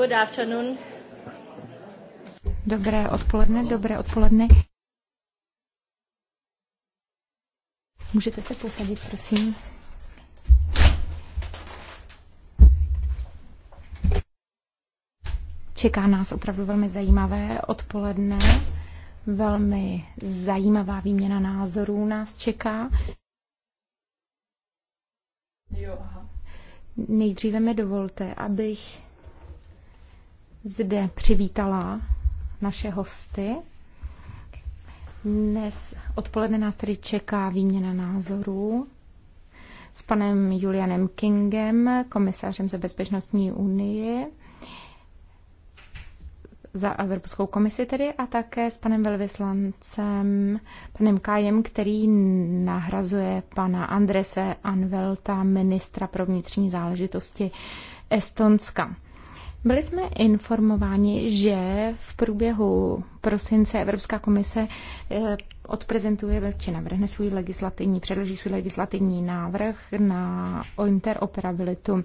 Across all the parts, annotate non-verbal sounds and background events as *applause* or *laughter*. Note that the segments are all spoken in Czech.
Good afternoon. Dobré odpoledne, dobré odpoledne. Můžete se posadit, prosím. Čeká nás opravdu velmi zajímavé odpoledne, velmi zajímavá výměna názorů nás čeká. Jo, aha. Nejdříve mi dovolte, abych zde přivítala naše hosty. Dnes odpoledne nás tedy čeká výměna názorů s panem Julianem Kingem, komisařem za bezpečnostní unii, za Evropskou komisi tedy a také s panem velvyslancem, panem Kajem, který nahrazuje pana Andrese Anvelta, ministra pro vnitřní záležitosti Estonska. Byli jsme informováni, že v průběhu prosince Evropská komise eh, odprezentuje, či navrhne svůj legislativní, předloží svůj legislativní návrh na o interoperabilitu.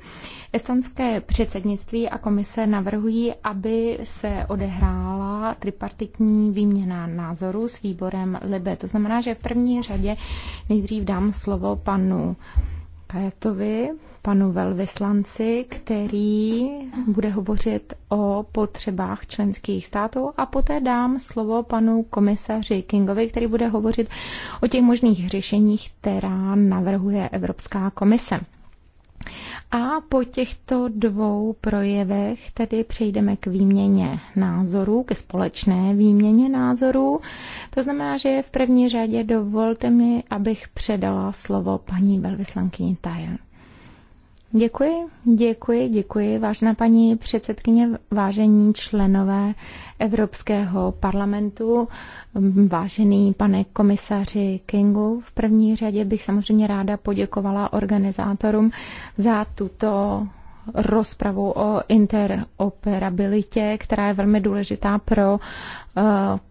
Estonské předsednictví a komise navrhují, aby se odehrála tripartitní výměna názorů s výborem LIBE. To znamená, že v první řadě nejdřív dám slovo panu Kajetovi, panu velvyslanci, který bude hovořit o potřebách členských států a poté dám slovo panu komisaři Kingovi, který bude hovořit o těch možných řešeních, která navrhuje Evropská komise. A po těchto dvou projevech tedy přejdeme k výměně názorů, ke společné výměně názorů. To znamená, že v první řadě dovolte mi, abych předala slovo paní velvyslankyni Tajen. Děkuji, děkuji, děkuji, vážná paní předsedkyně, vážení členové Evropského parlamentu, vážený pane komisaři Kingu. V první řadě bych samozřejmě ráda poděkovala organizátorům za tuto rozpravu o interoperabilitě, která je velmi důležitá pro eh,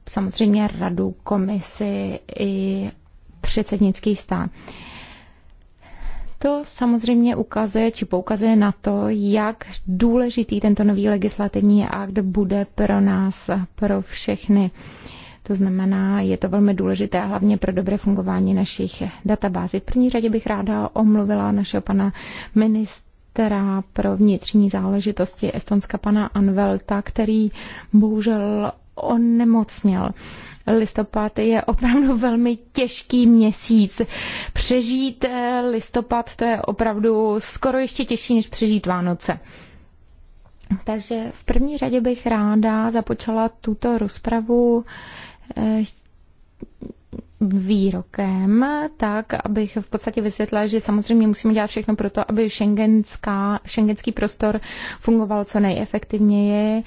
samozřejmě radu, komisi i předsednický stát. To samozřejmě ukazuje či poukazuje na to, jak důležitý tento nový legislativní akt bude pro nás, pro všechny. To znamená, je to velmi důležité a hlavně pro dobré fungování našich databází. V první řadě bych ráda omluvila našeho pana ministra pro vnitřní záležitosti Estonska pana Anvelta, který bohužel onemocněl. On Listopad je opravdu velmi těžký měsíc. Přežít eh, listopad to je opravdu skoro ještě těžší, než přežít Vánoce. Takže v první řadě bych ráda započala tuto rozpravu eh, výrokem, tak abych v podstatě vysvětlila, že samozřejmě musíme dělat všechno pro to, aby šengenská, šengenský prostor fungoval co nejefektivněji,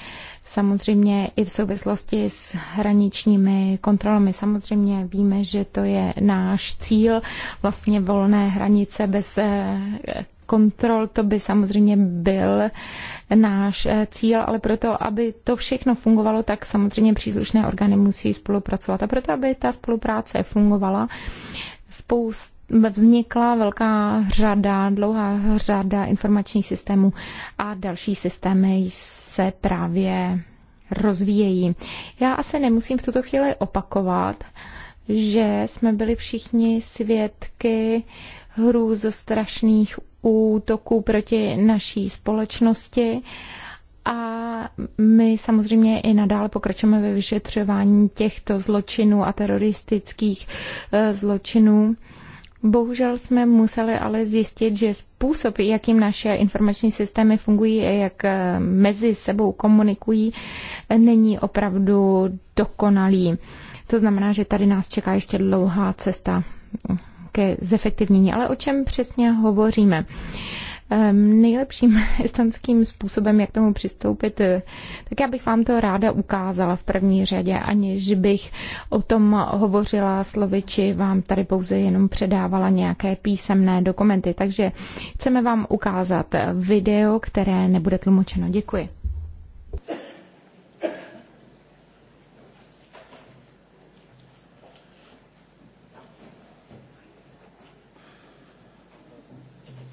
samozřejmě i v souvislosti s hraničními kontrolami. Samozřejmě víme, že to je náš cíl, vlastně volné hranice bez eh, kontrol, to by samozřejmě byl náš eh, cíl, ale proto, aby to všechno fungovalo, tak samozřejmě příslušné orgány musí spolupracovat. A proto, aby ta spolupráce fungovala, spousta vznikla velká řada, dlouhá řada informačních systémů a další systémy se právě rozvíjejí. Já asi nemusím v tuto chvíli opakovat, že jsme byli všichni svědky hrůzostrašných útoků proti naší společnosti a my samozřejmě i nadále pokračujeme ve vyšetřování těchto zločinů a teroristických eh, zločinů. Bohužel jsme museli ale zjistit, že způsob, jakým naše informační systémy fungují a jak eh, mezi sebou komunikují, není opravdu dokonalý. To znamená, že tady nás čeká ještě dlouhá cesta ke zefektivnění. Ale o čem přesně hovoříme? Ehm, nejlepším *laughs* estonským způsobem, jak tomu přistoupit, eh, tak já bych vám to ráda ukázala v první řadě, aniž bych o tom hovořila slovy, či vám tady pouze jenom předávala nějaké písemné dokumenty. Takže chceme vám ukázat video, které nebude tlumočeno. Děkuji.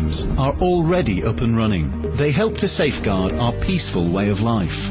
systems are already up and running. They help to safeguard our peaceful way of life.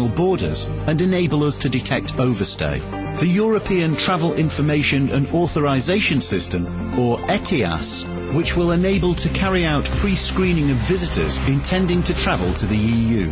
international borders and enable us to detect overstay. The European Travel Information and Authorization System, or ETIAS, which will enable to carry out pre-screening of visitors intending to travel to the EU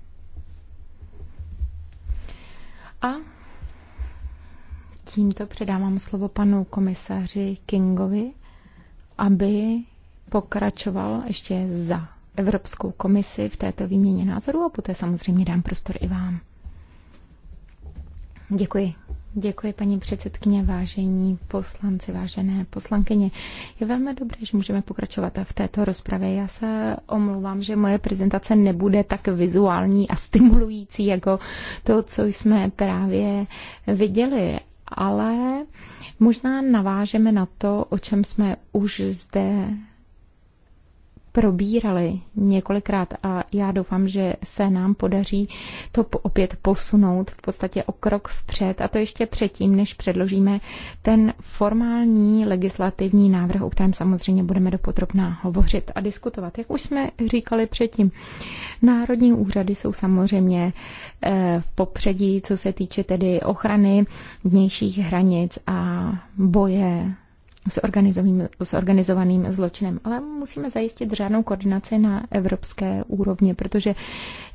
A tímto předávám slovo panu komisaři Kingovi, aby pokračoval ještě za Evropskou komisi v této výměně názorů a poté samozřejmě dám prostor i vám. Děkuji. Děkuji, paní předsedkyně, vážení poslanci, vážené poslankyně. Je velmi dobré, že můžeme pokračovat v této rozpravě. Já se omlouvám, že moje prezentace nebude tak vizuální a stimulující jako to, co jsme právě viděli, ale možná navážeme na to, o čem jsme už zde probírali několikrát a já doufám, že se nám podaří to opět posunout v podstatě o krok vpřed a to ještě předtím, než předložíme ten formální legislativní návrh, o kterém samozřejmě budeme dopodrobná hovořit a diskutovat. Jak už jsme říkali předtím, národní úřady jsou samozřejmě eh, v popředí, co se týče tedy ochrany vnějších hranic a boje s s organizovaným zločinem. Ale musíme zajistit řádnou koordinaci na evropské úrovni, protože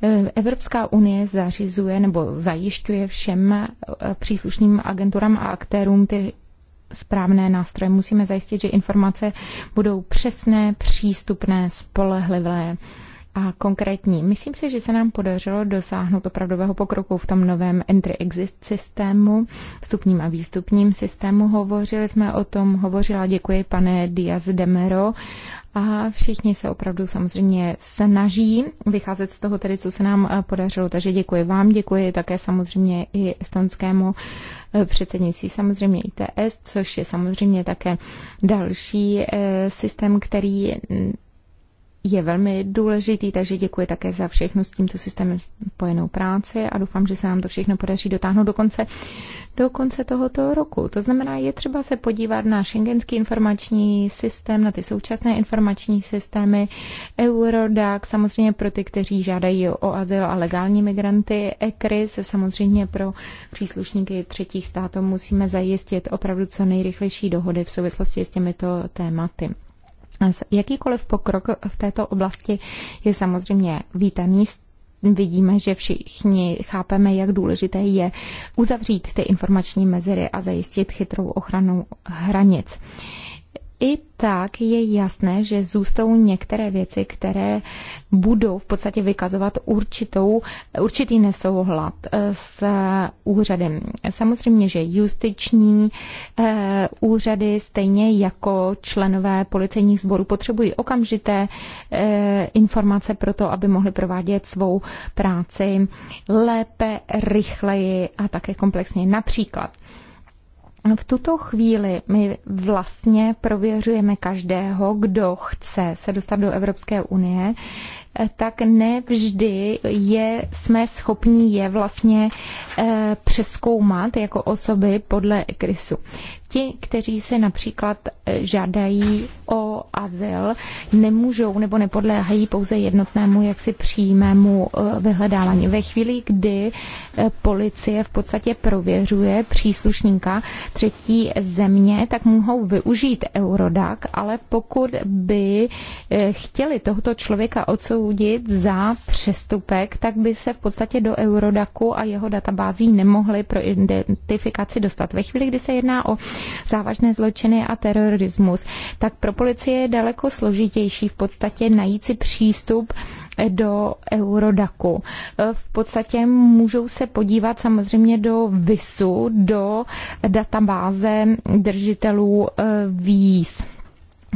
eh, Evropská unie zařizuje nebo zajišťuje všem eh, příslušným agenturám a aktérům ty správné nástroje. Musíme zajistit, že informace budou přesné, přístupné, spolehlivé a konkrétní. Myslím si, že se nám podařilo dosáhnout opravdového pokroku v tom novém entry-exist systému, vstupním a výstupním systému. Hovořili jsme o tom, hovořila děkuji pane Diaz Demero a všichni se opravdu samozřejmě snaží vycházet z toho tedy, co se nám eh, podařilo. Takže děkuji vám, děkuji také samozřejmě i estonskému eh, předsednictví, samozřejmě ITS, což je samozřejmě také další eh, systém, který mm, je velmi důležitý, takže děkuji také za všechnu s tímto systémem spojenou práci a doufám, že se nám to všechno podaří dotáhnout do konce, do konce tohoto roku. To znamená, je třeba se podívat na šengenský informační systém, na ty současné informační systémy, Eurodac, samozřejmě pro ty, kteří žádají o azyl a legální migranty, ECRIS, samozřejmě pro příslušníky třetích států musíme zajistit opravdu co nejrychlejší dohody v souvislosti s těmito tématy. Jakýkoliv pokrok v této oblasti je samozřejmě vítaný. Vidíme, že všichni chápeme, jak důležité je uzavřít ty informační mezery a zajistit chytrou ochranu hranic i tak je jasné, že zůstou některé věci, které budou v podstatě vykazovat určitou, určitý nesouhlad eh, s úřadem. Samozřejmě, že justiční eh, úřady stejně jako členové policejních sborů potřebují okamžité eh, informace pro to, aby mohli provádět svou práci lépe, rychleji a také komplexně. Například v tuto chvíli my vlastně prověřujeme každého, kdo chce se dostat do Evropské unie, tak nevždy je, jsme schopni je vlastně eh, přeskoumat jako osoby podle krysu. Ti, kteří se například eh, žádají o azyl, nemůžou nebo nepodléhají pouze jednotnému jaksi přímému eh, vyhledávání. Ve chvíli, kdy policie v podstatě prověřuje příslušníka třetí země, tak mohou využít Eurodac, ale pokud by chtěli tohoto člověka odsou odsoudit za přestupek, tak by se v podstatě do Eurodaku a jeho databází nemohli pro identifikaci dostat. Ve chvíli, kdy se jedná o závažné zločiny a terorismus, tak pro policie je daleko složitější v podstatě najít si přístup do Eurodaku. V podstatě můžou se podívat samozřejmě do VISu, do databáze držitelů eh, víz.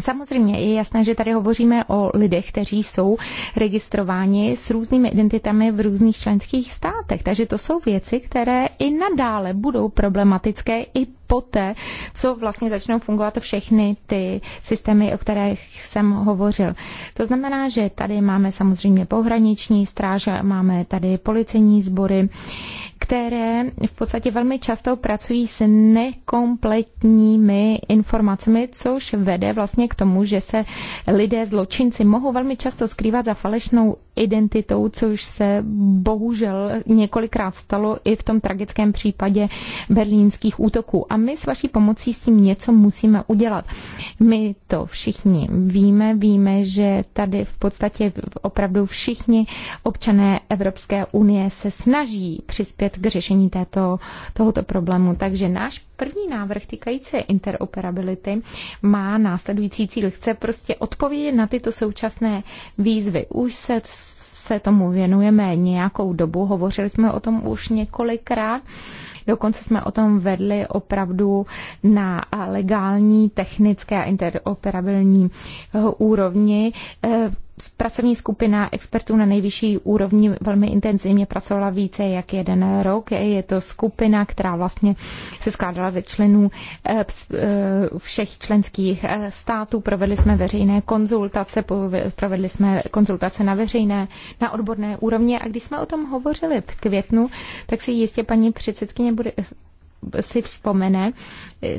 Samozřejmě je jasné, že tady hovoříme o lidech, kteří jsou registrováni s různými identitami v různých členských státech. Takže to jsou věci, které i nadále budou problematické i poté, co vlastně začnou fungovat všechny ty systémy, o kterých jsem hovořil. To znamená, že tady máme samozřejmě pohraniční stráže, máme tady policejní sbory, které v podstatě velmi často pracují s nekompletními informacemi, což vede vlastně k tomu, že se lidé zločinci mohou velmi často skrývat za falešnou identitou, což se bohužel několikrát stalo i v tom tragickém případě berlínských útoků. A my s vaší pomocí s tím něco musíme udělat. My to všichni víme, víme, že tady v podstatě opravdu všichni občané Evropské unie se snaží přispět přispět k řešení této, tohoto problému. Takže náš první návrh týkající interoperability má následující cíl. Chce prostě odpovědět na tyto současné výzvy. Už se se tomu věnujeme nějakou dobu, hovořili jsme o tom už několikrát. Dokonce jsme o tom vedli opravdu na legální, technické a interoperabilní úrovni. Eh, pracovní skupina expertů na nejvyšší úrovni velmi intenzivně pracovala více jak jeden rok. Je to skupina, která vlastně se skládala ze členů eh, eh, všech členských eh, států. Provedli jsme veřejné konzultace, provedli jsme konzultace na veřejné, na odborné úrovni a když jsme o tom hovořili v květnu, tak si jistě paní předsedkyně bude, si vzpomene,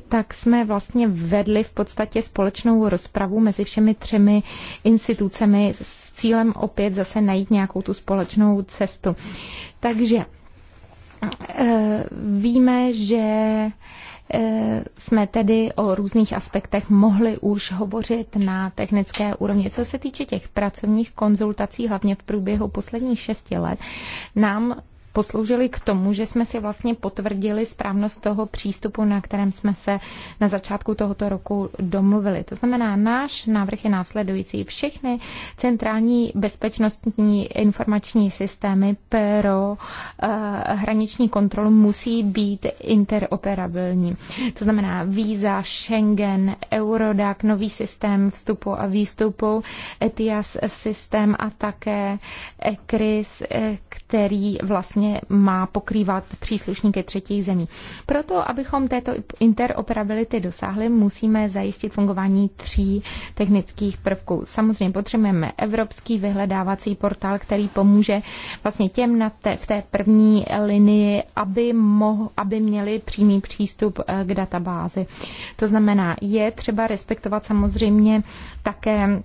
tak jsme vlastně vedli v podstatě společnou rozpravu mezi všemi třemi institucemi s cílem opět zase najít nějakou tu společnou cestu. Takže eh, víme, že eh, jsme tedy o různých aspektech mohli už hovořit na technické úrovni. Co se týče těch pracovních konzultací, hlavně v průběhu posledních šesti let, nám posloužily k tomu, že jsme si vlastně potvrdili správnost toho přístupu, na kterém jsme se na začátku tohoto roku domluvili. To znamená, náš návrh je následující. Všechny centrální bezpečnostní informační systémy pro eh, hraniční kontrolu musí být interoperabilní. To znamená víza, Schengen, Eurodac, nový systém vstupu a výstupu, ETIAS systém a také ECRIS, eh, který vlastně vlastně má pokrývat příslušníky třetích zemí. Proto, abychom této interoperability dosáhli, musíme zajistit fungování tří technických prvků. Samozřejmě potřebujeme evropský vyhledávací portál, který pomůže vlastně těm na té, v té první linii, aby, mohl, aby měli přímý přístup eh, k databázi. To znamená, je třeba respektovat samozřejmě také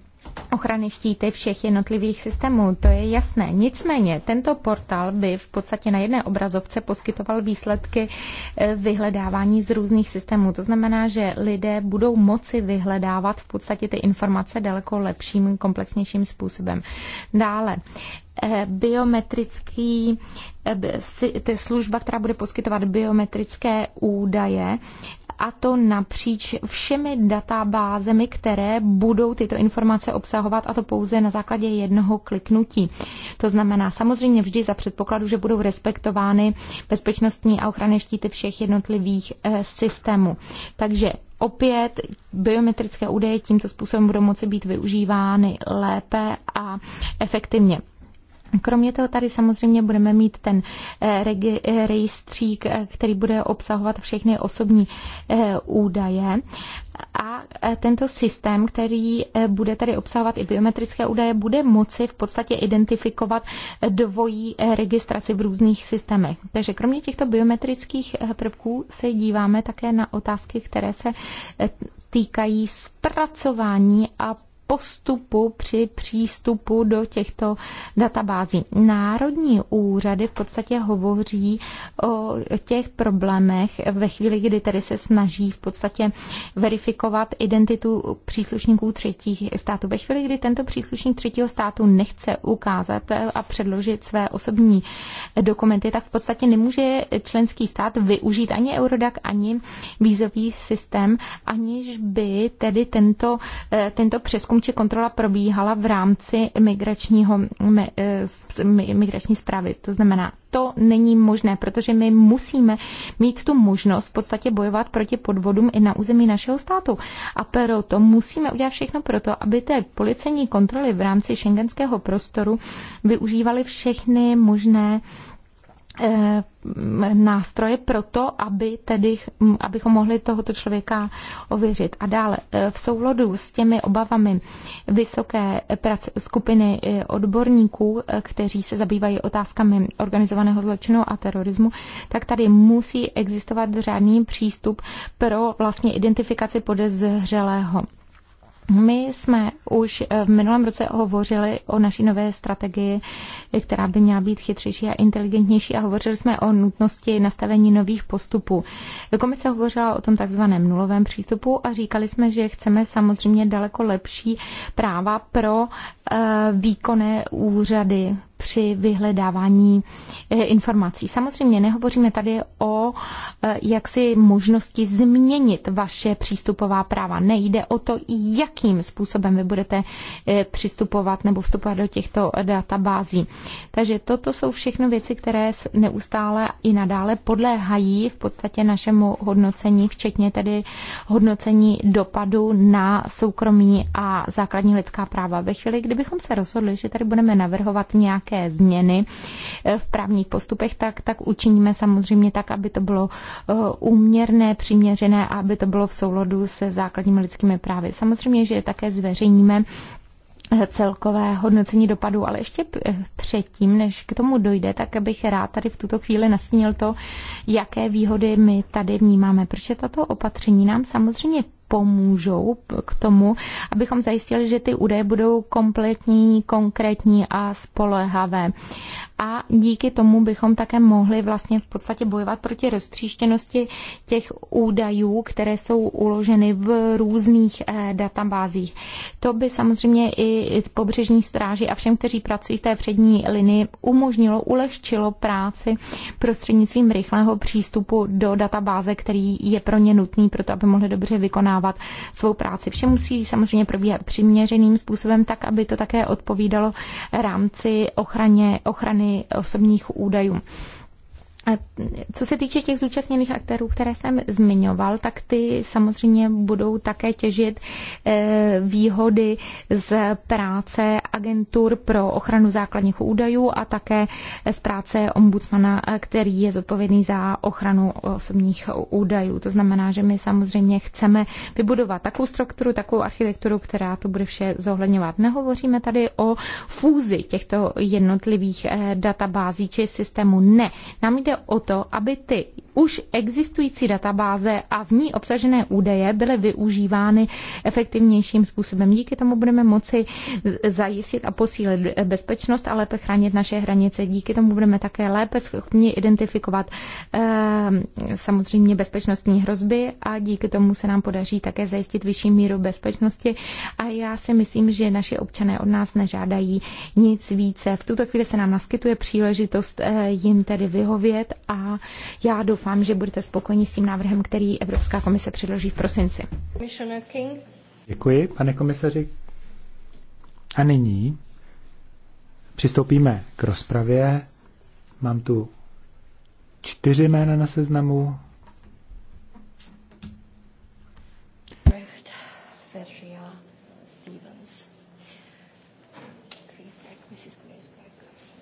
ochrany štíty všech jednotlivých systémů, to je jasné. Nicméně tento portál by v podstatě na jedné obrazovce poskytoval výsledky eh, vyhledávání z různých systémů. To znamená, že lidé budou moci vyhledávat v podstatě ty informace daleko lepším, komplexnějším způsobem. Dále, eh, biometrický, eh, služba, která bude poskytovat biometrické údaje, a to napříč všemi databázemi, které budou tyto informace obsahovat a to pouze na základě jednoho kliknutí. To znamená samozřejmě vždy za předpokladu, že budou respektovány bezpečnostní a ochranné štíty všech jednotlivých eh, systémů. Takže opět biometrické údaje tímto způsobem budou moci být využívány lépe a efektivně. Kromě toho tady samozřejmě budeme mít ten eh, eh, rejstřík, eh, který bude obsahovat všechny osobní údaje. A tento systém, který bude tady obsahovat i biometrické údaje, bude moci v podstatě identifikovat dvojí registraci v různých systémech. Takže kromě těchto biometrických prvků se díváme také na otázky, které se týkají zpracování a postupu při přístupu do těchto databází. Národní úřady v podstatě hovoří o těch problémech ve chvíli, kdy tedy se snaží v podstatě verifikovat identitu příslušníků třetích států. Ve chvíli, kdy tento příslušník třetího státu nechce ukázat a předložit své osobní dokumenty, tak v podstatě nemůže členský stát využít ani Eurodac, ani vízový systém, aniž by tedy tento, tento přeskum výzkum či kontrola probíhala v rámci migračního, eh, migrační zprávy. To znamená, to není možné, protože my musíme mít tu možnost v podstatě bojovat proti podvodům i na území našeho státu. A proto musíme udělat všechno proto, aby té policejní kontroly v rámci šengenského prostoru využívaly všechny možné Eh, nástroje pro to, aby tedy, abychom mohli tohoto člověka ověřit. A dále, eh, v souladu s těmi obavami vysoké prac, skupiny eh, odborníků, kteří se zabývají otázkami organizovaného zločinu a terorismu, tak tady musí existovat řádný přístup pro vlastně identifikaci podezřelého. My jsme už eh, v minulém roce hovořili o naší nové strategii, která by měla být chytřejší a inteligentnější a hovořili jsme o nutnosti nastavení nových postupů. Komise hovořila o tom takzvaném nulovém přístupu a říkali jsme, že chceme samozřejmě daleko lepší práva pro eh, výkonné úřady při vyhledávání eh, informací. Samozřejmě nehovoříme tady o eh, jaksi možnosti změnit vaše přístupová práva. Nejde o to, jakým způsobem vy budete eh, přistupovat nebo vstupovat do těchto databází. Takže toto jsou všechno věci, které neustále i nadále podléhají v podstatě našemu hodnocení, včetně tedy hodnocení dopadu na soukromí a základní lidská práva. Ve chvíli, kdybychom se rozhodli, že tady budeme navrhovat nějak nějaké změny eh, v právních postupech, tak, tak učiníme samozřejmě tak, aby to bylo eh, úměrné, přiměřené a aby to bylo v souladu se základními lidskými právy. Samozřejmě, že také zveřejníme eh, celkové hodnocení dopadů, ale ještě předtím, než k tomu dojde, tak bych rád tady v tuto chvíli nastínil to, jaké výhody my tady vnímáme, protože tato opatření nám samozřejmě pomůžou k tomu, abychom zajistili, že ty údaje budou kompletní, konkrétní a spolehavé a díky tomu bychom také mohli vlastně v podstatě bojovat proti roztříštěnosti těch údajů, které jsou uloženy v různých eh, databázích. To by samozřejmě i pobřežní stráži a všem, kteří pracují v té přední linii, umožnilo, ulehčilo práci prostřednictvím rychlého přístupu do databáze, který je pro ně nutný, proto aby mohli dobře vykonávat svou práci. Vše musí samozřejmě probíhat přiměřeným způsobem, tak aby to také odpovídalo rámci ochraně, ochrany ochrany osobních údajů. Co se týče těch zúčastněných aktérů, které jsem zmiňoval, tak ty samozřejmě budou také těžit eh, výhody z práce agentur pro ochranu základních údajů a také z práce ombudsmana, eh, který je zodpovědný za ochranu osobních údajů. To znamená, že my samozřejmě chceme vybudovat takovou strukturu, takovou architekturu, která to bude vše zohledňovat. Nehovoříme tady o fúzi těchto jednotlivých eh, databází či systému. Ne, nám jde o to, aby ty už existující databáze a v ní obsažené údaje byly využívány efektivnějším způsobem. Díky tomu budeme moci zajistit a posílit bezpečnost a lépe chránit naše hranice. Díky tomu budeme také lépe schopni identifikovat eh, samozřejmě bezpečnostní hrozby a díky tomu se nám podaří také zajistit vyšší míru bezpečnosti. A já si myslím, že naši občané od nás nežádají nic více. V tuto chvíli se nám naskytuje příležitost eh, jim tedy vyhovět a já doufám, doufám, že budete spokojeni s tím návrhem, který Evropská komise předloží v prosinci. Děkuji, pane komisaři. A nyní přistoupíme k rozpravě. Mám tu čtyři jména na seznamu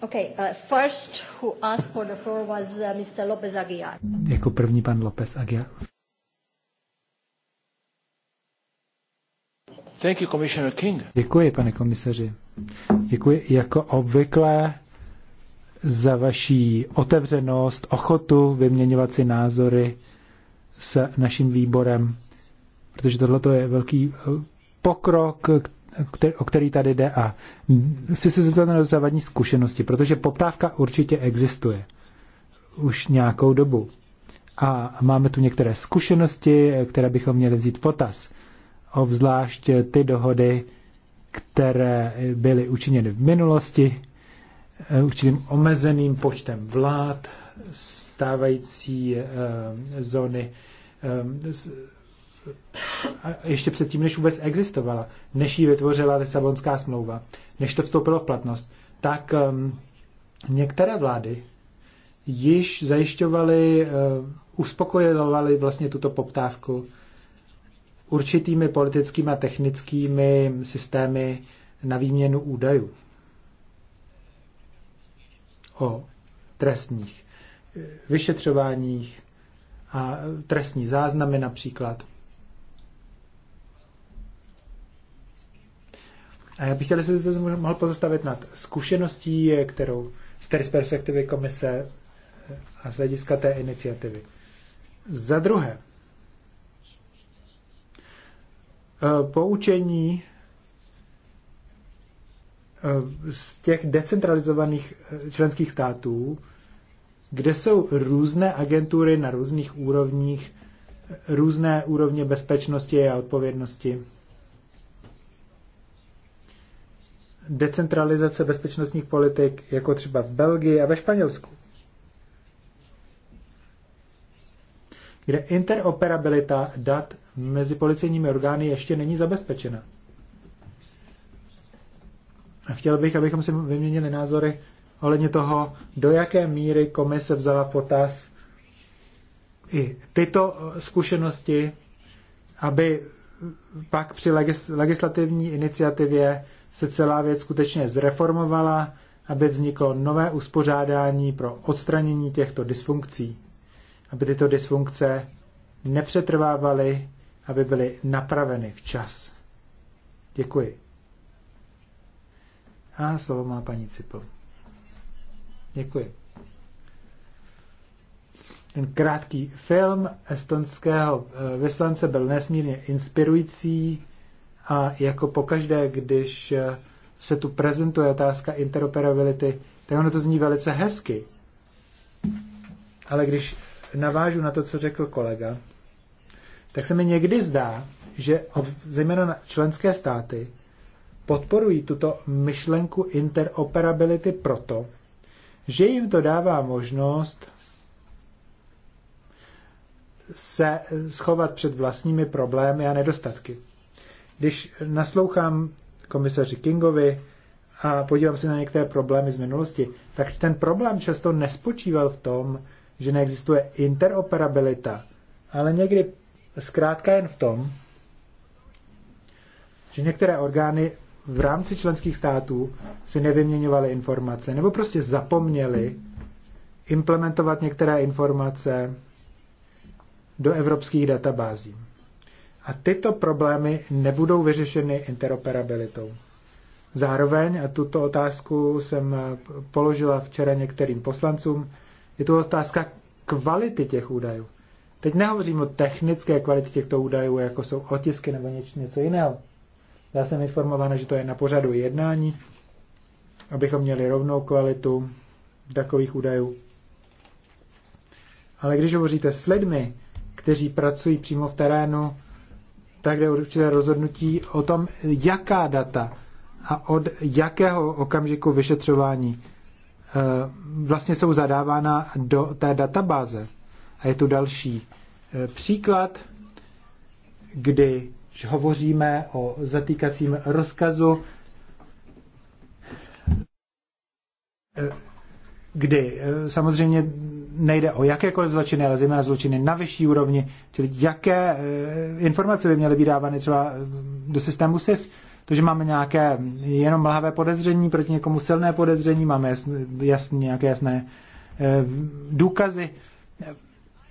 Okay, uh, first who asked for the floor was uh, Mr. Lopez Aguiar. Jako první pan Lopez Aguiar. Thank you, Commissioner King. Děkuji, pane komisaři. Děkuji jako obvykle za vaší otevřenost, ochotu vyměňovat si názory s naším výborem, protože tohle je velký eh, pokrok, o který tady jde a chci se zeptat na dosávadní zkušenosti, protože poptávka určitě existuje už nějakou dobu. A máme tu některé zkušenosti, které bychom měli vzít potaz. Obzvlášť ty dohody, které byly učiněny v minulosti eh, určitým omezeným počtem vlád, stávající eh, zóny eh, ještě předtím, než vůbec existovala, než ji vytvořila Lisabonská smlouva, než to vstoupilo v platnost, tak um, některé vlády již zajišťovaly, uh, uspokojovaly vlastně tuto poptávku určitými politickými a technickými systémy na výměnu údajů o trestních vyšetřováních a trestní záznamy například. A já bych chtěl, jestli jste se mohl pozastavit nad zkušeností, kterou v z perspektivy komise a z hlediska té iniciativy. Za druhé, e, poučení e, z těch decentralizovaných e, členských států, kde jsou různé agentury na různých úrovních, různé úrovně bezpečnosti a odpovědnosti decentralizace bezpečnostních politik, jako třeba v Belgii a ve Španělsku, kde interoperabilita dat mezi policejními orgány ještě není zabezpečena. A chtěl bych, abychom si vyměnili názory ohledně toho, do jaké míry komise vzala potaz i tyto zkušenosti, aby pak při legislativní iniciativě se celá věc skutečně zreformovala, aby vzniklo nové uspořádání pro odstranění těchto dysfunkcí, aby tyto dysfunkce nepřetrvávaly, aby byly napraveny včas. Děkuji. A slovo má paní Cipl. Děkuji. Ten krátký film estonského eh, vyslance byl nesmírně inspirující a jako pokaždé, když se tu prezentuje otázka interoperability, tak ono to zní velice hezky. Ale když navážu na to, co řekl kolega, tak se mi někdy zdá, že zejména na členské státy podporují tuto myšlenku interoperability proto, že jim to dává možnost se schovat před vlastními problémy a nedostatky. Když naslouchám komisaři Kingovi a podívám se na některé problémy z minulosti, tak ten problém často nespočíval v tom, že neexistuje interoperabilita, ale někdy zkrátka jen v tom, že některé orgány v rámci členských států si nevyměňovaly informace nebo prostě zapomněli implementovat některé informace do evropských databází. A tyto problémy nebudou vyřešeny interoperabilitou. Zároveň, a tuto otázku jsem položila včera některým poslancům, je to otázka kvality těch údajů. Teď nehovořím o technické kvalitě těchto údajů, jako jsou otisky nebo něco jiného. Já jsem informována, že to je na pořadu jednání, abychom měli rovnou kvalitu takových údajů. Ale když hovoříte s lidmi, kteří pracují přímo v terénu tak jde určité rozhodnutí o tom, jaká data a od jakého okamžiku vyšetřování eh, vlastně jsou zadávána do té databáze. A je tu další eh, příklad, kdy hovoříme o zatýkacím rozkazu, eh, kdy samozřejmě nejde o jakékoliv zločiny, ale zejména zločiny na vyšší úrovni, čili jaké eh, informace by měly být dávány třeba eh, do systému SIS. To, že máme nějaké jenom mlhavé podezření, proti někomu silné podezření, máme jasně, nějaké jasné eh, důkazy.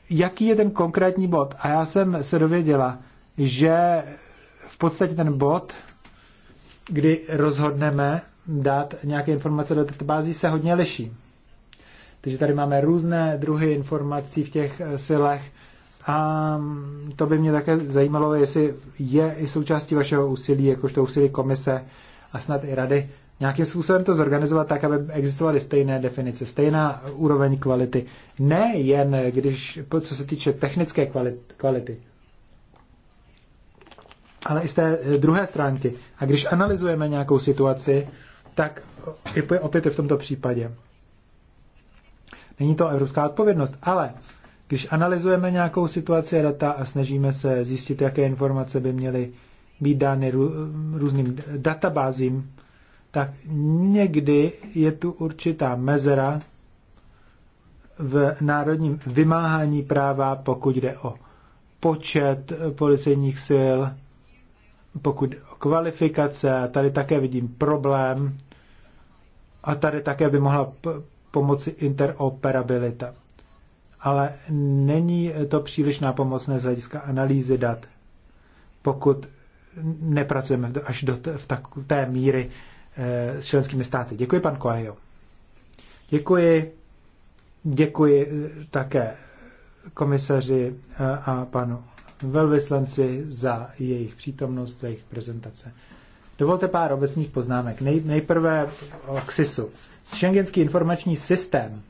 Jaký je ten konkrétní bod? A já jsem se dověděla, že v podstatě ten bod, kdy rozhodneme dát nějaké informace do bází, se hodně liší. Takže tady máme různé druhy informací v těch eh, silech a mm, to by mě také zajímalo, jestli je i součástí vašeho úsilí, jakožto úsilí komise a snad i rady, nějakým způsobem to zorganizovat tak, aby existovaly stejné definice, stejná úroveň kvality. Ne jen, když, co se týče technické kvality, ale i z té eh, druhé stránky. A když analyzujeme nějakou situaci, tak opět je v tomto případě Není to evropská odpovědnost, ale když analyzujeme nějakou situaci data a snažíme se zjistit, jaké informace by měly být dány rů, různým databázím, tak někdy je tu určitá mezera v národním vymáhání práva, pokud jde o počet policejních sil, pokud jde o kvalifikace. A tady také vidím problém. A tady také by mohla pomoci interoperabilita. Ale není to příliš nápomocné z hlediska analýzy dat, pokud nepracujeme až do t- v tak- té míry e, s členskými státy. Děkuji, pan Koajo. Děkuji. Děkuji eh, také komisaři eh, a panu velvyslanci za jejich přítomnost, za jejich prezentace. Dovolte pár obecných poznámek. Nej, nejprve o XISu. Schengenský informační systém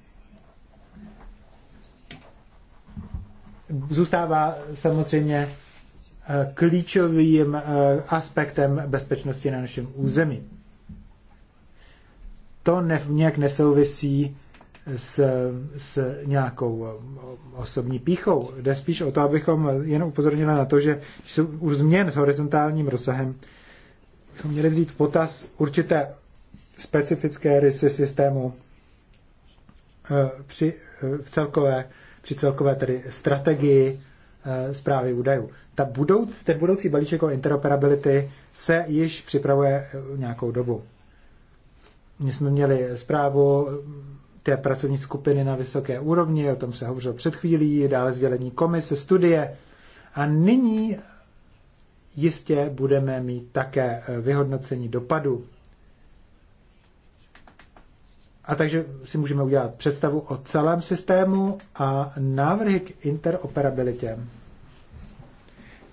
zůstává samozřejmě eh, klíčovým eh, aspektem bezpečnosti na našem území. To ne, nějak nesouvisí s, s nějakou eh, osobní píchou. Jde spíš o to, abychom jen upozornili na to, že jsou už změn s horizontálním rozsahem bychom měli vzít v potaz určité specifické rysy systému eh, při, eh, v celkové, při celkové tedy strategii eh, zprávy údajů. Ta budouc, ten budoucí balíček o interoperability se již připravuje nějakou dobu. My jsme měli zprávu té pracovní skupiny na vysoké úrovni, o tom se hovořilo před chvílí, dále sdělení komise, studie. A nyní jistě budeme mít také eh, vyhodnocení dopadu. A takže si můžeme udělat představu o celém systému a návrhy k interoperabilitě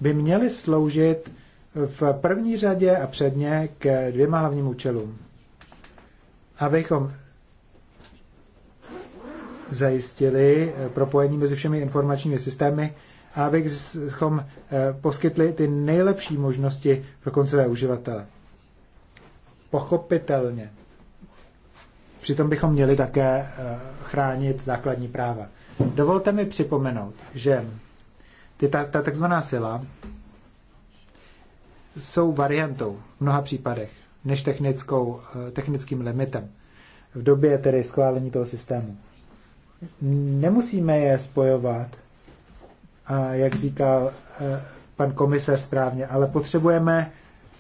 by měly sloužit eh, v první řadě a předně k dvěma hlavním účelům. Abychom zajistili eh, propojení mezi všemi informačními systémy a abychom eh, poskytli ty nejlepší možnosti pro koncové uživatele. Pochopitelně. Přitom bychom měli také eh, chránit základní práva. Dovolte mi připomenout, že ty, ta, ta takzvaná sila jsou variantou v mnoha případech než technickou, eh, technickým limitem v době tedy schválení toho systému. Nemusíme je spojovat a jak říkal eh, pan komisař správně, ale potřebujeme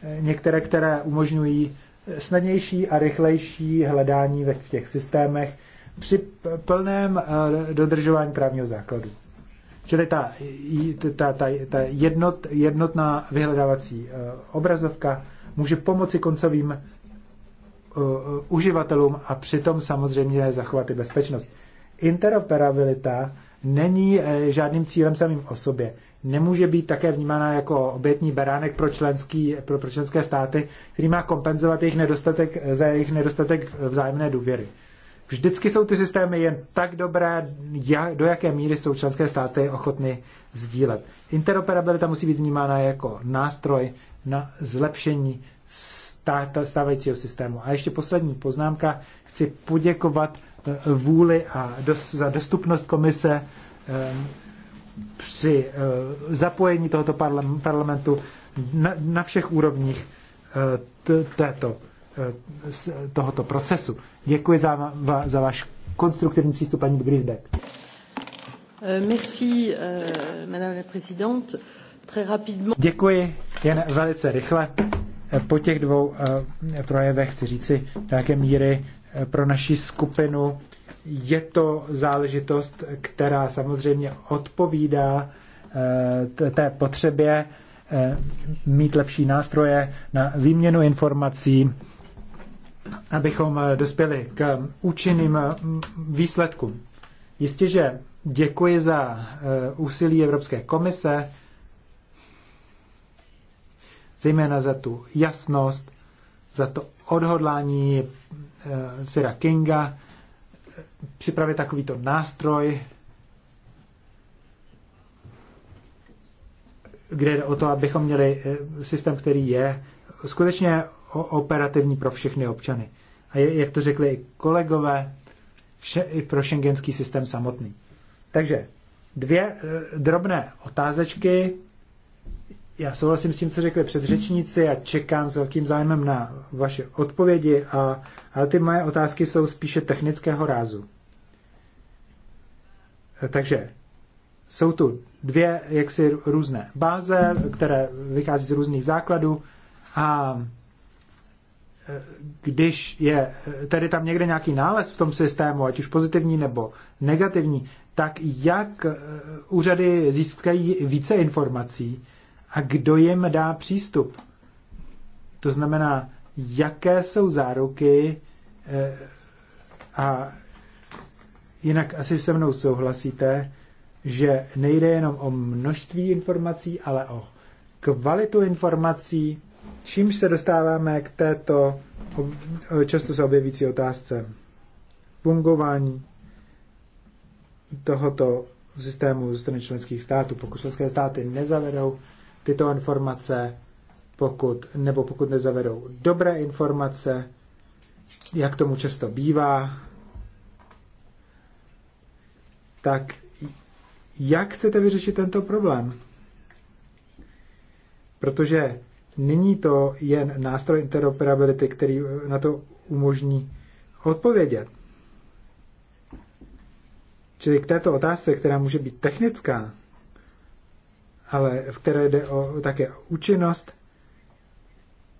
eh, některé, které umožňují eh, snadnější a rychlejší hledání v těch systémech při plném dodržování právního základu. Čili ta, ta, ta, ta jednot, jednotná vyhledávací obrazovka může pomoci koncovým uživatelům a přitom samozřejmě zachovat i bezpečnost. Interoperabilita není eh, žádným cílem samým o sobě. Nemůže být také vnímána jako obětní beránek pro, členský, pro, pro členské státy, který má kompenzovat jejich nedostatek, eh, za jejich nedostatek vzájemné důvěry. Vždycky jsou ty systémy jen tak dobré, do jaké míry jsou členské státy ochotny sdílet. Interoperabilita musí být vnímána jako nástroj na zlepšení stávajícího systému. A ještě poslední poznámka. Chci poděkovat Eh, vůli a dos, za dostupnost komise eh, při eh, zapojení tohoto parlamentu na, na všech úrovních této, tohoto procesu. Děkuji za, va, za váš konstruktivní přístup, paní Grisbeck. Merci, madame la présidente. Très rapidement. Děkuji, jen velice rychle. Po těch dvou projevech chci říci, do jaké míry pro naši skupinu. Je to záležitost, která samozřejmě odpovídá eh, té potřebě eh, mít lepší nástroje na výměnu informací, abychom eh, dospěli k účinným mm, výsledkům. Jistě, že děkuji za úsilí Evropské komise, zejména za tu jasnost, za to odhodlání Eh, Sira Kinga eh, připravit takovýto nástroj, kde jde o to, abychom měli eh, systém, který je skutečně operativní pro všechny občany. A je, jak to řekli i kolegové, vše, i pro šengenský systém samotný. Takže dvě drobné otázečky já souhlasím s tím, co řekli předřečníci a čekám s velkým zájmem na vaše odpovědi, a, ale ty moje otázky jsou spíše technického rázu. Takže jsou tu dvě jaksi různé báze, které vychází z různých základů a e, když je tedy tam někde nějaký nález v tom systému, ať už pozitivní nebo negativní, tak jak e, úřady získají více informací, a kdo jim dá přístup. To znamená, jaké jsou záruky eh, a jinak asi se mnou souhlasíte, že nejde jenom o množství informací, ale o kvalitu informací, čímž se dostáváme k této často se objevící otázce fungování tohoto systému ze strany členských států. Pokud členské státy nezavedou tyto informace, pokud, nebo pokud nezavedou dobré informace, jak tomu často bývá, tak jak chcete vyřešit tento problém? Protože není to jen nástroj interoperability, který na to umožní odpovědět. Čili k této otázce, která může být technická, ale v které jde o také účinnost,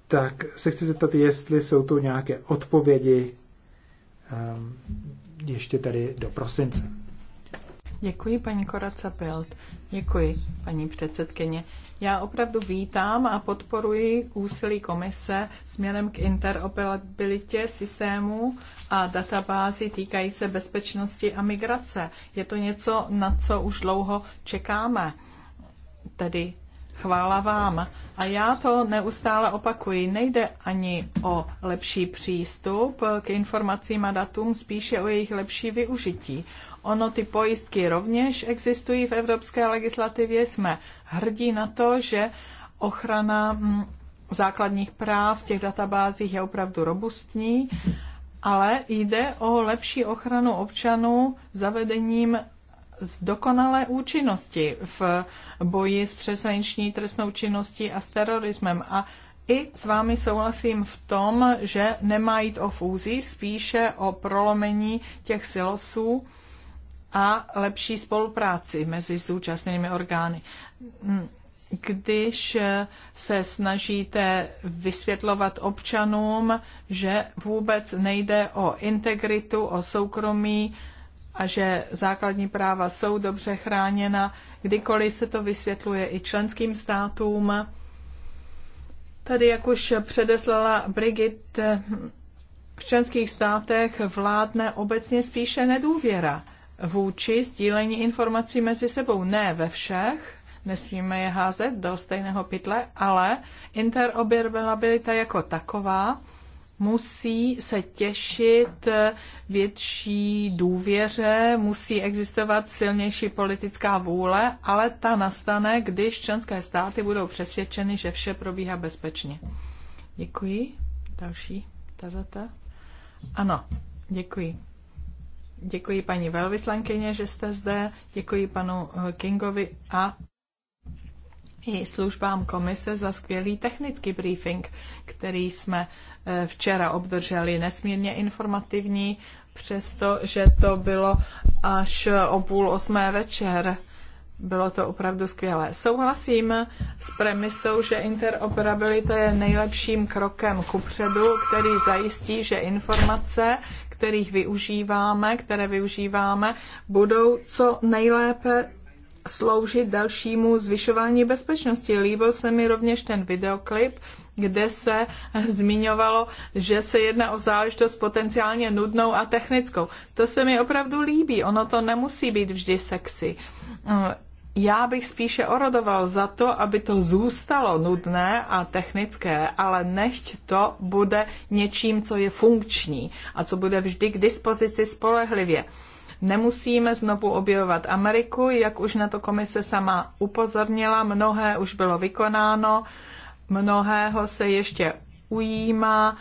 tak se chci zeptat, jestli jsou tu nějaké odpovědi um, ještě tady do prosince. Děkuji, paní Koraca Pelt. Děkuji, paní předsedkyně. Já opravdu vítám a podporuji úsilí komise směrem k interoperabilitě systému a databázi týkající bezpečnosti a migrace. Je to něco, na co už dlouho čekáme Tedy chvála vám. A já to neustále opakuji. Nejde ani o lepší přístup k informacím a datům, spíše o jejich lepší využití. Ono ty pojistky rovněž existují v evropské legislativě. Jsme hrdí na to, že ochrana mm, základních práv v těch databázích je opravdu robustní, ale jde o lepší ochranu občanů zavedením z dokonalé účinnosti v boji s přeshraniční trestnou činností a s terorismem. A i s vámi souhlasím v tom, že nemá jít o fúzi, spíše o prolomení těch silosů a lepší spolupráci mezi zúčastněnými orgány. Když se snažíte vysvětlovat občanům, že vůbec nejde o integritu, o soukromí a že základní práva jsou dobře chráněna, kdykoliv se to vysvětluje i členským státům. Tady, jak už předeslala Brigitte, v členských státech vládne obecně spíše nedůvěra vůči sdílení informací mezi sebou. Ne ve všech, nesmíme je házet do stejného pytle, ale interoperabilita jako taková musí se těšit větší důvěře, musí existovat silnější politická vůle, ale ta nastane, když členské státy budou přesvědčeny, že vše probíhá bezpečně. Děkuji. Další tazata. Ano, děkuji. Děkuji paní velvyslankyně, že jste zde, děkuji panu Kingovi a i službám komise za skvělý technický briefing, který jsme včera obdrželi nesmírně informativní, přestože to bylo až o půl osmé večer. Bylo to opravdu skvělé. Souhlasím s premisou, že interoperabilita je nejlepším krokem kupředu, který zajistí, že informace, kterých využíváme, které využíváme, budou co nejlépe sloužit dalšímu zvyšování bezpečnosti. Líbil se mi rovněž ten videoklip kde se zmiňovalo, že se jedná o záležitost potenciálně nudnou a technickou. To se mi opravdu líbí, ono to nemusí být vždy sexy. Eh, já bych spíše orodoval za to, aby to zůstalo nudné a technické, ale nechť to bude něčím, co je funkční a co bude vždy k dispozici spolehlivě. Nemusíme znovu objevovat Ameriku, jak už na to komise sama upozornila, mnohé už bylo vykonáno mnohého se ještě ujímá.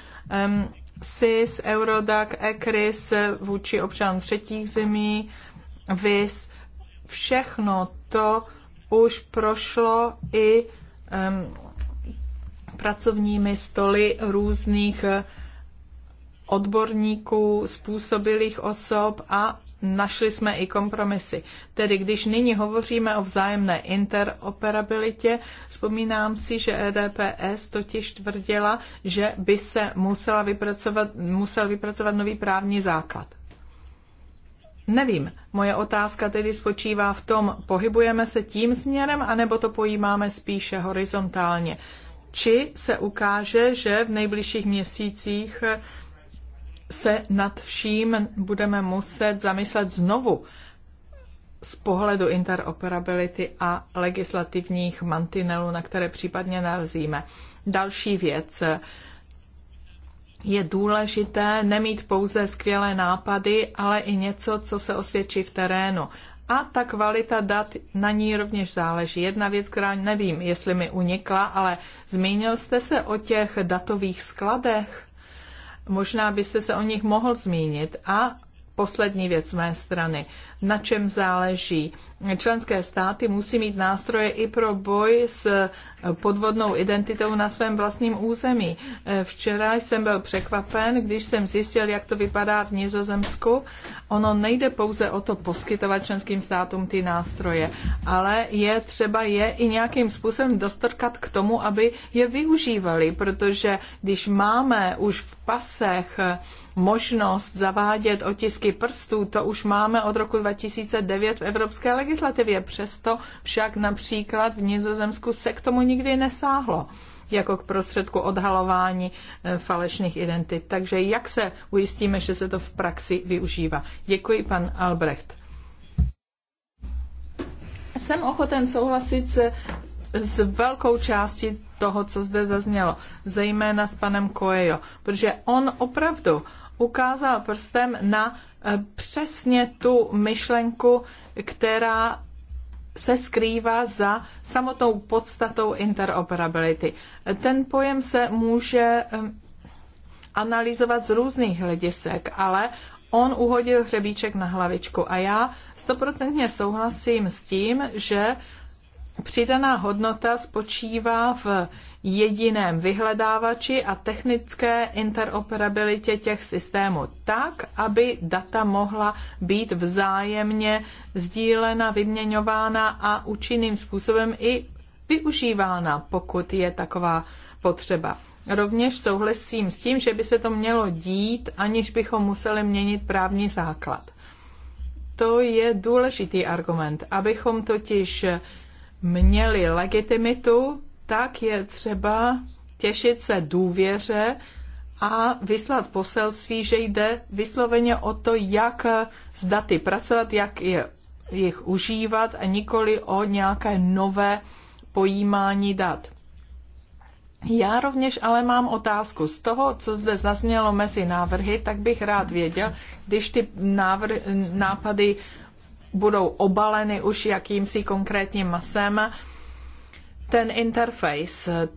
Um, SIS, Eurodac, ECRIS vůči občanům třetích zemí, VIS, všechno to už prošlo i um, pracovními stoly různých odborníků, způsobilých osob a našli jsme i kompromisy. Tedy když nyní hovoříme o vzájemné interoperabilitě, vzpomínám si, že EDPS totiž tvrdila, že by se musela vypracovat, musel vypracovat nový právní základ. Nevím, moje otázka tedy spočívá v tom, pohybujeme se tím směrem, anebo to pojímáme spíše horizontálně. Či se ukáže, že v nejbližších měsících se nad vším budeme muset zamyslet znovu z pohledu interoperability a legislativních mantinelů, na které případně narazíme. Další věc. Je důležité nemít pouze skvělé nápady, ale i něco, co se osvědčí v terénu. A ta kvalita dat, na ní rovněž záleží. Jedna věc, která nevím, jestli mi unikla, ale zmínil jste se o těch datových skladech Možná byste se o nich mohl zmínit. A poslední věc z mé strany na čem záleží. Členské státy musí mít nástroje i pro boj s podvodnou identitou na svém vlastním území. Včera jsem byl překvapen, když jsem zjistil, jak to vypadá v Nizozemsku. Ono nejde pouze o to poskytovat členským státům ty nástroje, ale je třeba je i nějakým způsobem dostrkat k tomu, aby je využívali, protože když máme už v pasech možnost zavádět otisky prstů, to už máme od roku 2009 v evropské legislativě. Přesto však například v Nizozemsku se k tomu nikdy nesáhlo jako k prostředku odhalování eh, falešných identit. Takže jak se ujistíme, že se to v praxi využívá? Děkuji, pan Albrecht. Jsem ochoten souhlasit s velkou částí toho, co zde zaznělo, zejména s panem Coelho, protože on opravdu ukázal prstem na Eh, přesně tu myšlenku, která se skrývá za samotnou podstatou interoperability. Eh, ten pojem se může analyzovat z různých hledisek, ale on uhodil hřebíček na hlavičku a já stoprocentně souhlasím s tím, že Přidaná hodnota spočívá v jediném vyhledávači a technické interoperabilitě těch systémů tak, aby data mohla být vzájemně sdílena, vyměňována a účinným způsobem i využívána, pokud je taková potřeba. Rovněž souhlasím s tím, že by se to mělo dít, aniž bychom museli měnit právní základ. To je důležitý argument, abychom totiž měli legitimitu, tak je třeba těšit se důvěře a vyslat poselství, že jde vysloveně o to, jak s daty pracovat, jak je, jich užívat a nikoli o nějaké nové pojímání dat. Já rovněž ale mám otázku. Z toho, co zde zaznělo mezi návrhy, tak bych rád věděl, když ty návr- nápady budou obaleny už jakýmsi konkrétním masem. Ten interface,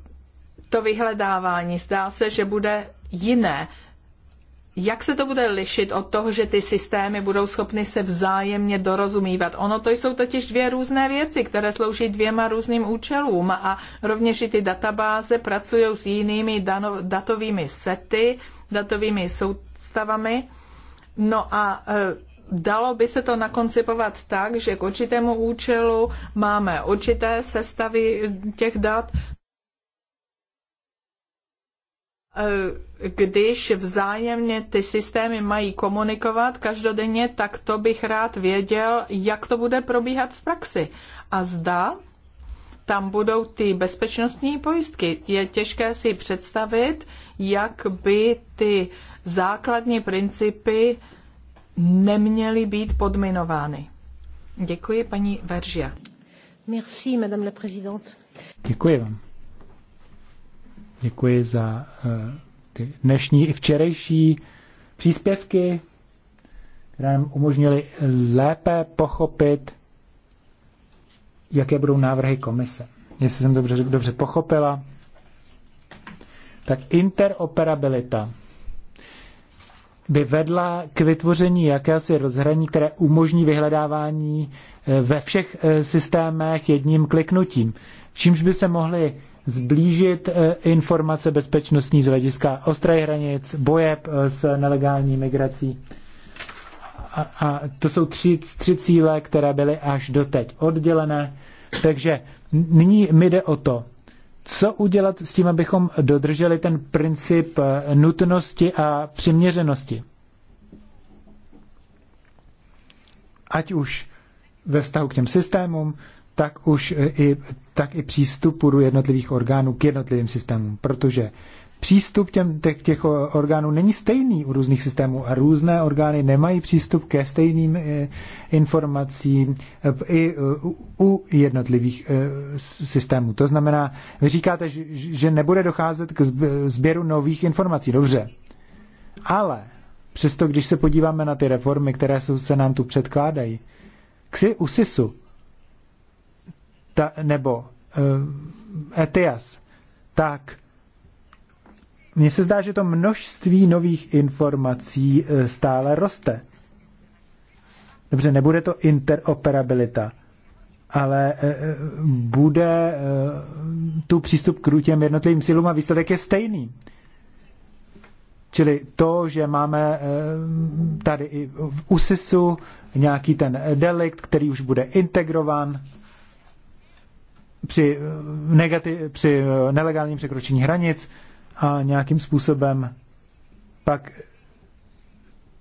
to vyhledávání, zdá se, že bude jiné. Jak se to bude lišit od toho, že ty systémy budou schopny se vzájemně dorozumívat? Ono to jsou totiž dvě různé věci, které slouží dvěma různým účelům a rovněž i ty databáze pracují s jinými datovými sety, datovými soustavami. No a e, dalo by se to nakoncipovat tak, že k určitému účelu máme určité sestavy těch dat, eh, když vzájemně ty systémy mají komunikovat každodenně, tak to bych rád věděl, jak to bude probíhat v praxi. A zda tam budou ty bezpečnostní pojistky. Je těžké si představit, jak by ty základní principy neměly být podminovány. Děkuji, paní Veržia. Merci, madame la présidente. Děkuji vám. Děkuji za uh, dnešní i včerejší příspěvky, které nám umožnily lépe pochopit, jaké budou návrhy komise. Jestli jsem dobře, dobře pochopila, tak interoperabilita by vedla k vytvoření jakéhosi rozhraní, které umožní vyhledávání eh, ve všech eh, systémech jedním kliknutím, čímž by se mohly zblížit eh, informace bezpečnostní z hlediska ostrých hranic, boje s nelegální migrací. A, a to jsou tři, tři cíle, které byly až doteď oddělené. Takže nyní mi jde o to, co udělat s tím, abychom dodrželi ten princip eh, nutnosti a přiměřenosti. Ať už ve vztahu k těm systémům, tak už eh, i, tak i přístupu jednotlivých orgánů k jednotlivým systémům, protože přístup těm, těch, těch orgánů není stejný u různých systémů a různé orgány nemají přístup ke stejným eh, informacím eh, i eh, u jednotlivých systémů. To znamená, vy říkáte, že nebude docházet k sběru nových informací. Dobře. Ale přesto, když se podíváme na ty reformy, které se nám tu předkládají, ksi u SISu ta, nebo uh, ETIAS, tak mně se zdá, že to množství nových informací e, stále roste. Dobře, nebude to interoperabilita, ale e, e, bude tu přístup k těm jednotlivým silům a výsledek je stejný. Čili to, že máme tady i v USISu nějaký ten delikt, který už bude integrován při, negati- při nelegálním překročení hranic, a nějakým způsobem pak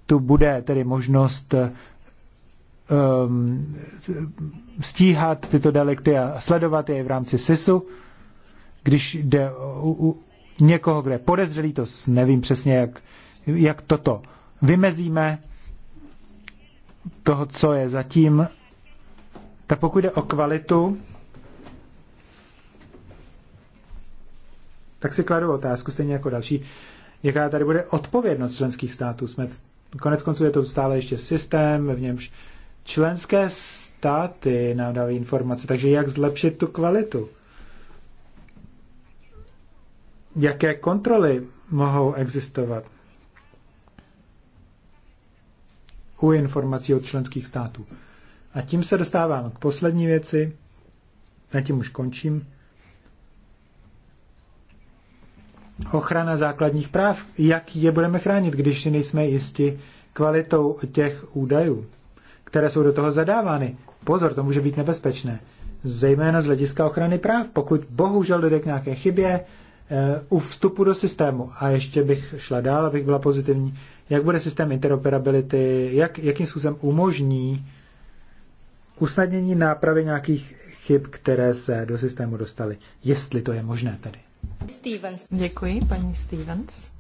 tu bude tedy možnost um, stíhat tyto delikty a sledovat je v rámci SISu. Když jde u, u někoho, kde je podezřelý, to nevím přesně, jak, jak toto vymezíme, toho, co je zatím. Tak pokud jde o kvalitu, tak si kladu otázku, stejně jako další, jaká tady bude odpovědnost členských států. Jsme, konec konců je to stále ještě systém, v němž členské státy nám dávají informace, takže jak zlepšit tu kvalitu? Jaké kontroly mohou existovat u informací od členských států? A tím se dostávám k poslední věci, na tím už končím. ochrana základních práv, jak je budeme chránit, když si nejsme jisti kvalitou těch údajů, které jsou do toho zadávány. Pozor, to může být nebezpečné, zejména z hlediska ochrany práv, pokud bohužel dojde k nějaké chybě e, u vstupu do systému. A ještě bych šla dál, abych byla pozitivní. Jak bude systém interoperability, jak, jakým způsobem umožní usnadnění nápravy nějakých chyb, které se do systému dostaly, jestli to je možné tedy. Stevens. Děkuji, paní Stevens.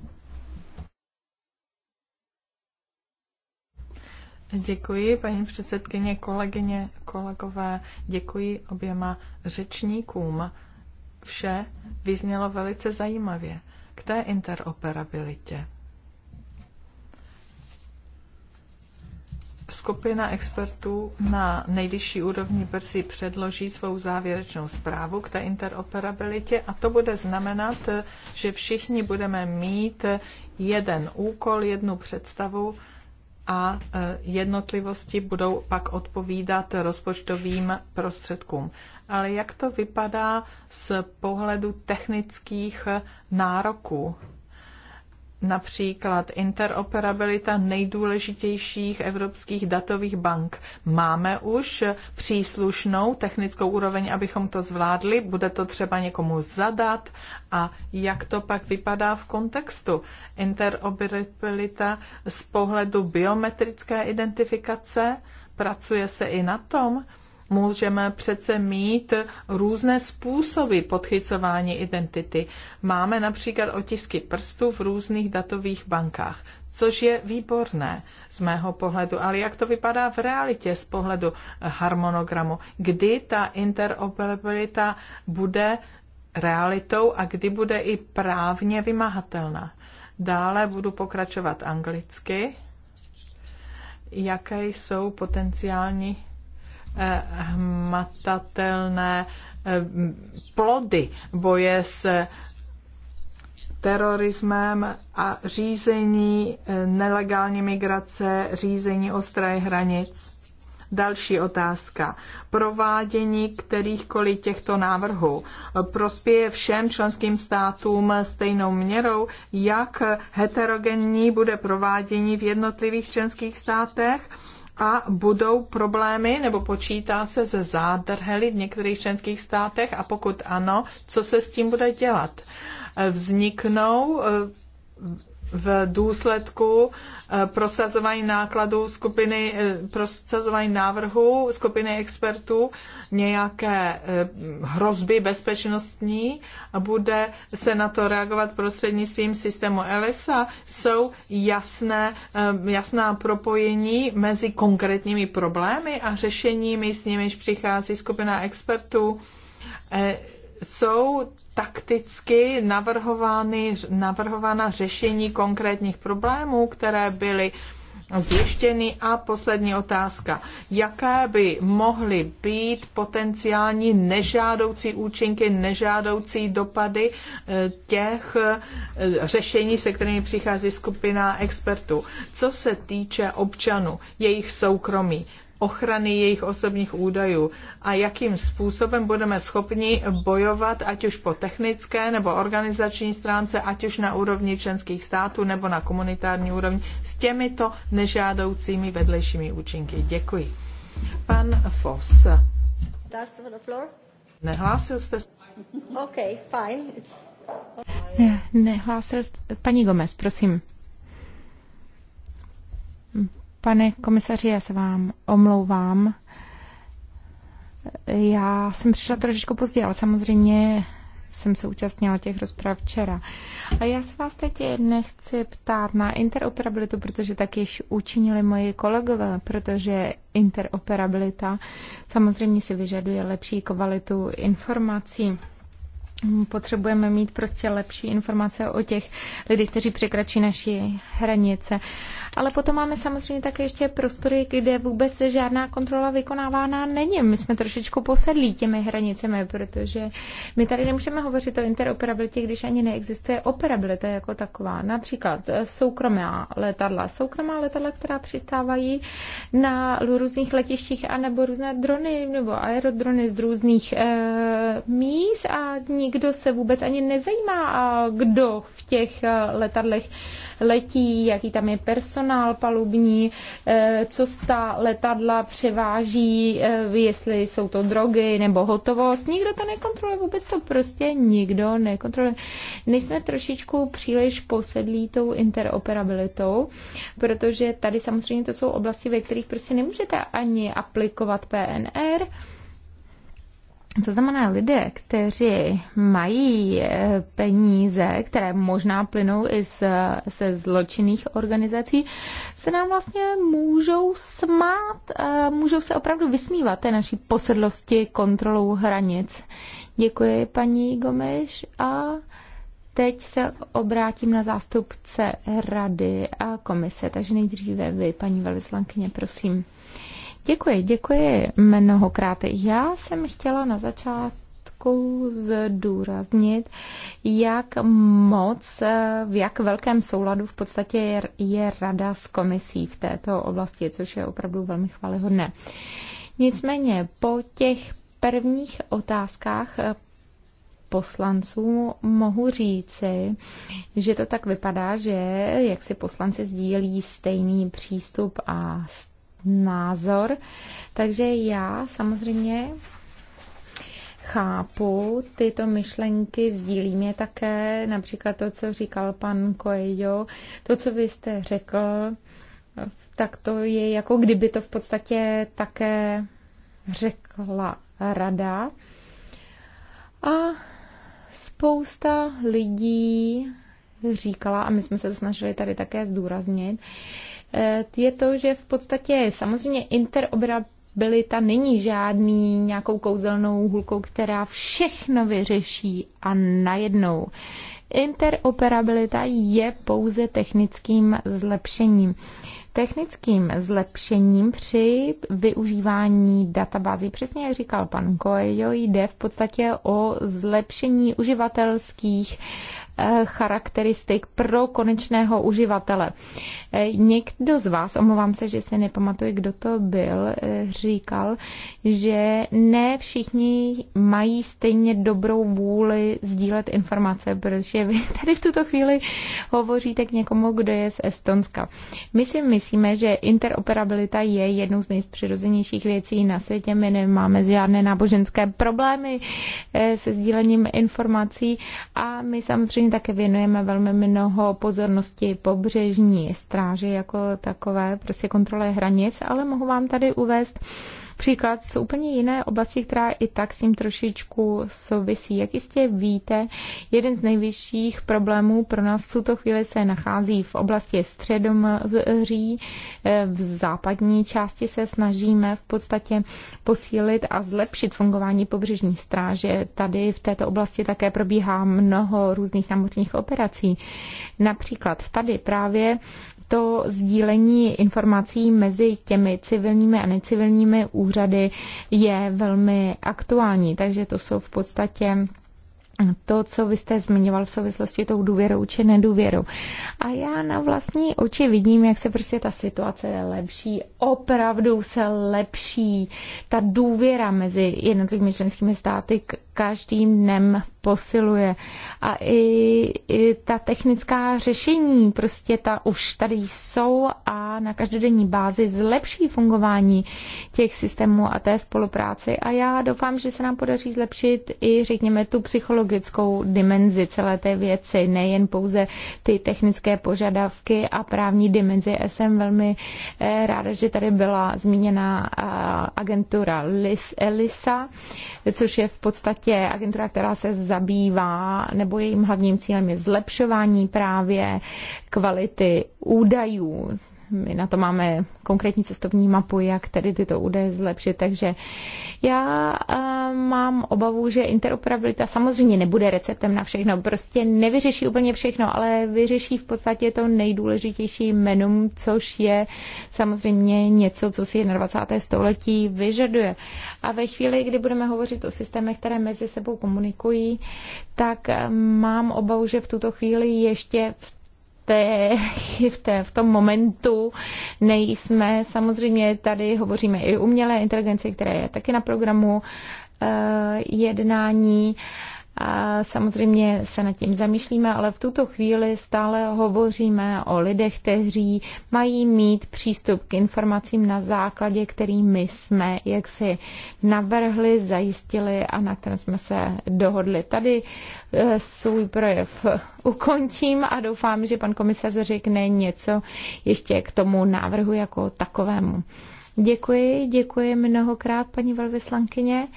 Děkuji, paní předsedkyně, kolegyně, kolegové. Děkuji oběma řečníkům. Vše vyznělo velice zajímavě k té interoperabilitě. skupina expertů na nejvyšší úrovni brzy předloží svou závěrečnou zprávu k té interoperabilitě a to bude znamenat, že všichni budeme mít jeden úkol, jednu představu a e, jednotlivosti budou pak odpovídat rozpočtovým prostředkům. Ale jak to vypadá z pohledu technických nároků například interoperabilita nejdůležitějších evropských datových bank. Máme už příslušnou technickou úroveň, abychom to zvládli, bude to třeba někomu zadat a jak to pak vypadá v kontextu. Interoperabilita z pohledu biometrické identifikace, pracuje se i na tom, Můžeme přece mít různé způsoby podchycování identity. Máme například otisky prstů v různých datových bankách, což je výborné z mého pohledu. Ale jak to vypadá v realitě z pohledu harmonogramu? Kdy ta interoperabilita bude realitou a kdy bude i právně vymahatelná? Dále budu pokračovat anglicky. Jaké jsou potenciální Eh, hmatatelné eh, plody boje s eh, terorismem a řízení nelegální migrace, řízení ostré hranic. Další otázka. Provádění kterýchkoliv těchto návrhů prospěje všem členským státům stejnou měrou, jak heterogenní bude provádění v jednotlivých členských státech a budou problémy, nebo počítá se ze zádrhely v některých členských státech a pokud ano, co se s tím bude dělat? Vzniknou eh, v důsledku eh, prosazování nákladů skupiny, eh, prosazování návrhu skupiny expertů nějaké eh, hrozby bezpečnostní a bude se na to reagovat prostřednictvím systému ELISA, jsou jasné, jasná propojení mezi konkrétními problémy a řešeními, s nimiž přichází skupina expertů jsou takticky navrhovány, navrhována řešení konkrétních problémů, které byly zjištěny. A poslední otázka. Jaké by mohly být potenciální nežádoucí účinky, nežádoucí dopady eh, těch eh, řešení, se kterými přichází skupina expertů? Co se týče občanů, jejich soukromí, ochrany jejich osobních údajů a jakým způsobem budeme schopni bojovat, ať už po technické nebo organizační stránce, ať už na úrovni členských států nebo na komunitární úrovni s těmito nežádoucími vedlejšími účinky. Děkuji. Pan Foss. Nehlásil jste se? Okay, fine. It's... Ne, nehlásil jste... Paní Gomez, prosím. Pane komisaři, já se vám omlouvám. Já jsem přišla trošičku pozdě, ale samozřejmě jsem se účastnila těch rozprav včera. A já se vás teď nechci ptát na interoperabilitu, protože tak již učinili moji kolegové, protože interoperabilita samozřejmě si vyžaduje lepší kvalitu informací potřebujeme mít prostě lepší informace o těch lidech, kteří překračí naši hranice. Ale potom máme samozřejmě také ještě prostory, kde vůbec žádná kontrola vykonávána není. My jsme trošičku posedlí těmi hranicemi, protože my tady nemůžeme hovořit o interoperabilitě, když ani neexistuje operabilita jako taková. Například soukromá letadla. Soukromá letadla, která přistávají na různých letištích anebo různé drony nebo aerodrony z různých e, míst a nikdo nikdo se vůbec ani nezajímá, kdo v těch eh, letadlech letí, jaký tam je personál palubní, eh, co ta letadla převáží, eh, jestli jsou to drogy nebo hotovost. Nikdo to nekontroluje, vůbec to prostě nikdo nekontroluje. Nejsme trošičku příliš posedlí tou interoperabilitou, protože tady samozřejmě to jsou oblasti, ve kterých prostě nemůžete ani aplikovat PNR, to znamená, lidé, kteří mají eh, peníze, které možná plynou i z, se zločinných organizací, se nám vlastně můžou smát, eh, můžou se opravdu vysmívat té naší posedlosti kontrolou hranic. Děkuji, paní Gomeš. A teď se obrátím na zástupce rady a komise. Takže nejdříve vy, paní velvyslankyně, prosím. Uh, Děkuji, děkuji mnohokrát. Já jsem chtěla na začátku zdůraznit, jak moc, v jak velkém souladu v podstatě je, je rada s komisí v této oblasti, což je opravdu velmi chvalihodné. Nicméně po těch prvních otázkách poslanců mohu říci, že to tak vypadá, že jak si poslanci sdílí stejný přístup a názor. Takže já samozřejmě chápu tyto myšlenky, sdílím je také, například to, co říkal pan Coelho, to, co vy jste řekl, tak to je jako kdyby to v podstatě také řekla rada. A spousta lidí říkala, a my jsme se to snažili tady také zdůraznit, je to, že v podstatě samozřejmě interoperabilita není žádný nějakou kouzelnou hulkou, která všechno vyřeší a najednou. Interoperabilita je pouze technickým zlepšením. Technickým zlepšením při využívání databází, přesně jak říkal pan Kojo, jde v podstatě o zlepšení uživatelských Eh, charakteristik pro konečného uživatele. Eh, někdo z vás, omlouvám se, že si nepamatuji, kdo to byl, eh, říkal, že ne všichni mají stejně dobrou vůli sdílet informace, protože vy tady v tuto chvíli hovoříte k někomu, kdo je z Estonska. My si myslíme, že interoperabilita je jednou z nejpřirozenějších věcí na světě. My nemáme žádné náboženské problémy se sdílením informací a my samozřejmě samozřejmě také věnujeme velmi mnoho pozornosti pobřežní stráži jako takové, prostě kontrole hranic, ale mohu vám tady uvést příklad z úplně jiné oblasti, která i tak s tím trošičku souvisí. Jak jistě víte, jeden z nejvyšších problémů pro nás v tuto chvíli se nachází v oblasti středomří. V západní části se snažíme v podstatě posílit a zlepšit fungování pobřežní stráže. Tady v této oblasti také probíhá mnoho různých námořních operací. Například tady právě to sdílení informací mezi těmi civilními a necivilními úřady je velmi aktuální, takže to jsou v podstatě to, co vy jste zmiňoval v souvislosti tou důvěrou či nedůvěrou. A já na vlastní oči vidím, jak se prostě ta situace lepší, opravdu se lepší. Ta důvěra mezi jednotlivými členskými státy každým dnem posiluje. A i, i ta technická řešení, prostě ta už tady jsou a na každodenní bázi zlepší fungování těch systémů a té spolupráci. A já doufám, že se nám podaří zlepšit i, řekněme, tu psychologickou dimenzi celé té věci, nejen pouze ty technické požadavky a právní dimenzi. Já jsem velmi eh, ráda, že tady byla zmíněna eh, agentura LIS, ELISA, což je v podstatě agentura, která se zabývá, nebo jejím hlavním cílem je zlepšování právě kvality údajů my na to máme konkrétní cestovní mapu, jak tedy tyto údaje zlepšit. Takže já eh, mám obavu, že interoperabilita samozřejmě nebude receptem na všechno. Prostě nevyřeší úplně všechno, ale vyřeší v podstatě to nejdůležitější menum, což je samozřejmě něco, co si 21. století vyžaduje. A ve chvíli, kdy budeme hovořit o systémech, které mezi sebou komunikují, tak eh, mám obavu, že v tuto chvíli ještě v té, *laughs* v, té, v tom momentu nejsme. Samozřejmě tady hovoříme i o umělé inteligenci, která je taky na programu eh, jednání. Uh, a samozřejmě se nad tím zamýšlíme, ale v tuto chvíli stále hovoříme o lidech, kteří mají mít přístup k informacím na základě, který my jsme jak si navrhli, zajistili a na kterém jsme se dohodli. Tady eh, svůj projev *laughs* ukončím a doufám, že pan komisař řekne něco ještě k tomu návrhu jako takovému. Děkuji, děkuji mnohokrát, paní velvyslankyně.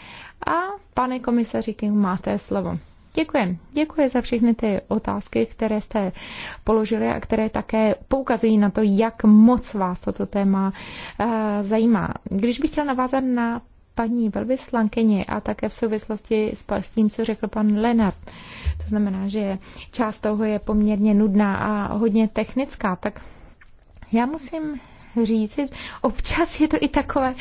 A Pane komisaři máte slovo. Děkuji. Děkuji za všechny ty otázky, které jste položili a které také poukazují na to, jak moc vás toto téma eh, zajímá. Když bych chtěla navázat na paní velvyslankyni a také v souvislosti s tím, co řekl pan Lenard, To znamená, že část toho je poměrně nudná a hodně technická, tak já musím říct, občas je to i takové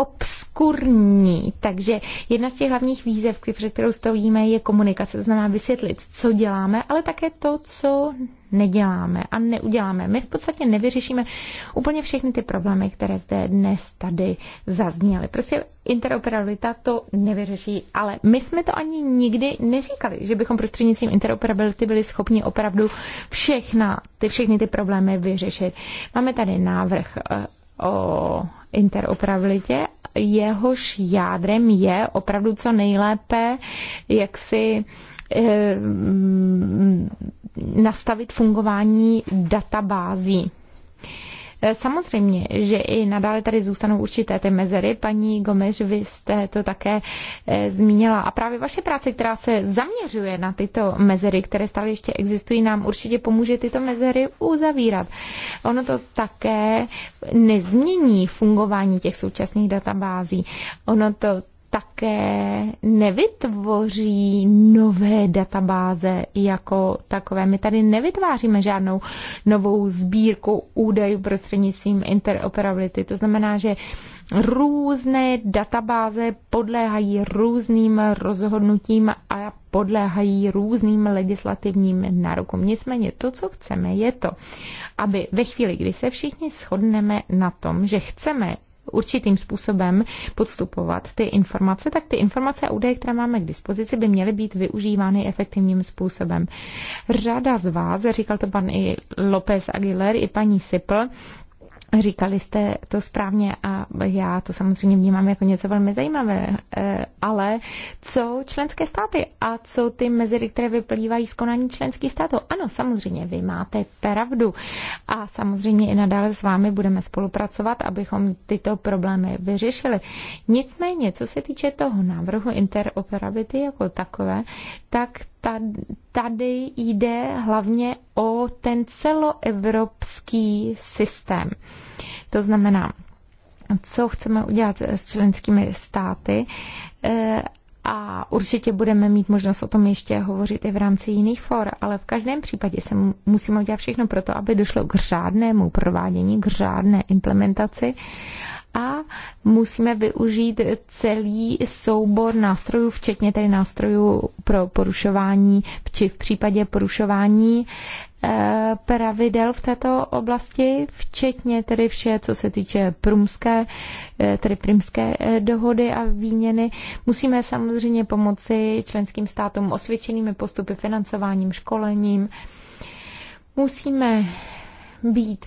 obskurní. Takže jedna z těch hlavních výzev, před kterou stojíme, je komunikace. To znamená vysvětlit, co děláme, ale také to, co neděláme a neuděláme. My v podstatě nevyřešíme úplně všechny ty problémy, které zde dnes tady zazněly. Prostě interoperabilita to nevyřeší, ale my jsme to ani nikdy neříkali, že bychom prostřednictvím interoperability byli schopni opravdu všechna, ty, všechny ty problémy vyřešit. Máme tady návrh eh, o interoperabilitě, jehož jádrem je opravdu co nejlépe, jak si eh, nastavit fungování databází. Eh, samozřejmě, že i nadále tady zůstanou určité ty mezery. Paní Gomeš, vy jste to také eh, zmínila. A právě vaše práce, která se zaměřuje na tyto mezery, které stále ještě existují, nám určitě pomůže tyto mezery uzavírat. Ono to také nezmění fungování těch současných databází. Ono to také nevytvoří nové databáze jako takové. My tady nevytváříme žádnou novou sbírku údajů prostřednictvím interoperability. To znamená, že různé databáze podléhají různým rozhodnutím a podléhají různým legislativním nárokům. Nicméně to, co chceme, je to, aby ve chvíli, kdy se všichni shodneme na tom, že chceme určitým způsobem podstupovat ty informace, tak ty informace a údaje, které máme k dispozici, by měly být využívány efektivním způsobem. Řada z vás, říkal to pan i López Aguilar, i paní Sipl, Říkali jste to správně a já to samozřejmě vnímám jako něco velmi zajímavé, eh, ale co členské státy a co ty mezery, které vyplývají z konání členských států? Ano, samozřejmě, vy máte pravdu a samozřejmě i nadále s vámi budeme spolupracovat, abychom tyto problémy vyřešili. Nicméně, co se týče toho návrhu interoperability jako takové, tak tady jde hlavně o ten celoevropský systém. To znamená, co chceme udělat s členskými státy eh, a určitě budeme mít možnost o tom ještě hovořit i v rámci jiných for, ale v každém případě se musíme udělat všechno pro to, aby došlo k řádnému provádění, k řádné implementaci a musíme využít celý soubor nástrojů, včetně tedy nástrojů pro porušování, či v případě porušování eh, pravidel v této oblasti, včetně tedy vše, co se týče prumské, eh, tedy primské eh, dohody a výměny. Musíme samozřejmě pomoci členským státům osvědčenými postupy, financováním, školením. Musíme být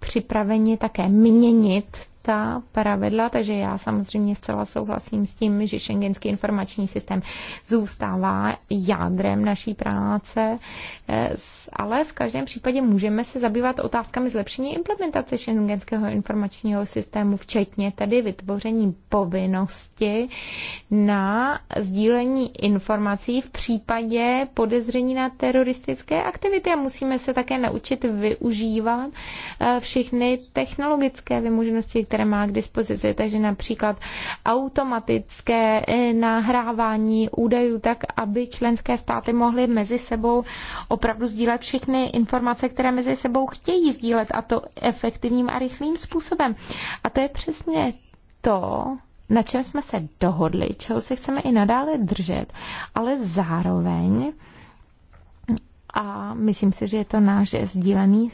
připraveni také měnit ta pravidla, takže já samozřejmě zcela souhlasím s tím, že šengenský informační systém zůstává jádrem naší práce, eh, ale v každém případě můžeme se zabývat otázkami zlepšení implementace šengenského informačního systému, včetně tedy vytvoření povinnosti na sdílení informací v případě podezření na teroristické aktivity a musíme se také naučit využívat eh, všechny technologické vymoženosti, které má k dispozici, takže například automatické eh, nahrávání údajů tak, aby členské státy mohly mezi sebou opravdu sdílet všechny informace, které mezi sebou chtějí sdílet a to efektivním a rychlým způsobem. A to je přesně to, na čem jsme se dohodli, čeho se chceme i nadále držet, ale zároveň a myslím si, že je to náš sdílený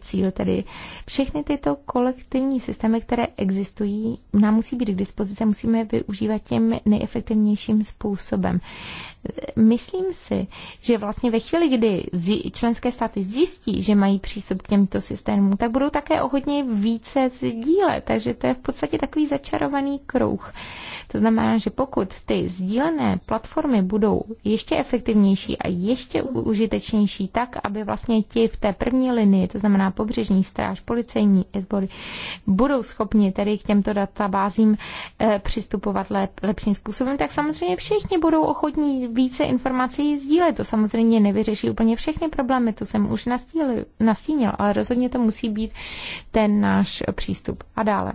cíl, tedy všechny tyto kolektivní systémy, které existují, nám musí být k dispozici, musíme je využívat tím nejefektivnějším způsobem myslím si, že vlastně ve chvíli, kdy členské státy zjistí, že mají přístup k těmto systémům, tak budou také o hodně více sdílet. Takže to je v podstatě takový začarovaný kruh. To znamená, že pokud ty sdílené platformy budou ještě efektivnější a ještě užitečnější, tak aby vlastně ti v té první linii, to znamená pobřežní stráž, policejní sbory, budou schopni tedy k těmto databázím eh, přistupovat lep, lepším způsobem, tak samozřejmě všichni budou ochotní více informací sdílet. To samozřejmě nevyřeší úplně všechny problémy, to jsem už nastínil, nastínil ale rozhodně to musí být ten náš přístup. A dále.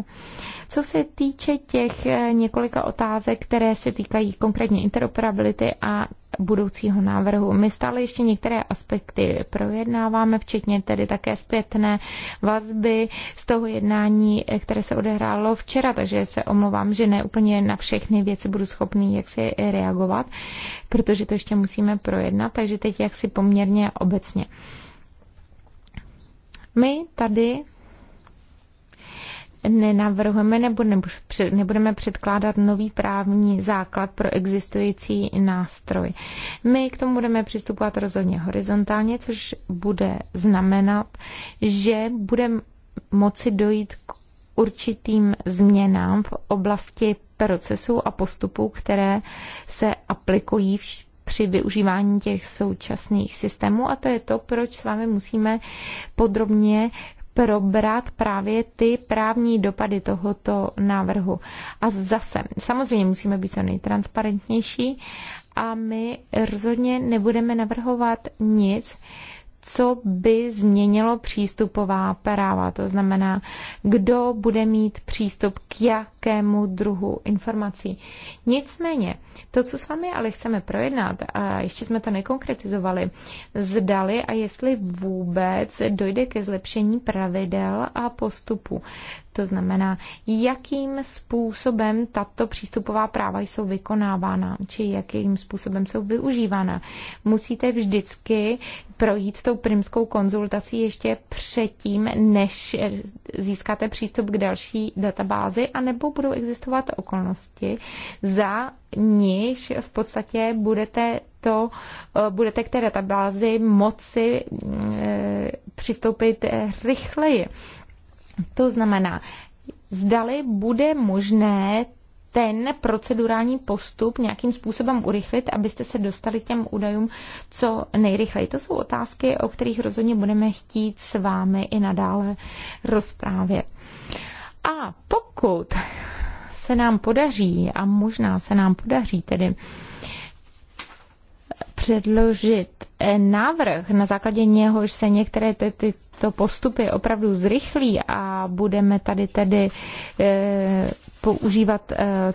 Co se týče těch eh, několika otázek, které se týkají konkrétně interoperability a budoucího návrhu. My stále ještě některé aspekty projednáváme, včetně tedy také zpětné vazby z toho jednání, které se odehrálo včera, takže se omlouvám, že ne úplně na všechny věci budu schopný jak si reagovat, protože to ještě musíme projednat, takže teď jaksi poměrně obecně. My tady nenavrhujeme nebo nebudeme předkládat nový právní základ pro existující nástroj. My k tomu budeme přistupovat rozhodně horizontálně, což bude znamenat, že budeme moci dojít k určitým změnám v oblasti procesů a postupů, které se aplikují v při využívání těch současných systémů a to je to, proč s vámi musíme podrobně probrat právě ty právní dopady tohoto návrhu. A zase, samozřejmě musíme být co nejtransparentnější a my rozhodně nebudeme navrhovat nic, co by změnilo přístupová práva. To znamená, kdo bude mít přístup k jakému druhu informací. Nicméně, to, co s vámi ale chceme projednat, a ještě jsme to nekonkretizovali, zdali a jestli vůbec dojde ke zlepšení pravidel a postupu. To znamená, jakým způsobem tato přístupová práva jsou vykonávána, či jakým způsobem jsou využívána. Musíte vždycky projít tou primskou konzultací ještě předtím, než získáte přístup k další databázi, anebo budou existovat okolnosti, za niž v podstatě budete to, eh, budete k té databázi moci mm, eh, přistoupit rychleji. To znamená, zdali bude možné ten procedurální postup nějakým způsobem urychlit, abyste se dostali k těm údajům co nejrychleji. To jsou otázky, o kterých rozhodně budeme chtít s vámi i nadále rozprávět. A pokud se nám podaří, a možná se nám podaří tedy předložit eh, návrh, na základě něhož se některé ty, ty postup postupy opravdu zrychlí a budeme tady tedy eh, používat eh,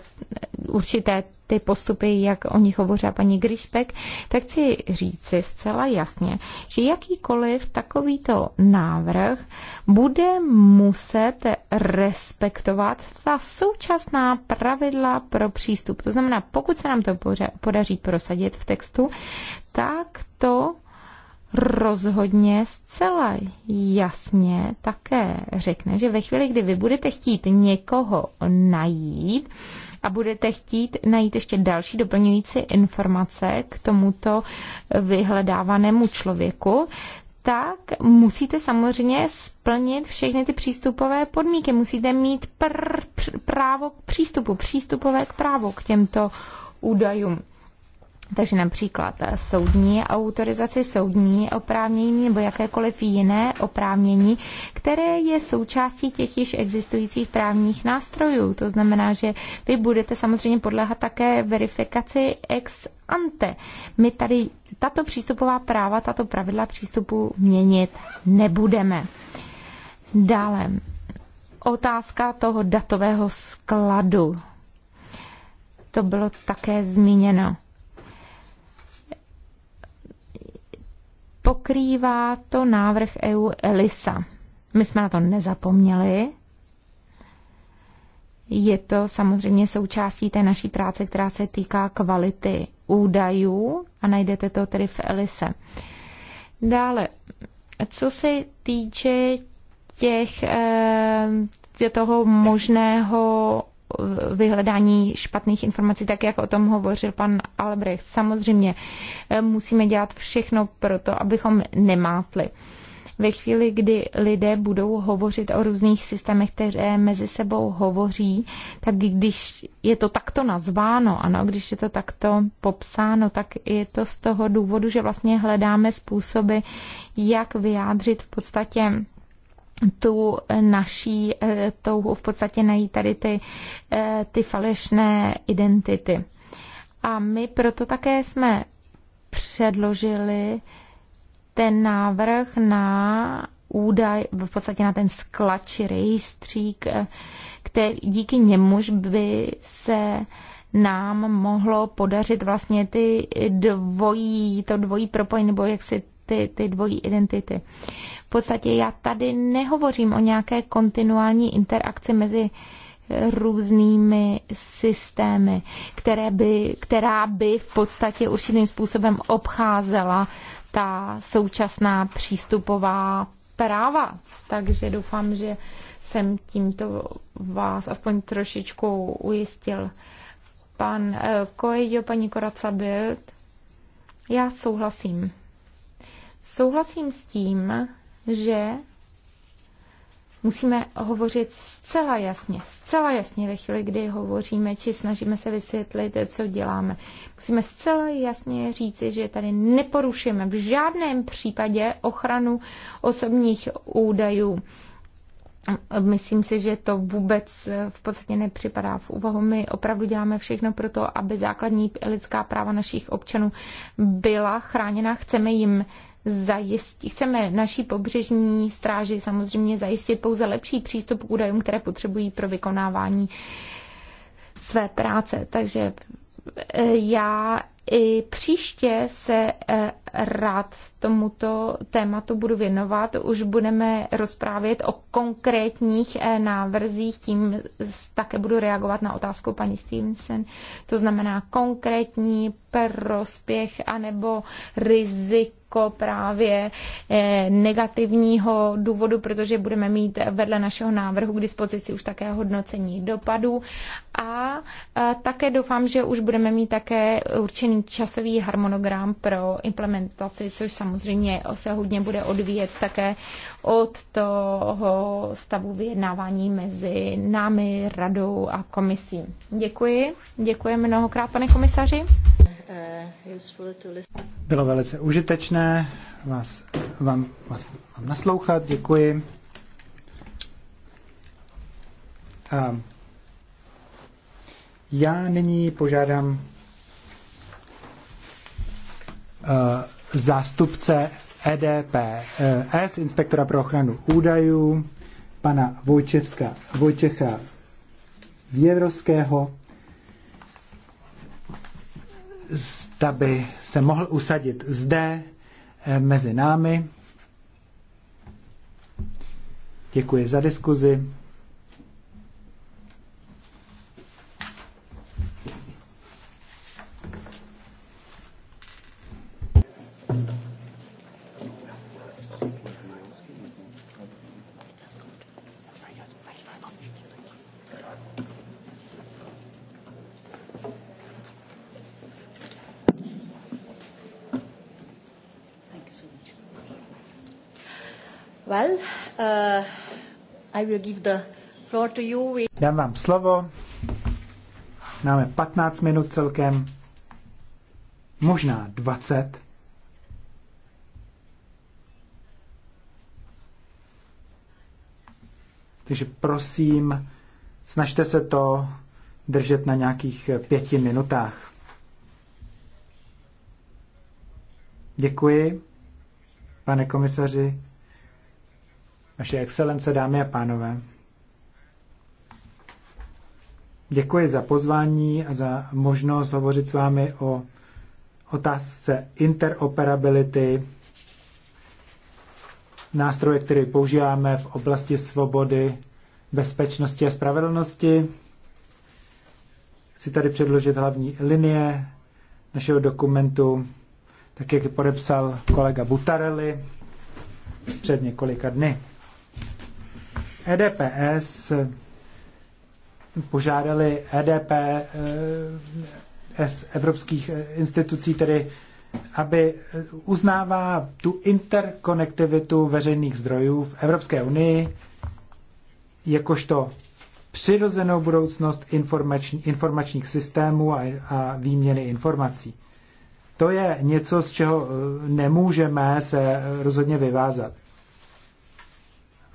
určité ty postupy, jak o nich hovořila paní Grispek, tak chci říci zcela jasně, že jakýkoliv takovýto návrh bude muset respektovat ta současná pravidla pro přístup. To znamená, pokud se nám to podaří prosadit v textu, tak to rozhodně zcela jasně také řekne, že ve chvíli, kdy vy budete chtít někoho najít a budete chtít najít ještě další doplňující informace k tomuto vyhledávanému člověku, tak musíte samozřejmě splnit všechny ty přístupové podmínky. Musíte mít pr- pr- právo k přístupu, přístupové k právo k těmto údajům. Takže například eh, soudní autorizaci, soudní oprávnění nebo jakékoliv jiné oprávnění, které je součástí těch již existujících právních nástrojů. To znamená, že vy budete samozřejmě podléhat také verifikaci ex ante. My tady tato přístupová práva, tato pravidla přístupu měnit nebudeme. Dále otázka toho datového skladu. To bylo také zmíněno. Pokrývá to návrh EU ELISA. My jsme na to nezapomněli. Je to samozřejmě součástí té naší práce, která se týká kvality údajů a najdete to tedy v ELISE. Dále, co se týče těch, eh, toho možného vyhledání špatných informací, tak jak o tom hovořil pan Albrecht. Samozřejmě eh, musíme dělat všechno pro to, abychom nemátli ve chvíli, kdy lidé budou hovořit o různých systémech, které mezi sebou hovoří, tak když je to takto nazváno, ano, když je to takto popsáno, tak je to z toho důvodu, že vlastně hledáme způsoby, jak vyjádřit v podstatě tu naší eh, touhu v podstatě najít tady ty, eh, ty falešné identity. A my proto také jsme předložili ten návrh na údaj, v podstatě na ten sklač, rejstřík, eh, který, díky němuž by se nám mohlo podařit vlastně ty dvojí, to dvojí propojení, nebo jak si ty, ty dvojí identity. Uh, podstatě já tady nehovořím o nějaké kontinuální interakci mezi různými systémy, které by, která by v podstatě určitým způsobem obcházela ta současná přístupová práva. Takže doufám, že jsem tímto vás aspoň trošičku ujistil. Pan Kojo, eh, paní Koraca Bild, já souhlasím. Souhlasím s tím, že musíme hovořit zcela jasně, zcela jasně ve chvíli, kdy hovoříme či snažíme se vysvětlit, co děláme. Musíme zcela jasně říci, že tady neporušujeme v žádném případě ochranu osobních údajů. Myslím si, že to vůbec v podstatě nepřipadá v úvahu. My opravdu děláme všechno pro to, aby základní lidská práva našich občanů byla chráněna. Chceme jim zajistit, chceme naší pobřežní stráži samozřejmě zajistit pouze lepší přístup k údajům, které potřebují pro vykonávání své práce. Takže eh, já i příště se eh, rád tomuto tématu budu věnovat. Už budeme rozprávět o konkrétních eh, návrzích, tím také budu reagovat na otázku paní Stevenson. To znamená konkrétní prospěch anebo riziko riziko právě eh, negativního důvodu, protože budeme mít vedle našeho návrhu k dispozici už také hodnocení dopadů. A eh, také doufám, že už budeme mít také určený časový harmonogram pro implementaci implementaci, což samozřejmě se hodně bude odvíjet také od toho stavu vyjednávání mezi námi, radou a komisí. Děkuji. Děkuji mnohokrát, pane komisaři. Bylo velice užitečné vás, vám, vás, vám naslouchat. Děkuji. A já nyní požádám uh, zástupce EDPS, inspektora pro ochranu údajů, pana Vojčevska, Vojčecha Věvrovského, zda by se mohl usadit zde eh, mezi námi. Děkuji za diskuzi. Well, uh, I will give the floor to you. Dám vám slovo. Máme 15 minut celkem, možná 20. Takže prosím, snažte se to držet na nějakých pěti minutách. Děkuji, pane komisaři. Vaše excelence, dámy a pánové, děkuji za pozvání a za možnost hovořit s vámi o otázce interoperability, nástroje, který používáme v oblasti svobody, bezpečnosti a spravedlnosti. Chci tady předložit hlavní linie našeho dokumentu, tak jak podepsal kolega Butarelli před několika dny. EDPS požádali EDP z eh, evropských eh, institucí, tedy aby eh, uznává tu interkonektivitu veřejných zdrojů v Evropské unii jakožto přirozenou budoucnost informační, informačních systémů a, a výměny informací. To je něco, z čeho nemůžeme se rozhodně vyvázat.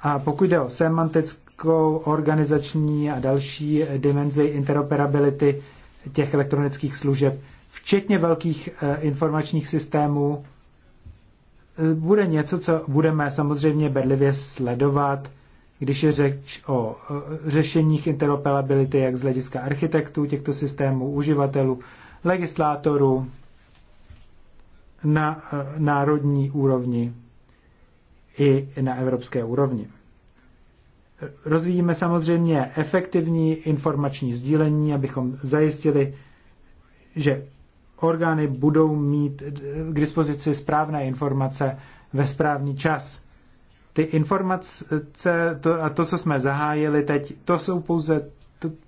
A pokud jde o semantickou, organizační a další dimenzi interoperability těch elektronických služeb, včetně velkých eh, informačních systémů, eh, bude něco, co budeme samozřejmě bedlivě sledovat, když je řeč o eh, řešeních interoperability, jak z hlediska architektů těchto systémů, uživatelů, legislátorů na národní úrovni i na evropské úrovni. Rozvíjíme samozřejmě efektivní informační sdílení, abychom zajistili, že orgány budou mít k dispozici správné informace ve správný čas. Ty informace to, a to, co jsme zahájili teď, to jsou pouze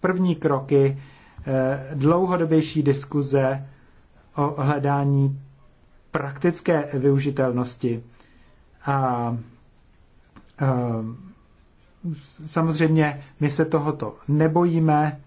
první kroky eh, dlouhodobější diskuze o hledání praktické využitelnosti a samozřejmě my se tohoto nebojíme,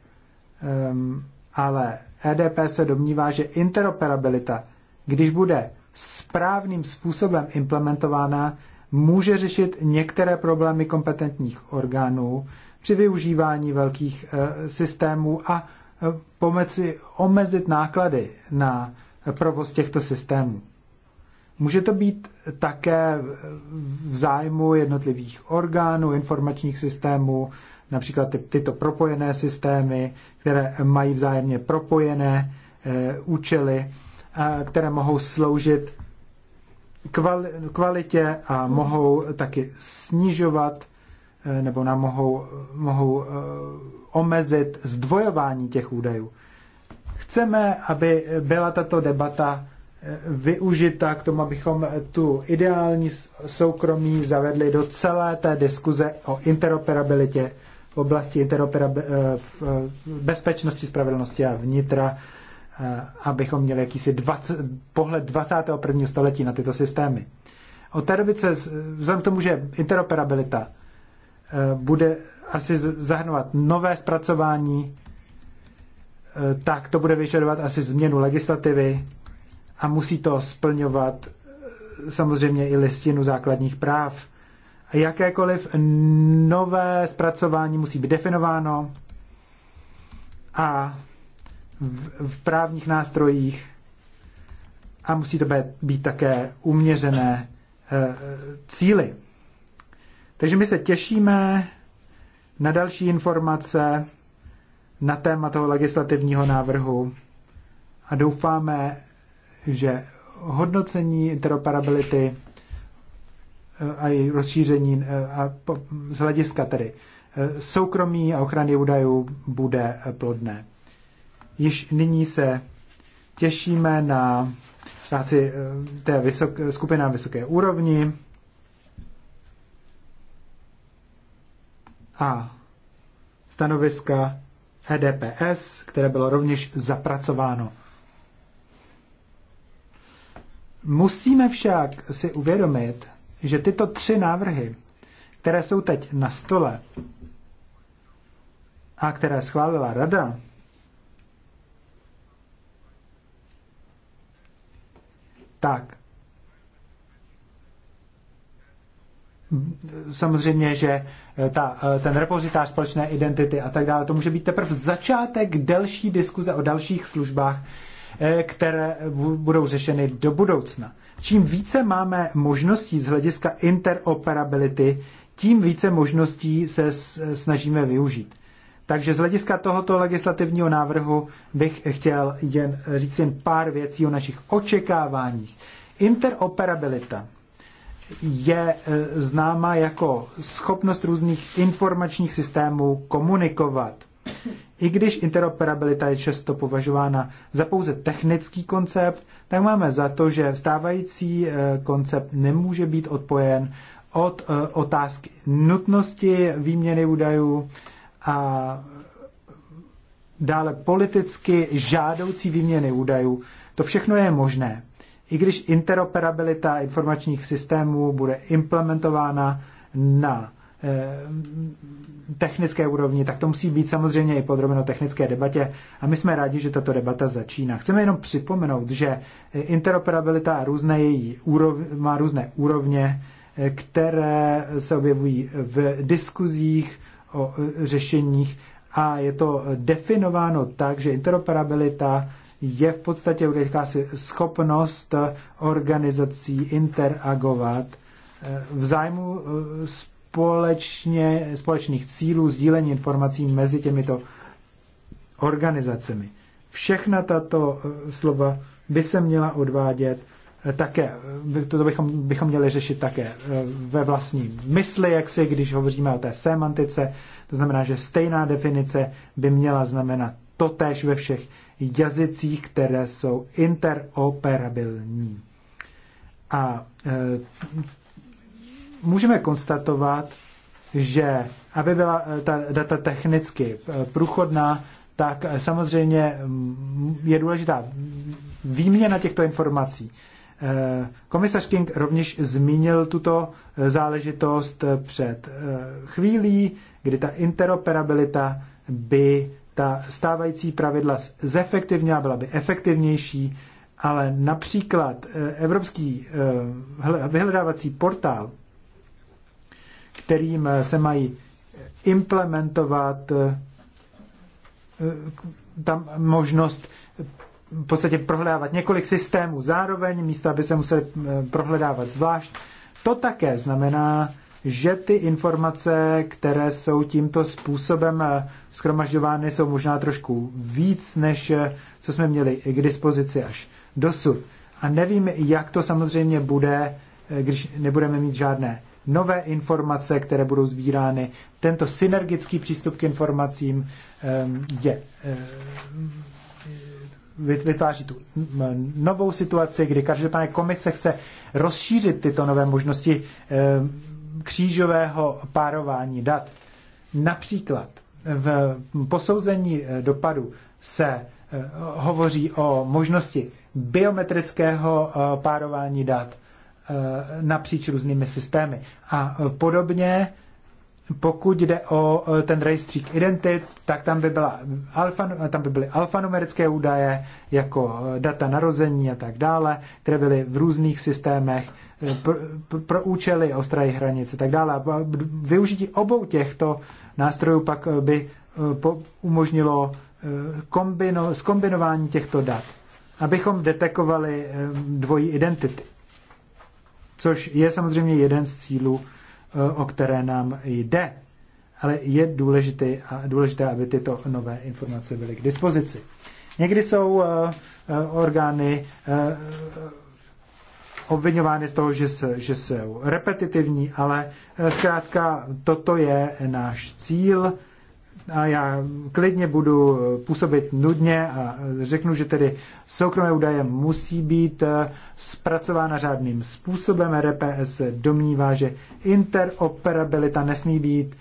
ale EDP se domnívá, že interoperabilita, když bude správným způsobem implementována, může řešit některé problémy kompetentních orgánů při využívání velkých e, systémů a e, pomoci omezit náklady na e, provoz těchto systémů. Může to být také v zájmu jednotlivých orgánů, informačních systémů, například ty, tyto propojené systémy, které mají vzájemně propojené e, účely, e, které mohou sloužit kvali, kvalitě a mohou taky snižovat e, nebo nám mohou, mohou e, omezit zdvojování těch údajů. Chceme, aby byla tato debata využita k tomu, abychom tu ideální soukromí zavedli do celé té diskuze o interoperabilitě v oblasti interoperabil, eh, eh, bezpečnosti, spravedlnosti a vnitra, eh, abychom měli jakýsi 20, pohled 21. století na tyto systémy. Od té doby se, vzhledem k tomu, že interoperabilita bude asi zahrnovat nové zpracování, tak to bude vyžadovat asi změnu legislativy, a musí to splňovat eh, samozřejmě i listinu základních práv. Jakékoliv nové zpracování musí být definováno a v, v právních nástrojích a musí to být, být také uměřené e, cíly. Takže my se těšíme na další informace na téma toho legislativního návrhu a doufáme, že hodnocení interoperability eh, a její rozšíření eh, a z hlediska tedy eh, soukromí a ochrany údajů bude plodné. Již nyní se těšíme na práci té vysok, skupiny na vysoké úrovni a stanoviska EDPS, které bylo rovněž zapracováno Musíme však si uvědomit, že tyto tři návrhy, které jsou teď na stole a které schválila Rada, tak samozřejmě, že ta, ten repozitář společné identity a tak dále, to může být teprve začátek delší diskuze o dalších službách, Eh, které budou řešeny do budoucna. Čím více máme možností z hlediska interoperability, tím více možností se snažíme využít. Takže z hlediska tohoto legislativního návrhu bych chtěl jen říct jen pár věcí o našich očekáváních. Interoperabilita je eh, známa jako schopnost různých informačních systémů komunikovat. I když interoperabilita je často považována za pouze technický koncept, tak máme za to, že vstávající eh, koncept nemůže být odpojen od eh, otázky nutnosti výměny údajů a dále politicky žádoucí výměny údajů. To všechno je možné. I když interoperabilita informačních systémů bude implementována na Eh, technické úrovni, tak to musí být samozřejmě i podrobeno technické debatě a my jsme rádi, že tato debata začíná. Chceme jenom připomenout, že interoperabilita různé její úrov, má různé úrovně, eh, které se objevují v diskuzích o eh, řešeních a je to definováno tak, že interoperabilita je v podstatě jakási schopnost organizací interagovat v zájmu společnosti společně, společných cílů sdílení informací mezi těmito organizacemi. Všechna tato eh, slova by se měla odvádět eh, také, eh, to bychom, bychom měli řešit také ve vlastní mysli, jak si, když hovoříme o té semantice, to znamená, že stejná definice by měla znamenat totéž ve všech jazycích, které jsou interoperabilní. A můžeme konstatovat, že aby byla eh, ta data technicky eh, průchodná, tak eh, samozřejmě mm, je důležitá výměna těchto informací. Komisař King rovněž zmínil tuto záležitost před chvílí, kdy ta interoperabilita by ta stávající pravidla zefektivněla, byla by efektivnější, ale například Evropský vyhledávací portál kterým eh, se mají implementovat eh, tam možnost v podstatě prohledávat několik systémů zároveň, místo aby se museli eh, prohledávat zvlášť. To také znamená, že ty informace, které jsou tímto způsobem schromažďovány, jsou možná trošku víc, než co jsme měli k dispozici až dosud. A nevím, jak to samozřejmě bude, když nebudeme mít žádné nové informace, které budou sbírány. Tento synergický přístup k informacím ehm, je ehm, vytváří tu novou situaci, kdy každopádně komise chce rozšířit tyto nové možnosti ehm, křížového párování dat. Například v posouzení e, dopadu se e, hovoří o možnosti biometrického e, párování dat Eh, napříč různými systémy. A podobně, pokud jde o eh, ten rejstřík identit, tak tam by, byla alfa, tam by byly alfanumerické údaje, jako eh, data narození a tak dále, které byly v různých systémech pro, pro účely ostrají hranice a tak dále. využití obou těchto nástrojů pak by umožnilo kombino, skombinování těchto dat, abychom detekovali dvojí identity což je samozřejmě jeden z cílů, eh, o které nám jde. Ale je důležité, důležité aby tyto nové informace byly k dispozici. Někdy jsou eh, eh, orgány obvinovány z toho, že, se, že jsou repetitivní, ale zkrátka toto je náš cíl a já klidně budu eh, působit nudně a eh, řeknu, že tedy soukromé údaje musí být eh, zpracována řádným způsobem. RPS domnívá, že interoperabilita nesmí být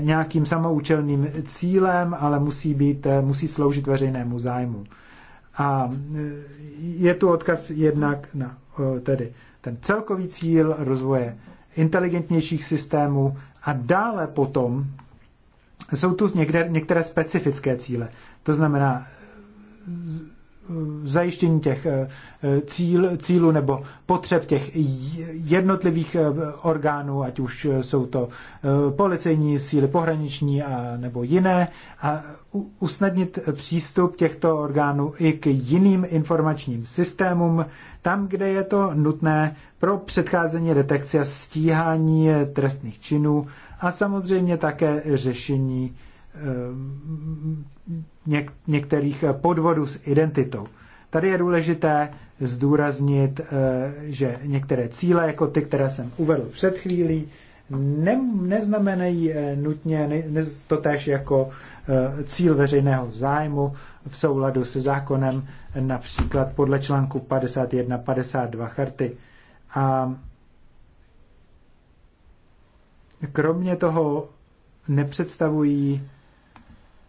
nějakým samoučelným cílem, ale musí, být, musí sloužit veřejnému zájmu. A je tu odkaz jednak na tedy ten celkový cíl rozvoje inteligentnějších systémů a dále potom jsou tu někde, některé specifické cíle. To znamená zajištění těch eh, cíl, cílů nebo potřeb těch jednotlivých eh, orgánů, ať už jsou to eh, policejní síly, pohraniční a, nebo jiné, a usnadnit přístup těchto orgánů i k jiným informačním systémům, tam, kde je to nutné pro předcházení detekce a stíhání trestných činů a samozřejmě také řešení eh, něk- některých podvodů s identitou. Tady je důležité zdůraznit, eh, že některé cíle, jako ty, které jsem uvedl před chvílí, ne, neznamenají eh, nutně ne, ne, to tež jako cíl veřejného zájmu v souladu se zákonem, například podle článku 51-52 charty. A Kromě toho nepředstavují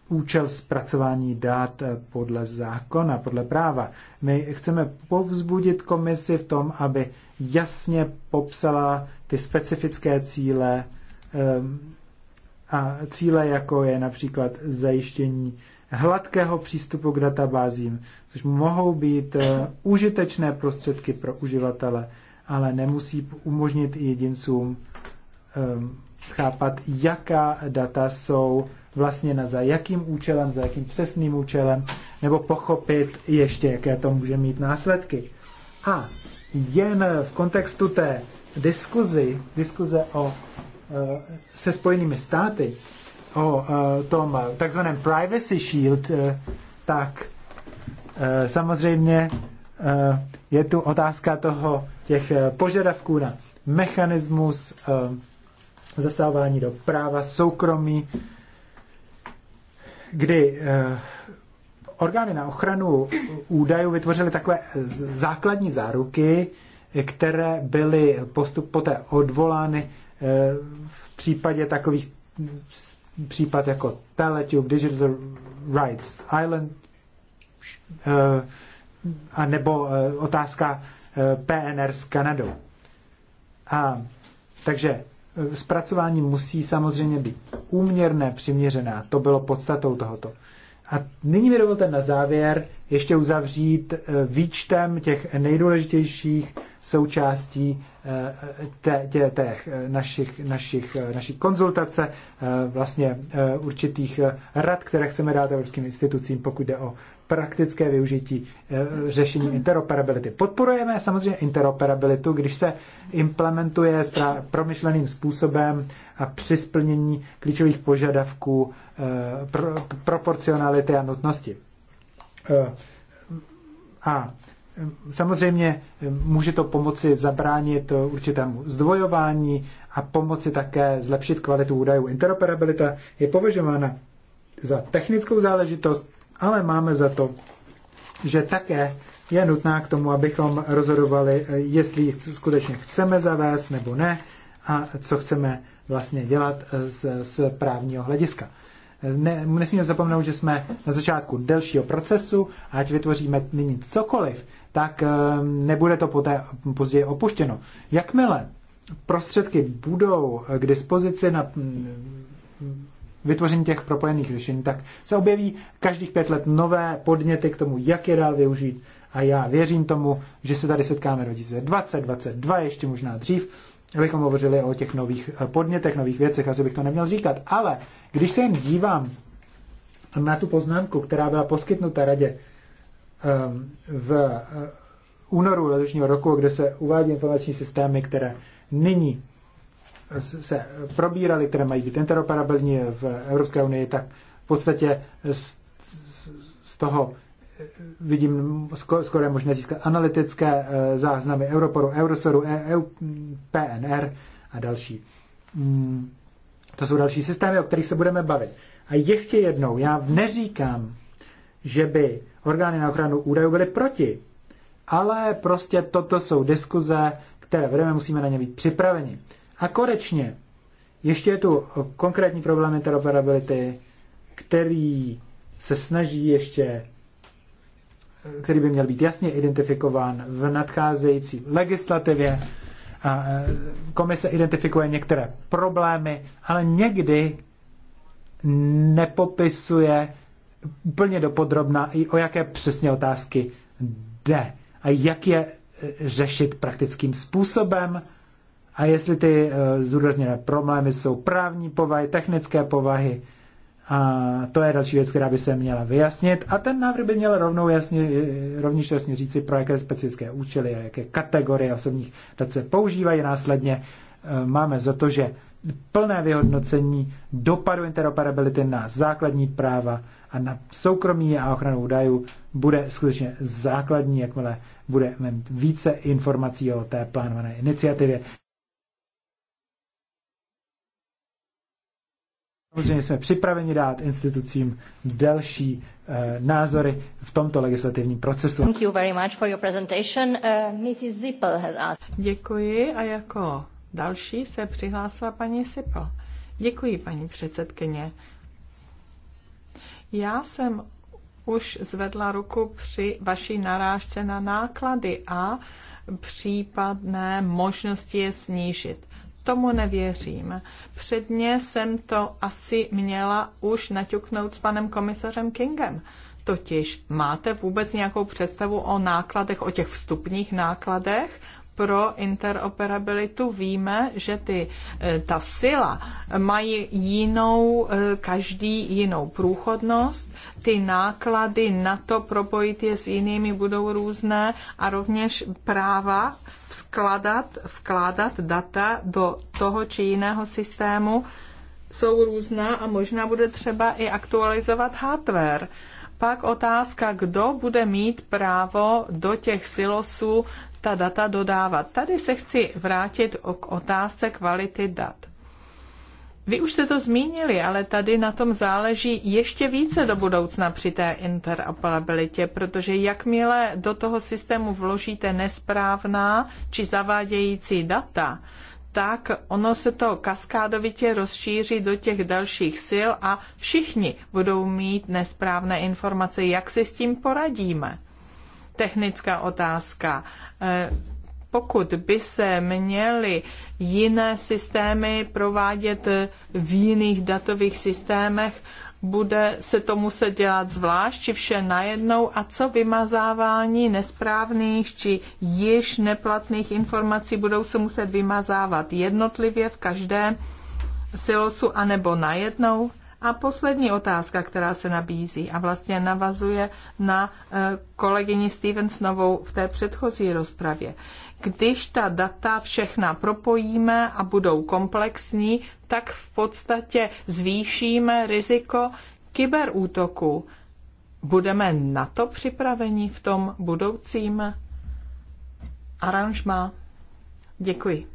účel zpracování dát eh, podle zákona, podle práva. My chceme povzbudit komisi v tom, aby jasně popsala ty specifické cíle eh, a cíle, jako je například zajištění hladkého přístupu k databázím, což mohou být eh, užitečné prostředky pro uživatele, ale nemusí umožnit jedincům chápat, jaká data jsou vlastně na za jakým účelem, za jakým přesným účelem, nebo pochopit ještě, jaké to může mít následky. A jen v kontextu té diskuzi, diskuze o, eh, se spojenými státy, o eh, tom takzvaném privacy shield, eh, tak samozřejmě je tu otázka toho, těch požadavků na mechanismus zasávání do práva soukromí, kdy eh, orgány na ochranu údajů vytvořily takové základní záruky, které byly postup poté odvolány eh, v případě takových případ jako Teletube, Digital Rights Island eh, a nebo otázka PNR s Kanadou. A, takže zpracování musí samozřejmě být úměrné, přiměřené. To bylo podstatou tohoto. A nyní mi dovolte na závěr ještě uzavřít eh, výčtem těch nejdůležitějších součástí eh, tě, tě, těch eh, našich, našich, naší konzultace, vlastně určitých rad, které chceme dát evropským institucím, pokud jde o praktické využití eh, řešení interoperability. Podporujeme samozřejmě interoperabilitu, když se implementuje promyšleným způsobem a při splnění klíčových požadavků eh, pro, proporcionality a nutnosti. Eh, a samozřejmě může to pomoci zabránit určitému zdvojování a pomoci také zlepšit kvalitu údajů. Interoperabilita je považována za technickou záležitost, ale máme za to, že také je nutná k tomu, abychom rozhodovali, jestli ji skutečně chceme zavést nebo ne a co chceme vlastně dělat eh, z, z právního hlediska. Ne, nesmíme zapomenout, že jsme na začátku delšího procesu a ať vytvoříme nyní cokoliv, tak eh, nebude to poté, později opuštěno. Jakmile prostředky budou eh, k dispozici na mm, vytvoření těch propojených řešení, tak se objeví každých pět let nové podněty k tomu, jak je dál využít. A já věřím tomu, že se tady setkáme 2020, 2022, ještě možná dřív, abychom hovořili o těch nových eh, podnětech, nových věcech, asi bych to neměl říkat. Ale když se jen dívám na tu poznámku, která byla poskytnuta radě ehm, v eh, únoru letošního roku, kde se uvádí informační systémy, které nyní se probíraly, které mají být interoperabilní v Evropské unii, tak v podstatě z, z toho eh, vidím skoro je možné získat analytické eh, záznamy Europoru, Eurosoru, EU, e mm, PNR a další. Mm, to jsou další systémy, o kterých se budeme bavit. A ještě jednou, já neříkám, že by orgány na ochranu údajů byly proti, ale prostě toto jsou diskuze, které vedeme, musíme na ně být připraveni. A konečně, ještě je tu konkrétní problém interoperability, který se snaží ještě, který by měl být jasně identifikován v nadcházející legislativě. A e, komise identifikuje některé problémy, ale někdy nepopisuje úplně dopodrobná i o jaké přesně otázky jde a jak je e, řešit praktickým způsobem a jestli ty eh, zúrazněné problémy jsou právní povahy, technické povahy, a to je další věc, která by se měla vyjasnit. A ten návrh by měl rovnou jasně, eh, rovněž jasně říci, pro jaké specifické účely a jaké kategorie osobních dat se používají. Následně eh, máme za to, že plné vyhodnocení dopadu interoperability na základní práva a na soukromí a ochranu údajů bude skutečně základní, jakmile bude mít více informací o té plánované iniciativě. Samozřejmě jsme připraveni dát institucím další uh, eh, názory v tomto legislativním procesu. Thank you very much for your presentation. Uh, Mrs. Zippel has asked. Děkuji a jako další se přihlásila paní Zippel. Děkuji, paní předsedkyně. Já jsem už zvedla ruku při vaší narážce na náklady a případné možnosti je snížit. Tomu nevěřím. Předně jsem to asi měla už naťuknout s panem komisařem Kingem. Totiž máte vůbec nějakou představu o nákladech, o těch vstupních nákladech pro interoperabilitu víme, že ty, eh, ta sila mají jinou, eh, každý jinou průchodnost, ty náklady na to propojit je s jinými budou různé a rovněž práva vkladat, vkládat data do toho či jiného systému jsou různá a možná bude třeba i aktualizovat hardware. Pak otázka, kdo bude mít právo do těch silosů ta data dodávat. Tady se chci vrátit k otázce kvality dat. Vy už jste to zmínili, ale tady na tom záleží ještě více do budoucna při té interoperabilitě, protože jakmile do toho systému vložíte nesprávná či zavádějící data, tak ono se to kaskádovitě rozšíří do těch dalších sil a všichni budou mít nesprávné informace, jak si s tím poradíme. Technická otázka eh, pokud by se měly jiné systémy provádět v jiných datových systémech, bude se to muset dělat zvlášť, či vše najednou a co vymazávání nesprávných či již neplatných informací budou se muset vymazávat jednotlivě v každém silosu anebo najednou? A poslední otázka, která se nabízí a vlastně navazuje na eh, kolegyni Stevensonovou v té předchozí rozpravě. Když ta data všechna propojíme a budou komplexní, tak v podstatě zvýšíme riziko kyberútoku. Budeme na to připraveni v tom budoucím aranžmá? Děkuji.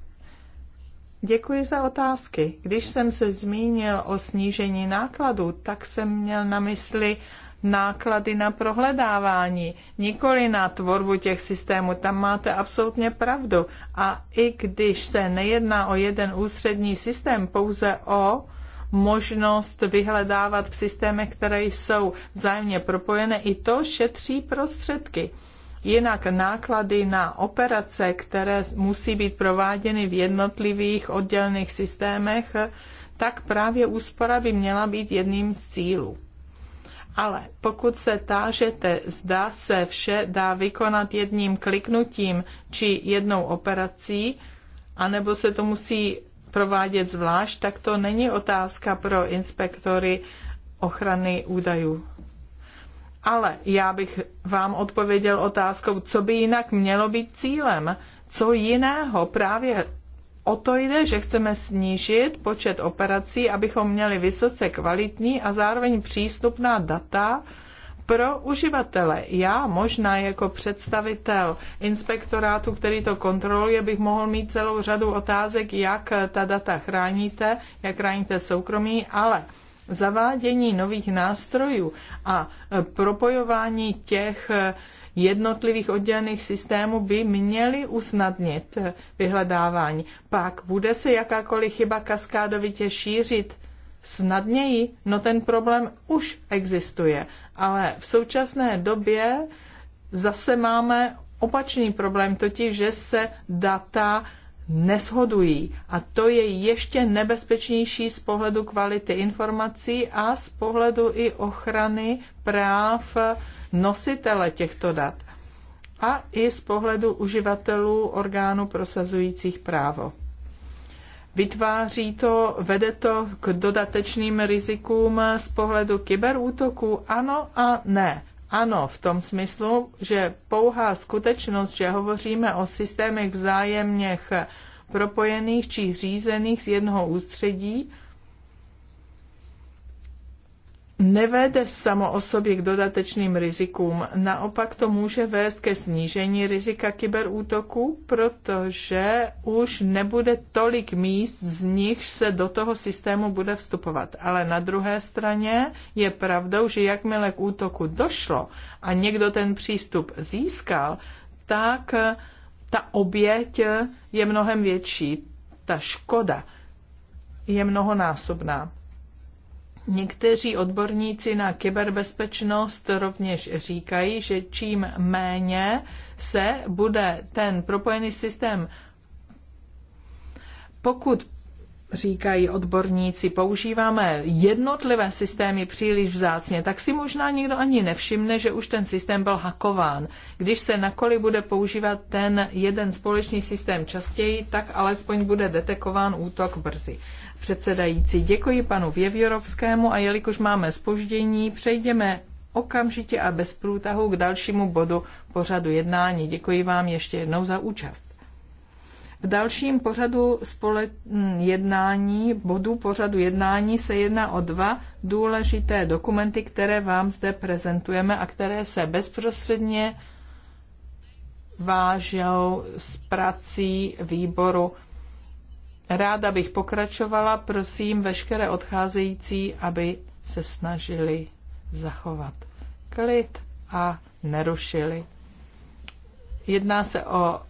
Děkuji za otázky. Když jsem se zmínil o snížení nákladů, tak jsem měl na mysli náklady na prohledávání, nikoli na tvorbu těch systémů. Tam máte absolutně pravdu. A i když se nejedná o jeden ústřední systém, pouze o možnost vyhledávat v systémech, které jsou vzájemně propojené, i to šetří prostředky. Jinak náklady na operace, které musí být prováděny v jednotlivých oddělených systémech, tak právě úspora by měla být jedním z cílů. Ale pokud se tážete, zda se vše dá vykonat jedním kliknutím či jednou operací, anebo se to musí provádět zvlášť, tak to není otázka pro inspektory ochrany údajů. Ale já bych vám odpověděl otázkou, co by jinak mělo být cílem, co jiného právě O to jde, že chceme snížit počet operací, abychom měli vysoce kvalitní a zároveň přístupná data pro uživatele. Já možná jako představitel inspektorátu, který to kontroluje, bych mohl mít celou řadu otázek, jak ta data chráníte, jak chráníte soukromí, ale zavádění nových nástrojů a propojování těch jednotlivých oddělených systémů by měly usnadnit vyhledávání. Pak bude se jakákoliv chyba kaskádovitě šířit snadněji, no ten problém už existuje. Ale v současné době zase máme opačný problém, totiž, že se data neshodují. A to je ještě nebezpečnější z pohledu kvality informací a z pohledu i ochrany práv nositele těchto dat a i z pohledu uživatelů orgánů prosazujících právo. Vytváří to, vede to k dodatečným rizikům z pohledu kyberútoků? Ano a ne. Ano, v tom smyslu, že pouhá skutečnost, že hovoříme o systémech vzájemněch propojených či řízených z jednoho ústředí, nevede samo o sobě k dodatečným rizikům. Naopak to může vést ke snížení rizika kyberútoku, protože už nebude tolik míst, z nich se do toho systému bude vstupovat. Ale na druhé straně je pravdou, že jakmile k útoku došlo a někdo ten přístup získal, tak eh, ta oběť eh, je mnohem větší. Ta škoda je mnohonásobná. Někteří odborníci na kyberbezpečnost rovněž říkají, že čím méně se bude ten propojený systém, pokud říkají odborníci, používáme jednotlivé systémy příliš vzácně, tak si možná nikdo ani nevšimne, že už ten systém byl hakován. Když se nakoli bude používat ten jeden společný systém častěji, tak alespoň bude detekován útok brzy. Předsedající, děkuji panu Věvjorovskému a jelikož máme spoždění, přejdeme okamžitě a bez průtahu k dalšímu bodu pořadu jednání. Děkuji vám ještě jednou za účast. V dalším pořadu spole... Mm, jednání, bodu pořadu jednání se jedná o dva důležité dokumenty, které vám zde prezentujeme a které se bezprostředně vážou s prací výboru Ráda bych pokračovala, prosím veškeré odcházející, aby se snažili zachovat klid a nerušili. Jedná se o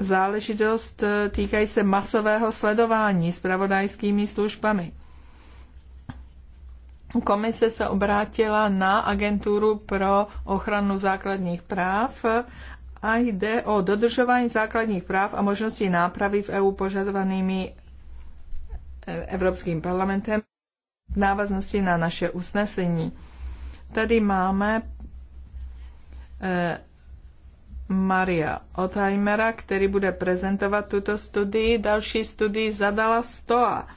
záležitost eh, týkají se masového sledování s pravodajskými službami. Komise se obrátila na agenturu pro ochranu základních práv a jde o dodržování základních práv a možností nápravy v EU požadovanými e, Evropským parlamentem v návaznosti na naše usnesení. Tady máme e, Maria Otajmera, který bude prezentovat tuto studii. Další studii zadala STOA.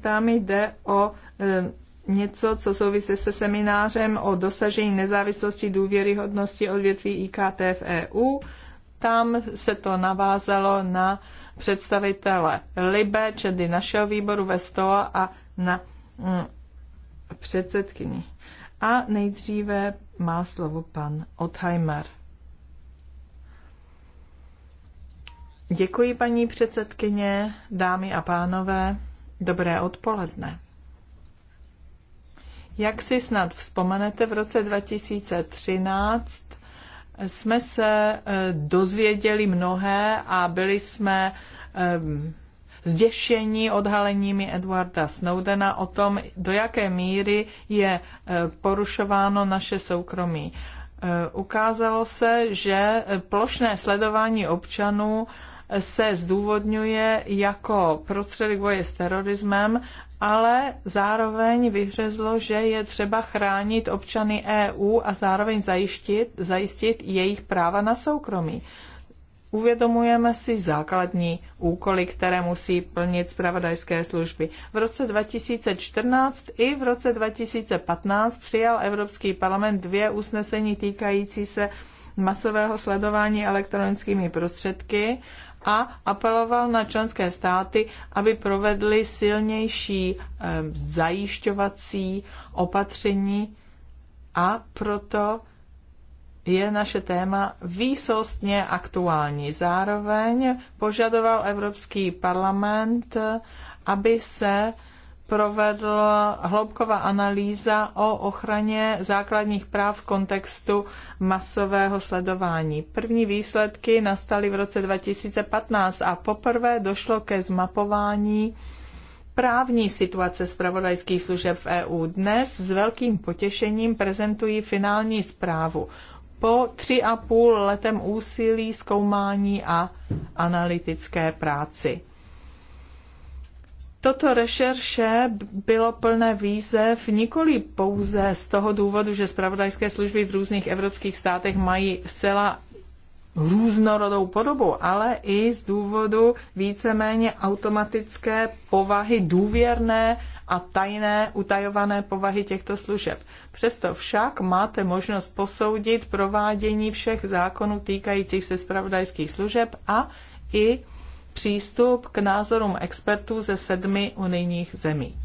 Tam jde o e, něco, co souvisí se seminářem o dosažení nezávislosti důvěryhodnosti odvětví IKT v EU. Tam se to navázalo na představitele LIBE, čedy našeho výboru ve STOA a na mm, předsedkyni. A nejdříve má slovo pan Otheimer. Děkuji, paní předsedkyně, dámy a pánové. Dobré odpoledne. Jak si snad vzpomenete, v roce 2013 jsme se eh, dozvěděli mnohé a byli jsme eh, zděšení odhaleními Edwarda Snowdena o tom, do jaké míry je eh, porušováno naše soukromí. Ukázalo se, že plošné sledování občanů se zdůvodňuje jako prostředek boje s terorismem ale zároveň vyhřezlo, že je třeba chránit občany EU a zároveň zajistit, zajistit jejich práva na soukromí. Uvědomujeme si základní úkoly, které musí plnit zpravodajské služby. V roce 2014 i v roce 2015 přijal Evropský parlament dvě usnesení týkající se masového sledování elektronickými prostředky a apeloval na členské státy, aby provedly silnější eh, zajišťovací opatření a proto je naše téma výsostně aktuální. Zároveň požadoval Evropský parlament, eh, aby se provedl hloubková analýza o ochraně základních práv v kontextu masového sledování. První výsledky nastaly v roce 2015 a poprvé došlo ke zmapování právní situace zpravodajských služeb v EU. Dnes s velkým potěšením prezentují finální zprávu po tři a půl letem úsilí, zkoumání a analytické práci. Toto rešerše bylo plné výzev nikoli pouze z toho důvodu, že spravodajské služby v různých evropských státech mají zcela různorodou podobu, ale i z důvodu víceméně automatické povahy důvěrné a tajné, utajované povahy těchto služeb. Přesto však máte možnost posoudit provádění všech zákonů týkajících se spravodajských služeb a i přístup k názorům expertů ze sedmi unijních zemí.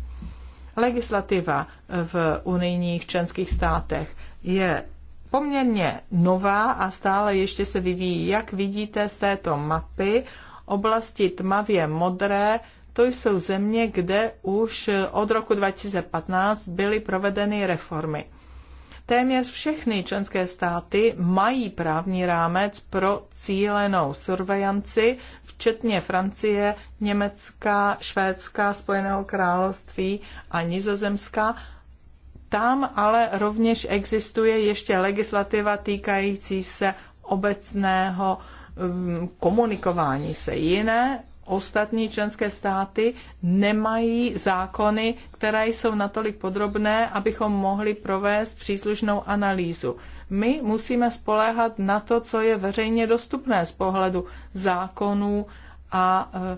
Legislativa v unijních členských státech je poměrně nová a stále ještě se vyvíjí. Jak vidíte z této mapy, oblasti tmavě modré, to jsou země, kde už od roku 2015 byly provedeny reformy. Téměř všechny členské státy mají právní rámec pro cílenou surveillanci, včetně Francie, Německa, Švédska, Spojeného království a Nizozemska. Tam ale rovněž existuje ještě legislativa týkající se obecného um, komunikování se jiné ostatní členské státy nemají zákony, které jsou natolik podrobné, abychom mohli provést příslušnou analýzu. My musíme spoléhat na to, co je veřejně dostupné z pohledu zákonů a e,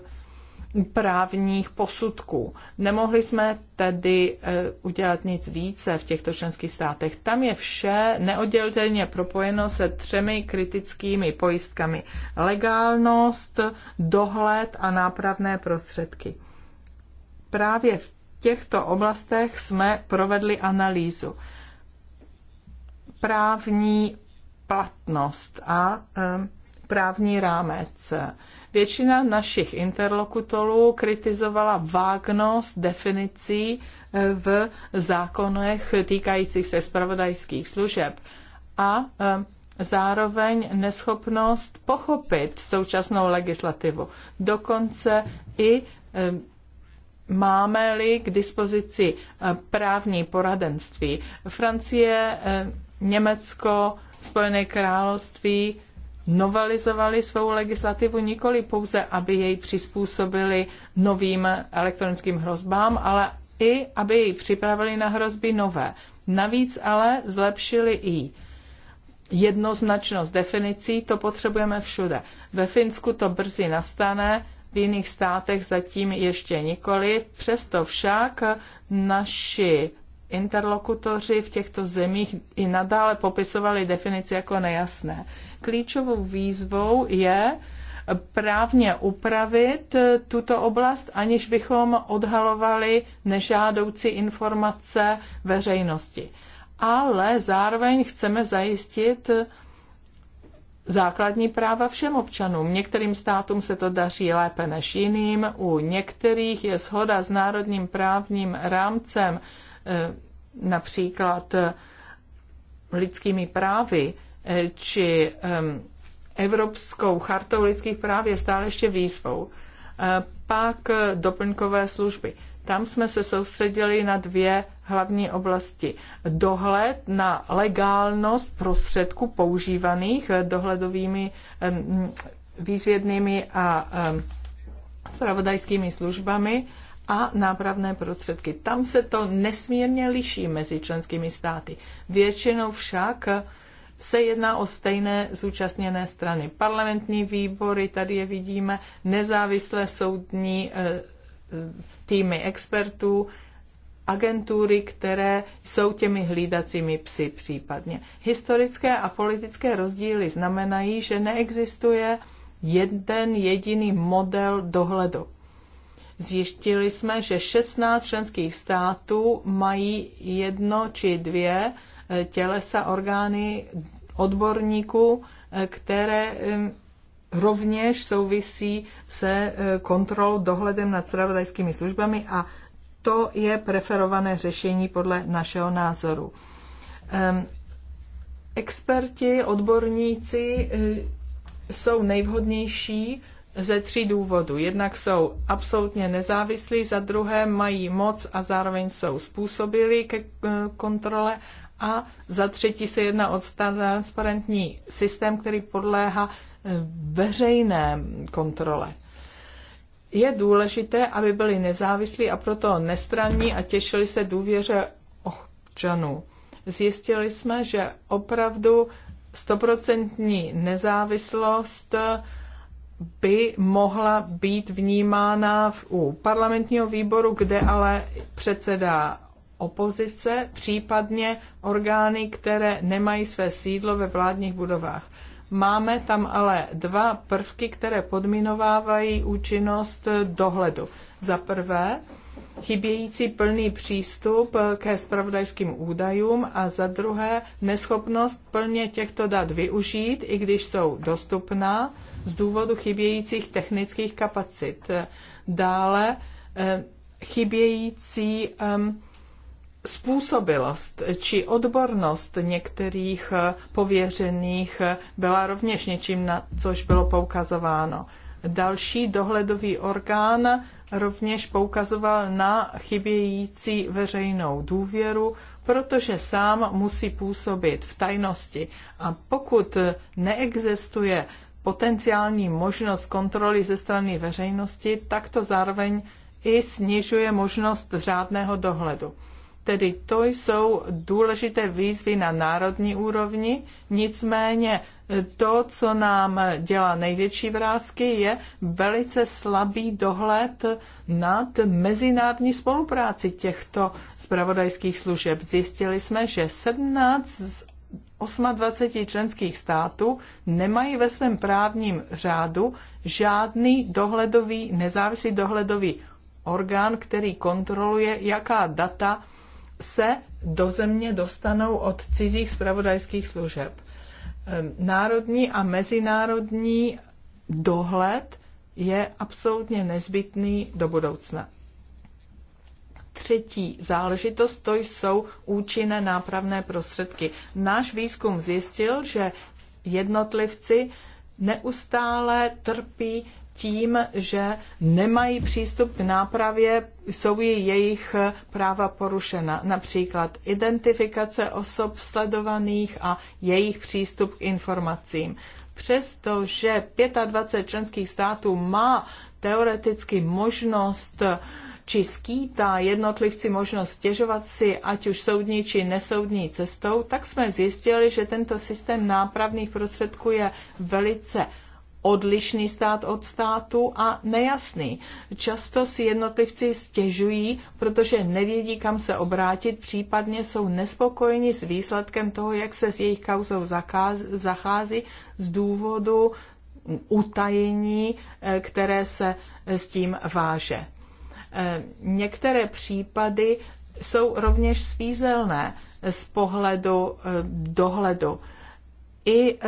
právních posudků. Nemohli jsme tedy eh, udělat nic více v těchto členských státech. Tam je vše neoddělitelně propojeno se třemi kritickými pojistkami. Legálnost, dohled a nápravné prostředky. Právě v těchto oblastech jsme provedli analýzu. Právní platnost a eh, právní rámec Většina našich interlokutorů kritizovala vágnost definicí eh, v zákonech týkajících se spravodajských služeb a eh, zároveň neschopnost pochopit současnou legislativu. Dokonce i eh, máme-li k dispozici právní poradenství. Francie, Německo, Spojené království novelizovali svou legislativu nikoli pouze, aby jej přizpůsobili novým elektronickým hrozbám, ale i aby jej připravili na hrozby nové. Navíc ale zlepšili i jednoznačnost definicí, to potřebujeme všude. Ve Finsku to brzy nastane, v jiných státech zatím ještě nikoli. Přesto však naši interlokutoři v těchto zemích i nadále popisovali definici jako nejasné. Klíčovou výzvou je právně upravit tuto oblast, aniž bychom odhalovali nežádoucí informace veřejnosti. Ale zároveň chceme zajistit základní práva všem občanům. Některým státům se to daří lépe než jiným, u některých je shoda s národním právním rámcem eh, například eh, lidskými právy eh, či ehm, Evropskou chartou lidských práv je stále ještě výzvou. Eh, pak doplňkové služby. Tam jsme se soustředili na dvě hlavní oblasti. Dohled na legálnost prostředků používaných dohledovými ehm, výzvědnými a ehm, spravodajskými službami a nápravné prostředky. Tam se to nesmírně liší mezi členskými státy. Většinou však se jedná o stejné zúčastněné strany. Parlamentní výbory, tady je vidíme, nezávislé soudní eh, eh, týmy expertů, agentury, které jsou těmi hlídacími psy případně. Historické a politické rozdíly znamenají, že neexistuje jeden jediný model dohledu. Zjištili jsme, že 16 členských států mají jedno či dvě eh, tělesa, orgány odborníků, eh, které rovněž souvisí se eh, kontrolou, dohledem nad spravodajskými službami a to je preferované řešení podle našeho názoru. Experti, odborníci jsou nejvhodnější ze tří důvodů. Jednak jsou absolutně nezávislí, za druhé mají moc a zároveň jsou způsobili ke eh, kontrole a za třetí se jedná o transparentní systém, který podléhá eh, veřejné kontrole. Je důležité, aby byli nezávislí a proto nestranní a těšili se důvěře občanů. Zjistili jsme, že opravdu stoprocentní nezávislost by mohla být vnímána v, u parlamentního výboru, kde ale předsedá opozice, případně orgány, které nemají své sídlo ve vládních budovách. Máme tam ale dva prvky, které podminovávají účinnost dohledu. Za prvé, chybějící plný přístup ke spravodajským údajům a za druhé neschopnost plně těchto dat využít, i když jsou dostupná z důvodu chybějících technických kapacit. Dále eh, chybějící způsobilost či odbornost některých eh, pověřených eh, byla rovněž něčím, na což bylo poukazováno. Další dohledový orgán rovněž poukazoval na chybějící veřejnou důvěru, protože sám musí působit v tajnosti. A pokud neexistuje potenciální možnost kontroly ze strany veřejnosti, tak to zároveň i snižuje možnost řádného dohledu. Tedy to jsou důležité výzvy na národní úrovni, nicméně to, co nám dělá největší vrázky, je velice slabý dohled nad mezinárodní spolupráci těchto zpravodajských služeb. Zjistili jsme, že 17 z 28 členských států nemají ve svém právním řádu žádný dohledový, nezávislý dohledový orgán, který kontroluje, jaká data se do země dostanou od cizích spravodajských služeb Ehm, národní a mezinárodní dohled je absolutně nezbytný do budoucna. Třetí záležitost to jsou účinné nápravné prostředky. Náš výzkum zjistil, že jednotlivci neustále trpí tím, že nemají přístup k nápravě, jsou jejich práva porušena. Například identifikace osob sledovaných a jejich přístup k informacím. Přestože 25 členských států má teoreticky možnost či skýtá jednotlivci možnost stěžovat si, ať už soudní či nesoudní cestou, tak jsme zjistili, že tento systém nápravných prostředků je velice odlišný stát od státu a nejasný. Často si jednotlivci stěžují, protože nevědí, kam se obrátit, případně jsou nespokojeni s výsledkem toho, jak se s jejich kauzou zachází z důvodu utajení, eh, které se eh, s tím váže. Eh, některé případy jsou rovněž svízelné z pohledu dohledu. I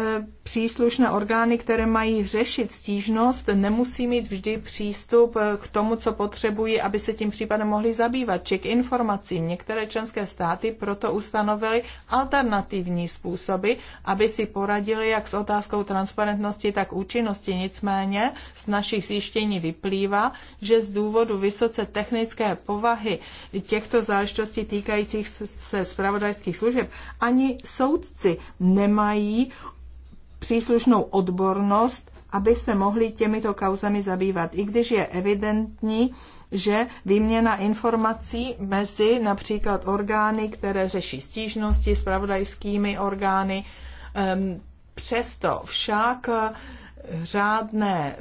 příslušné orgány, které mají řešit stížnost, nemusí mít vždy přístup eh, k tomu, co potřebují, aby se tím případem mohli zabývat, či k informacím. Některé členské státy proto ustanovily alternativní způsoby, aby si poradili jak s otázkou transparentnosti, tak účinnosti. Nicméně z našich zjištění vyplývá, že z důvodu vysoce technické povahy těchto záležitostí týkajících se zpravodajských služeb ani soudci nemají příslušnou odbornost, aby se mohli těmito kauzami zabývat. I když je evidentní, že výměna informací mezi například orgány, které řeší stížnosti, pravodajskými orgány, přesto však eh, řádné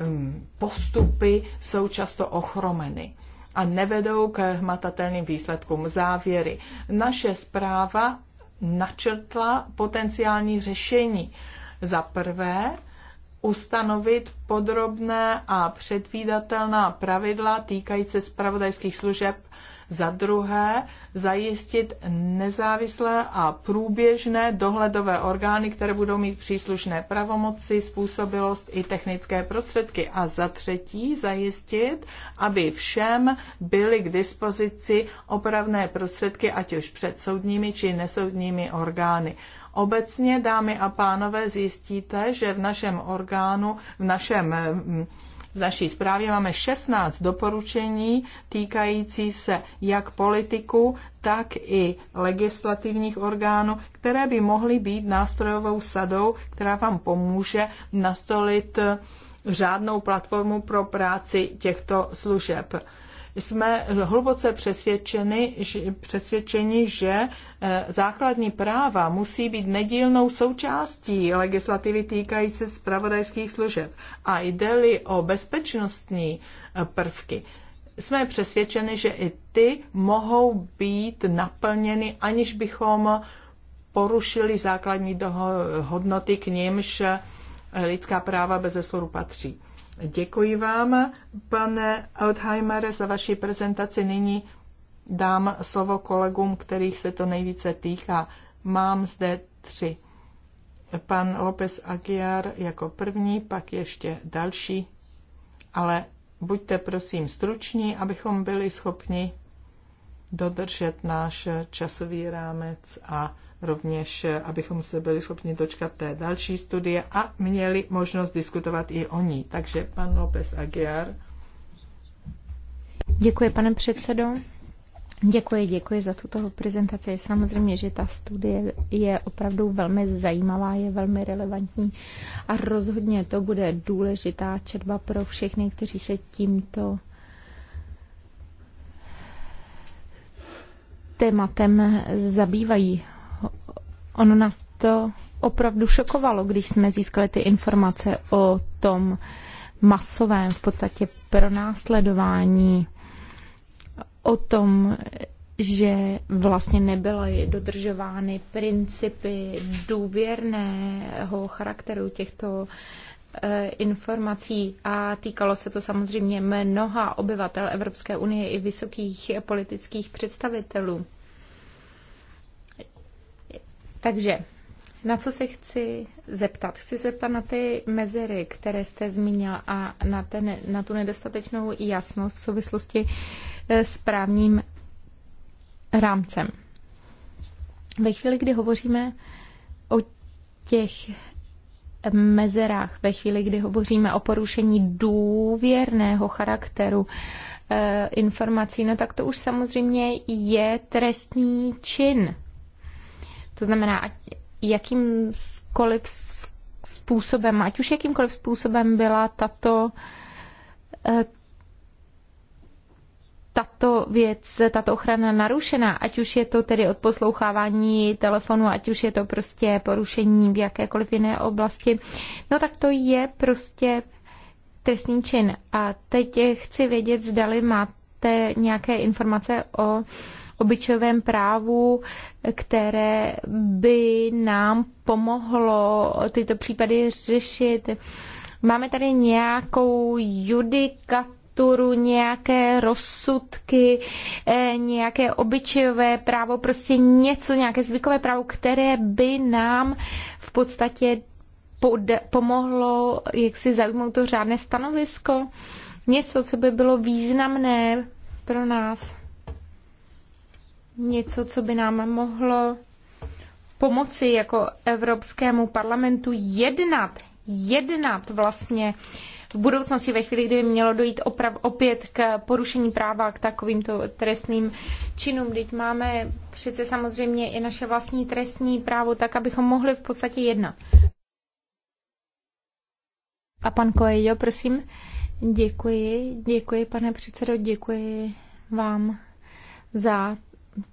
postupy jsou často ochromeny a nevedou k hmatatelným výsledkům závěry. Naše zpráva načrtla potenciální řešení za prvé, ustanovit podrobné a předvídatelná pravidla týkající se spravodajských služeb. Za druhé, zajistit nezávislé a průběžné dohledové orgány, které budou mít příslušné pravomoci, způsobilost i technické prostředky. A za třetí, zajistit, aby všem byly k dispozici opravné prostředky, ať už před soudními či nesoudními orgány Obecně, dámy a pánové, zjistíte, že v našem orgánu, v našem mm, v naší zprávě máme 16 doporučení týkající se jak politiku, tak i legislativních orgánů, které by mohly být nástrojovou sadou, která vám pomůže nastolit eh, řádnou platformu pro práci těchto služeb. Jsme hluboce přesvědčeni, že, přesvědčeni, že e, základní práva musí být nedílnou součástí legislativy týkající se spravodajských služeb. A jde-li o bezpečnostní e, prvky, jsme přesvědčeni, že i ty mohou být naplněny, aniž bychom porušili základní hodnoty, k nímž e, lidská práva bez patří. Děkuji vám, pane Altheimere, za vaši prezentaci. Nyní dám slovo kolegům, kterých se to nejvíce týká. Mám zde tři. Pan López Aguiar jako první, pak ještě další, ale buďte prosím struční, abychom byli schopni dodržet náš časový rámec a rovněž, abychom se byli schopni dočkat té další studie a měli možnost diskutovat i o ní. Takže pan López Aguiar. Děkuji, pane předsedo. Děkuji, děkuji za tuto prezentaci. Samozřejmě, že ta studie je opravdu velmi zajímavá, je velmi relevantní a rozhodně to bude důležitá četba pro všechny, kteří se tímto tématem zabývají. Ono nás to opravdu šokovalo, když jsme získali ty informace o tom masovém v podstatě pronásledování, o tom, že vlastně nebyly dodržovány principy důvěrného charakteru těchto eh, informací a týkalo se to samozřejmě mnoha obyvatel Evropské unie i vysokých politických představitelů. Takže na co se chci zeptat? Chci se zeptat na ty mezery, které jste zmínil a na, ten, na tu nedostatečnou jasnost v souvislosti eh, s právním rámcem. Ve chvíli, kdy hovoříme o těch mezerách, ve chvíli, kdy hovoříme o porušení důvěrného charakteru e, informací, no tak to už samozřejmě je trestný čin. To znamená, ať jakýmkoliv způsobem, ať už jakýmkoliv způsobem byla tato eh, tato věc, tato ochrana narušena, ať už je to tedy odposlouchávání telefonu, ať už je to prostě porušení v jakékoliv jiné oblasti, no tak to je prostě trestný čin. A teď chci vědět, zdali máte nějaké informace o obyčejovém právu, které by nám pomohlo tyto případy řešit. Máme tady nějakou judikaturu, nějaké rozsudky, eh, nějaké obyčejové právo, prostě něco, nějaké zvykové právo, které by nám v podstatě pomohlo, jak si zaujmout to řádné stanovisko, něco, co by bylo významné pro nás něco, co by nám mohlo pomoci jako Evropskému parlamentu jednat, jednat vlastně v budoucnosti, ve chvíli, kdy by mělo dojít oprav, opět k porušení práva, k takovýmto trestným činům. Teď máme přece samozřejmě i naše vlastní trestní právo, tak abychom mohli v podstatě jednat. A pan Koejo, prosím. Děkuji, děkuji, pane předsedo, děkuji vám za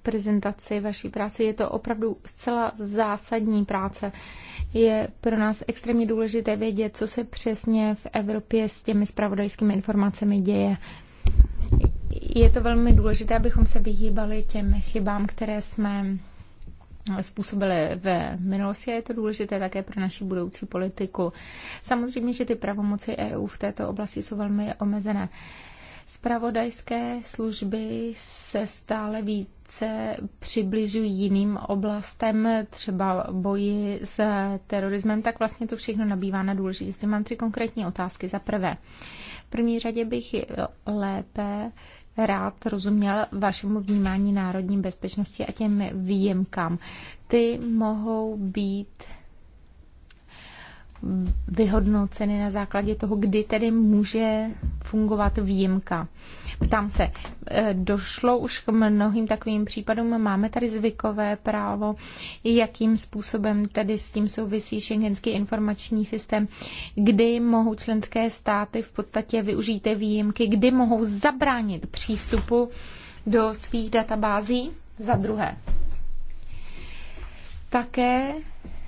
prezentaci vaší práce. Je to opravdu zcela zásadní práce. Je pro nás extrémně důležité vědět, co se přesně v Evropě s těmi spravodajskými informacemi děje. Je to velmi důležité, abychom se vyhýbali těm chybám, které jsme způsobily v minulosti a je to důležité také pro naši budoucí politiku. Samozřejmě, že ty pravomoci EU v této oblasti jsou velmi omezené. Spravodajské služby se stále více přibližují jiným oblastem, třeba boji s terorismem, tak vlastně to všechno nabývá na důležitosti. Mám tři konkrétní otázky. Za prvé, v první řadě bych lépe rád rozuměl vašemu vnímání národní bezpečnosti a těm výjimkám. Ty mohou být vyhodnoceny na základě toho, kdy tedy může fungovat výjimka. Ptám se, e, došlo už k mnohým takovým případům, máme tady zvykové právo, jakým způsobem tedy s tím souvisí šengenský informační systém, kdy mohou členské státy v podstatě využít ty výjimky, kdy mohou zabránit přístupu do svých databází, za druhé. Také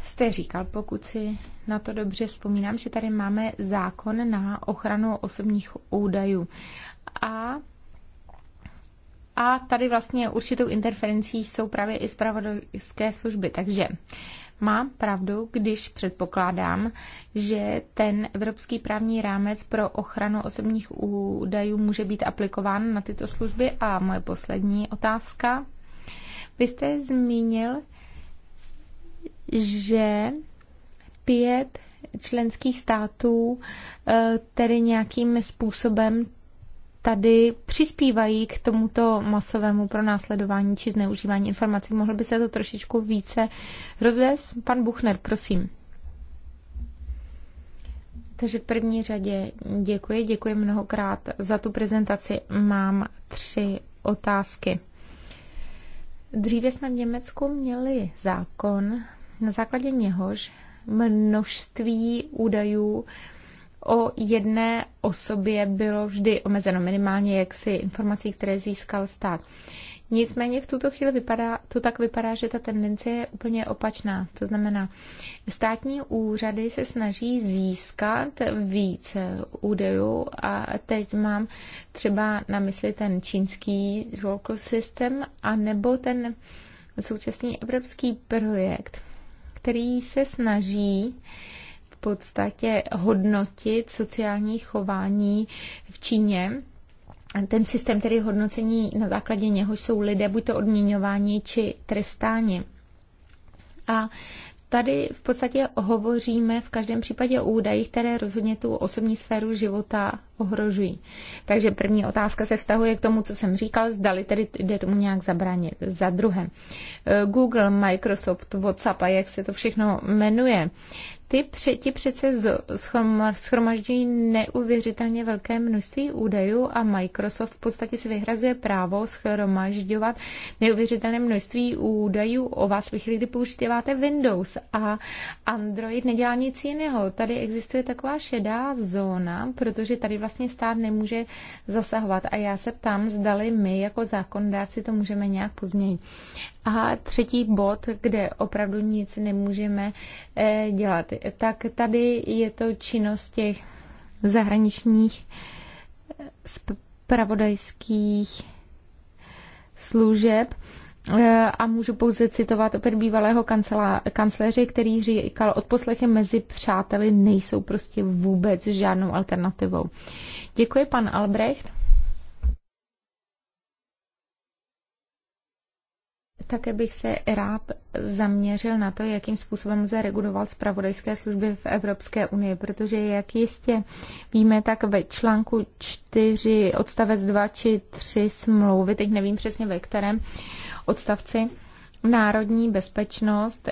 jste říkal, pokud si na to dobře vzpomínám, že tady máme zákon na ochranu osobních údajů. A a tady vlastně určitou interferencí jsou právě i zpravodajské služby. Takže mám pravdu, když předpokládám, že ten evropský právní rámec pro ochranu osobních údajů může být aplikován na tyto služby. A moje poslední otázka. Vy jste zmínil, že pět členských států eh, tedy nějakým způsobem tady přispívají k tomuto masovému pronásledování či zneužívání informací. Mohl by se to trošičku více rozvést? Pan Buchner, prosím. Takže v první řadě děkuji, děkuji mnohokrát za tu prezentaci. Mám tři otázky. Dříve jsme v Německu měli zákon, na základě něhož množství údajů o jedné osobě bylo vždy omezeno minimálně jaksi informací, které získal stát. Nicméně v tuto chvíli vypadá, to tak vypadá, že ta tendence je úplně opačná. To znamená, státní úřady se snaží získat více údajů a teď mám třeba na mysli ten čínský local system a nebo ten současný evropský projekt který se snaží v podstatě hodnotit sociální chování v Číně. Ten systém tedy hodnocení, na základě něho jsou lidé buď to odměňováni či trestáni. A tady v podstatě hovoříme v každém případě o údajích, které rozhodně tu osobní sféru života ohrožují. Takže první otázka se vztahuje k tomu, co jsem říkal, zdali tedy jde tomu nějak zabránit. Za druhé, Google, Microsoft, WhatsApp a jak se to všechno jmenuje, ty pře, ti přece schromažďují neuvěřitelně velké množství údajů a Microsoft v podstatě si vyhrazuje právo schromažďovat neuvěřitelné množství údajů o vás ve chvíli, kdy používáte Windows a Android nedělá nic jiného. Tady existuje taková šedá zóna, protože tady vlastně stát nemůže zasahovat a já se ptám, zdali my jako zákonodárci to můžeme nějak pozměnit. A třetí bod, kde opravdu nic nemůžeme eh, dělat, tak tady je to činnost těch zahraničních eh, spravodajských služeb. Eh, a můžu pouze citovat opět bývalého kancléře, který říkal, odposlechy mezi přáteli nejsou prostě vůbec žádnou alternativou. Děkuji, pan Albrecht. Také bych se rád zaměřil na to, jakým způsobem se regulovat zpravodajské služby v Evropské unii, protože jak jistě víme, tak ve článku 4 odstavec 2 či 3 smlouvy, teď nevím přesně ve kterém odstavci, národní bezpečnost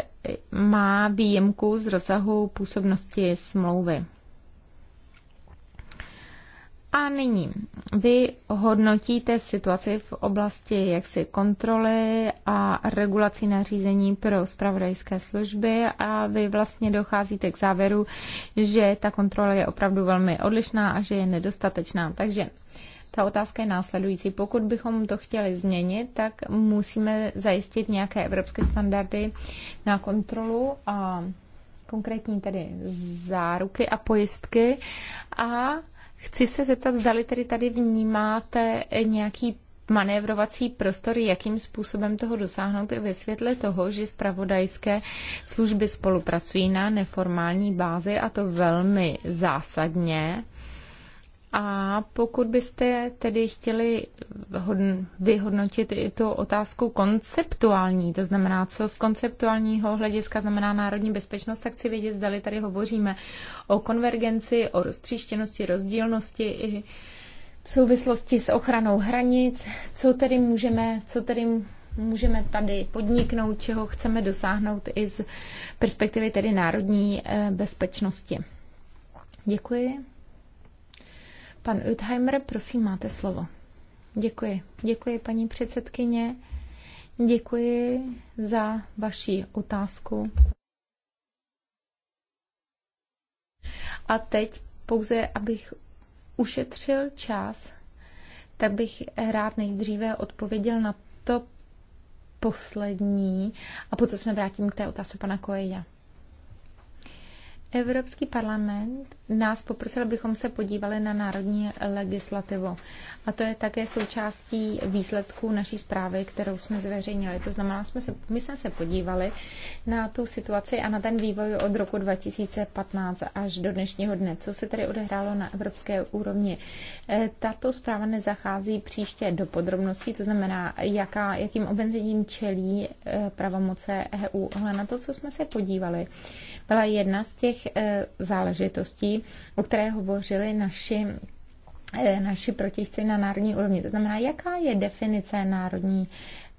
má výjimku z rozsahu působnosti smlouvy. A nyní, vy hodnotíte situaci v oblasti jaksi kontroly a regulací nařízení pro spravodajské služby a vy vlastně docházíte k závěru, že ta kontrola je opravdu velmi odlišná a že je nedostatečná. Takže ta otázka je následující. Pokud bychom to chtěli změnit, tak musíme zajistit nějaké evropské standardy na kontrolu a konkrétní tedy záruky a pojistky a Chci se zeptat, zdali tedy tady vnímáte nějaký manévrovací prostor, jakým způsobem toho dosáhnout i ve světle toho, že zpravodajské služby spolupracují na neformální bázi a to velmi zásadně. A pokud byste tedy chtěli vyhodnotit i tu otázku konceptuální, to znamená, co z konceptuálního hlediska znamená národní bezpečnost, tak chci vědět, zda tady hovoříme o konvergenci, o roztříštěnosti, rozdílnosti i v souvislosti s ochranou hranic, co tedy můžeme, co tedy můžeme tady podniknout, čeho chceme dosáhnout i z perspektivy tedy národní eh, bezpečnosti. Děkuji. Pan Utheimer, prosím, máte slovo. Děkuji. Děkuji, paní předsedkyně. Děkuji za vaši otázku. A teď pouze, abych ušetřil čas, tak bych rád nejdříve odpověděl na to poslední a potom se vrátím k té otázce pana Koeja. Evropský parlament nás poprosil, abychom se podívali na národní legislativu. A to je také součástí výsledků naší zprávy, kterou jsme zveřejnili. To znamená, jsme se, my jsme se podívali na tu situaci a na ten vývoj od roku 2015 až do dnešního dne. Co se tady odehrálo na evropské úrovni? E, tato zpráva nezachází příště do podrobností, to znamená, jaká, jakým obenzením čelí e, pravomoce EU. Ale na to, co jsme se podívali, byla jedna z těch těch eh, záležitostí, o které hovořili naši eh, naši protižci na národní úrovni. To znamená, jaká je definice národní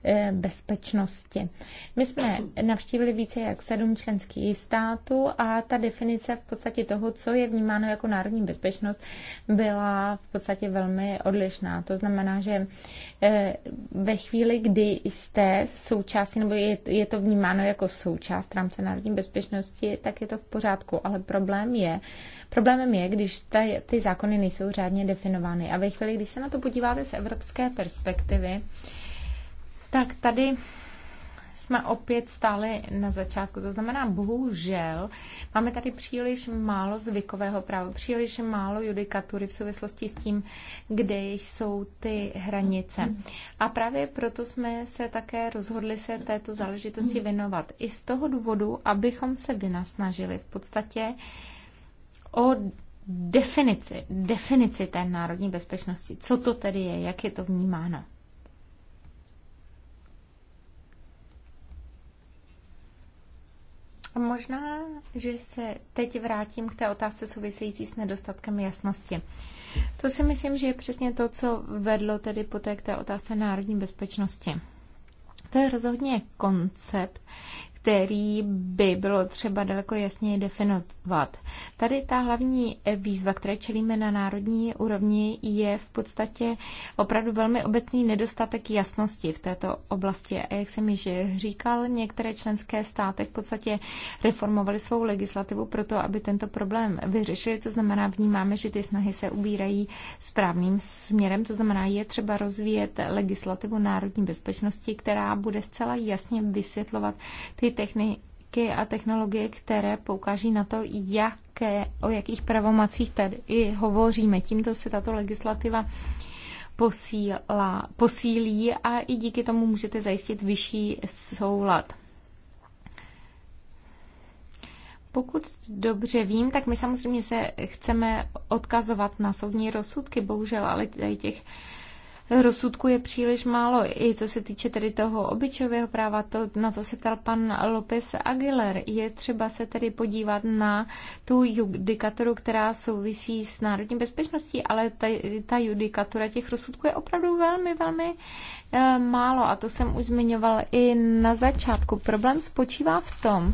Eh, bezpečnosti. My jsme navštívili více jak sedm členských států a ta definice v podstatě toho, co je vnímáno jako národní bezpečnost, byla v podstatě velmi odlišná. To znamená, že eh, ve chvíli, kdy jste součástí, nebo je, to vnímáno jako součást rámce národní bezpečnosti, tak je to v pořádku. Ale problém je, Problémem je, když ty, ty zákony nejsou řádně definovány. A ve chvíli, když se na to podíváte z evropské perspektivy, tak tady jsme opět stáli na začátku. To znamená, bohužel, máme tady příliš málo zvykového práva, příliš málo judikatury v souvislosti s tím, kde jsou ty hranice. A právě proto jsme se také rozhodli se této záležitosti věnovat. I z toho důvodu, abychom se vynasnažili v podstatě o definici, definici té národní bezpečnosti. Co to tedy je, jak je to vnímáno? A možná, že se teď vrátím k té otázce související s nedostatkem jasnosti. To si myslím, že je přesně to, co vedlo tedy poté k té otázce národní bezpečnosti. To je rozhodně koncept, který by bylo třeba daleko jasněji definovat. Tady ta hlavní výzva, které čelíme na národní úrovni, je v podstatě opravdu velmi obecný nedostatek jasnosti v této oblasti. A jak jsem již říkal, některé členské státy v podstatě reformovaly svou legislativu proto, aby tento problém vyřešili. To znamená, vnímáme, že ty snahy se ubírají správným směrem. To znamená, je třeba rozvíjet legislativu národní bezpečnosti, která bude zcela jasně vysvětlovat ty techniky a technologie, které poukáží na to, jaké, o jakých pravomacích tady hovoříme. Tímto se tato legislativa posíla, posílí a i díky tomu můžete zajistit vyšší soulad. Pokud dobře vím, tak my samozřejmě se chceme odkazovat na soudní rozsudky, bohužel, ale těch rozsudku je příliš málo. I co se týče tedy toho obyčejového práva, to, na co se ptal pan López Aguilar, je třeba se tedy podívat na tu judikaturu, která souvisí s národní bezpečností, ale ta, ta judikatura těch rozsudků je opravdu velmi, velmi e, málo. A to jsem už zmiňoval i na začátku. Problém spočívá v tom,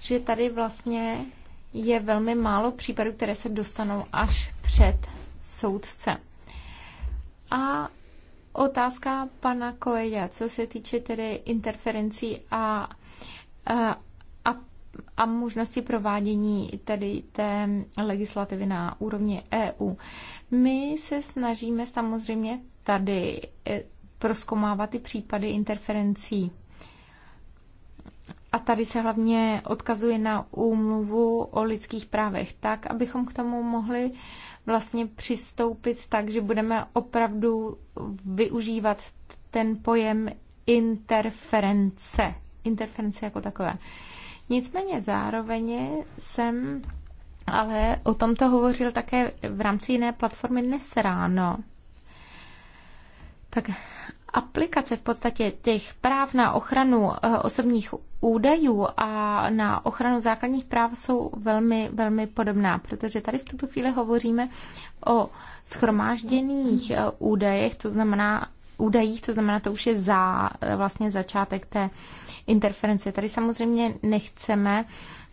že tady vlastně je velmi málo případů, které se dostanou až před soudce. A otázka pana Koeja, co se týče tedy interferencí a, a, a a možnosti provádění tedy té legislativy na úrovni EU. My se snažíme samozřejmě tady e, proskomávat ty případy interferencí. A tady se hlavně odkazuje na úmluvu o lidských právech, tak abychom k tomu mohli vlastně přistoupit tak, že budeme opravdu využívat ten pojem interference. Interference jako takové. Nicméně zároveň jsem ale o tom to hovořil také v rámci jiné platformy dnes ráno. Tak aplikace v podstatě těch práv na ochranu eh, osobních údajů a na ochranu základních práv jsou velmi, velmi podobná, protože tady v tuto chvíli hovoříme o schromážděných eh, údajech, to znamená údajích, to znamená, to už je za eh, vlastně začátek té interference. Tady samozřejmě nechceme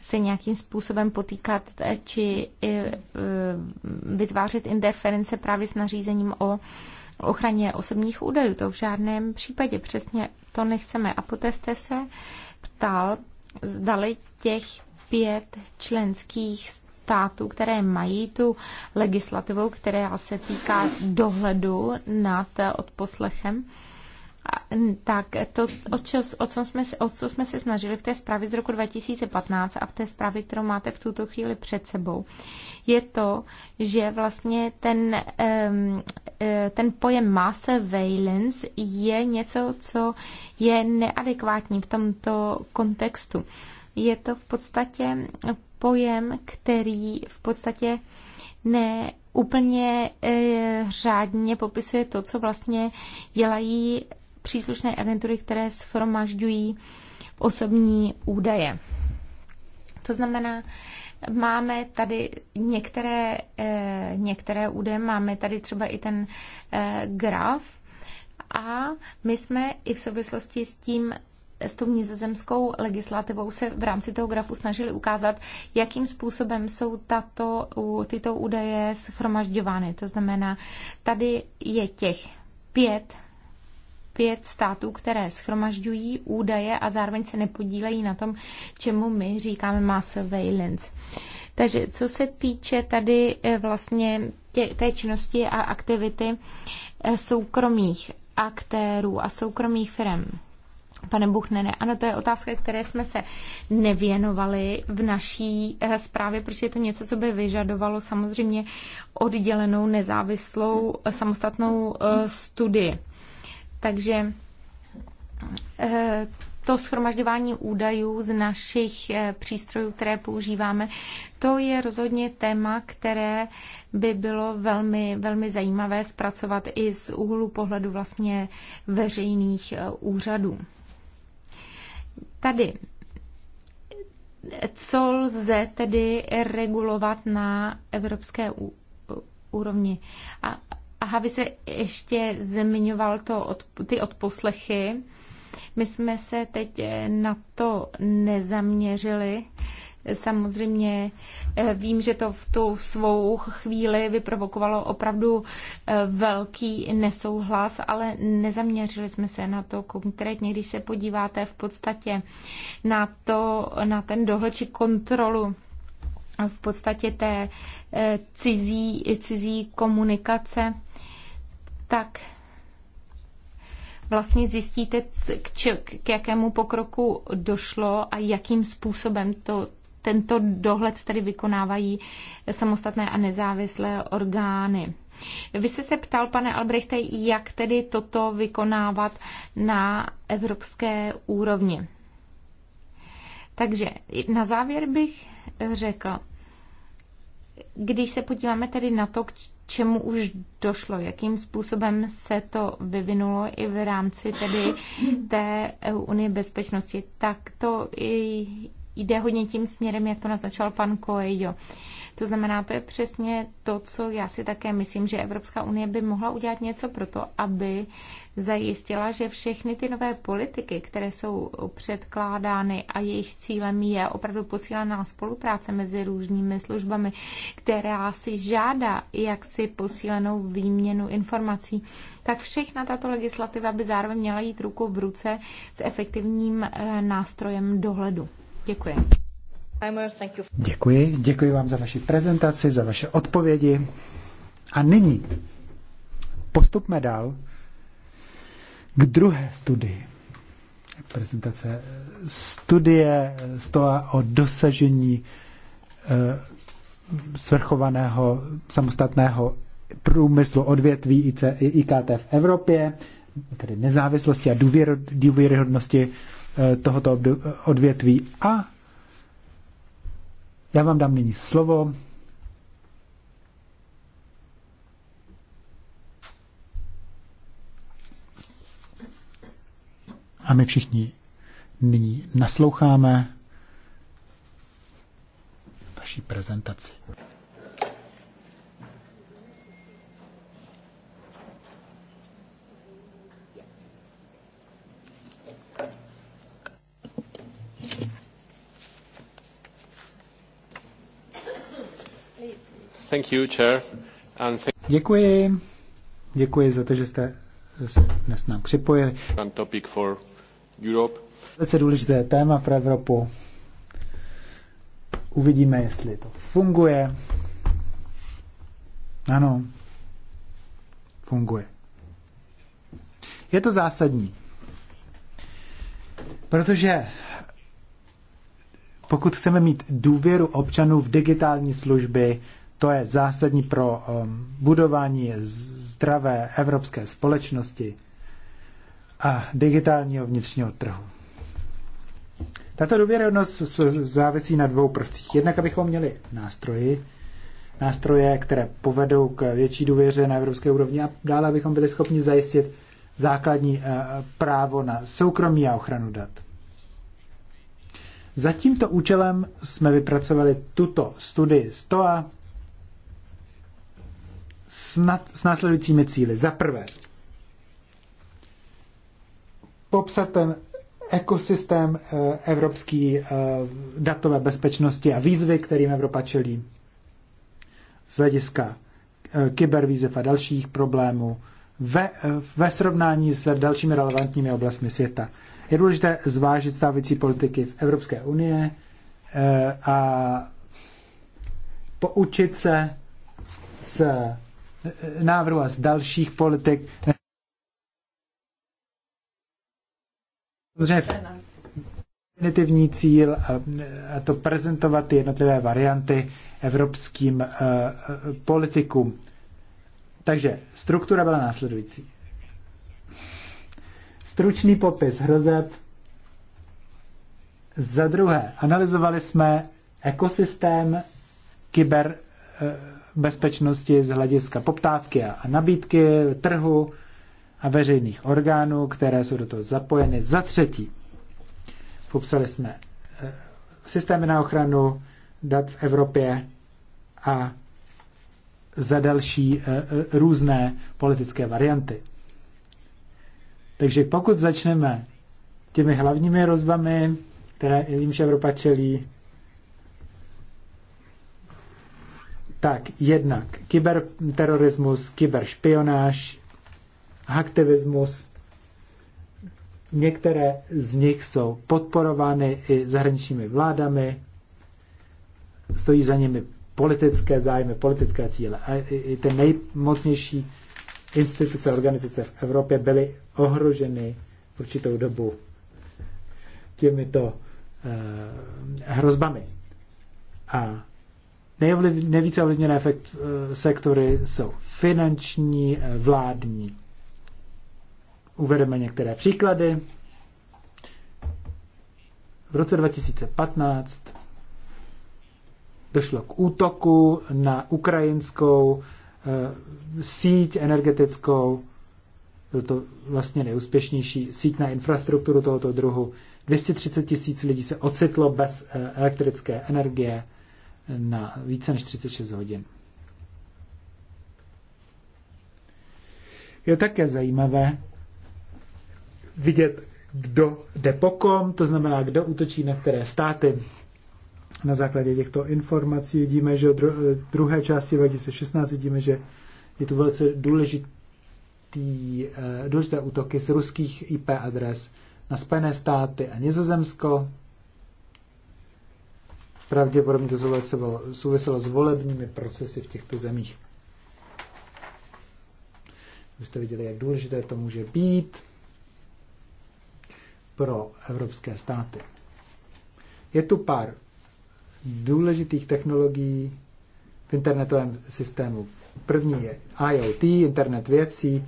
se nějakým způsobem potýkat či vytvářet interference právě s nařízením o ochraně osobních údajů. To v žádném případě přesně to nechceme. A poté jste se ptal, zdali těch pět členských států, které mají tu legislativu, která se týká dohledu nad odposlechem, tak to, o, čo, o, co jsme, o co jsme se snažili v té zprávě z roku 2015 a v té zprávě, kterou máte v tuto chvíli před sebou, je to, že vlastně ten, e, ten pojem mass surveillance je něco, co je neadekvátní v tomto kontextu. Je to v podstatě pojem, který v podstatě ne úplně e, řádně popisuje to, co vlastně dělají příslušné agentury, které sformažďují osobní údaje. To znamená, máme tady některé, eh, některé údaje, máme tady třeba i ten eh, graf a my jsme i v souvislosti s tím s tou nizozemskou legislativou se v rámci toho grafu snažili ukázat, jakým způsobem jsou tato, tyto údaje schromažďovány. To znamená, tady je těch pět pět států, které schromažďují údaje a zároveň se nepodílejí na tom, čemu my říkáme mass surveillance. Takže co se týče tady eh, vlastně tě, té činnosti a aktivity eh, soukromých aktérů a soukromých firm, Pane Buchnene, ano, to je otázka, které jsme se nevěnovali v naší eh, zprávě, protože je to něco, co by vyžadovalo samozřejmě oddělenou, nezávislou, samostatnou studii. Takže eh, to schromažďování údajů z našich eh, přístrojů, které používáme, to je rozhodně téma, které by bylo velmi, velmi zajímavé zpracovat i z úhlu pohledu vlastně veřejných eh, úřadů. Tady co lze tedy regulovat na evropské úrovni. A Aha, vy se ještě zmiňoval to od, ty odposlechy. My jsme se teď eh, na to nezaměřili. Samozřejmě eh, vím, že to v tu svou chvíli vyprovokovalo opravdu eh, velký nesouhlas, ale nezaměřili jsme se na to konkrétně. Když se podíváte v podstatě na, to, na ten dohled či kontrolu v podstatě té eh, cizí, cizí komunikace, tak vlastně zjistíte, k, či, k jakému pokroku došlo a jakým způsobem to, tento dohled tady vykonávají samostatné a nezávislé orgány. Vy jste se ptal, pane Albrechte, jak tedy toto vykonávat na evropské úrovni. Takže na závěr bych řekl, když se podíváme tedy na to, k čemu už došlo, jakým způsobem se to vyvinulo i v rámci tedy té Unie bezpečnosti, tak to jde hodně tím směrem, jak to naznačoval pan Coelho. To znamená, to je přesně to, co já si také myslím, že Evropská unie by mohla udělat něco pro to, aby zajistila, že všechny ty nové politiky, které jsou předkládány a jejich cílem je opravdu posílená spolupráce mezi různými službami, která si žádá jaksi posílenou výměnu informací, tak všechna tato legislativa by zároveň měla jít ruku v ruce s efektivním eh, nástrojem dohledu. Děkuji. Děkuji, děkuji vám za vaši prezentaci, za vaše odpovědi. A nyní postupme dál k druhé studii. Prezentace studie stola o dosažení eh, svrchovaného samostatného průmyslu odvětví IKT v Evropě, tedy nezávislosti a důvěryhodnosti eh, tohoto odvětví a já vám dám nyní slovo. A my všichni nyní nasloucháme vaší prezentaci. Thank you, chair. And thank... Děkuji. Děkuji za to, že jste se dnes nám připojili. topic for Europe. Velice důležité téma pro Evropu. Uvidíme, jestli to funguje. Ano, funguje. Je to zásadní. Protože pokud chceme mít důvěru občanů v digitální služby, to je zásadní pro um, budování zdravé evropské společnosti a digitálního vnitřního trhu. Tato důvěryhodnost závisí na dvou prvcích. Jednak, abychom měli nástroji, nástroje, které povedou k větší důvěře na evropské úrovni a dále, abychom byli schopni zajistit základní eh, právo na soukromí a ochranu dat. Za tímto účelem jsme vypracovali tuto studii STOA, nad, s následujícími cíly. Za prvé, popsat ten ekosystém eh, evropský eh, datové bezpečnosti a výzvy, kterým Evropa čelí z hlediska eh, kybervýzev a dalších problémů ve, ve srovnání s dalšími relevantními oblastmi světa. Je důležité zvážit stávající politiky v Evropské unie a poučit se z návrhů a z dalších politik. Samozřejmě definitivní cíl a to prezentovat ty jednotlivé varianty evropským eh, eh, politikům. Takže struktura byla následující. Stručný popis hrozeb. Za druhé, analyzovali jsme ekosystém kyber eh, bezpečnosti z hlediska poptávky a nabídky, trhu a veřejných orgánů, které jsou do toho zapojeny. Za třetí, popsali jsme eh, systémy na ochranu dat v Evropě a za další eh, eh, různé politické varianty. Takže pokud začneme těmi hlavními rozbami, které jimž Evropa čelí, tak jednak kyberterorismus, kyberšpionáž, aktivismus. Některé z nich jsou podporovány i zahraničními vládami, stojí za nimi politické zájmy, politické cíle. A i ty nejmocnější instituce, organizace v Evropě byly ohroženy v určitou dobu těmito uh, hrozbami. A Nejvliv, nejvíce ovlivněné efekt, eh, sektory jsou finanční, eh, vládní. Uvedeme některé příklady. V roce 2015 došlo k útoku na ukrajinskou eh, síť energetickou. Byl to vlastně nejúspěšnější síť na infrastrukturu tohoto druhu. 230 tisíc lidí se ocitlo bez elektrické energie na více než 36 hodin. Je také zajímavé vidět, kdo jde po kom, to znamená, kdo útočí na které státy. Na základě těchto informací vidíme, že od druhé části 2016 vidíme, že je tu velice důležitý, eh, důležité útoky z ruských IP adres na Spojené státy a Nizozemsko, Pravděpodobně to souviselo, s volebními procesy v těchto zemích. Už jste viděli, jak důležité to může být pro evropské státy. Je tu pár důležitých technologií v internetovém systému. První je IoT, internet věcí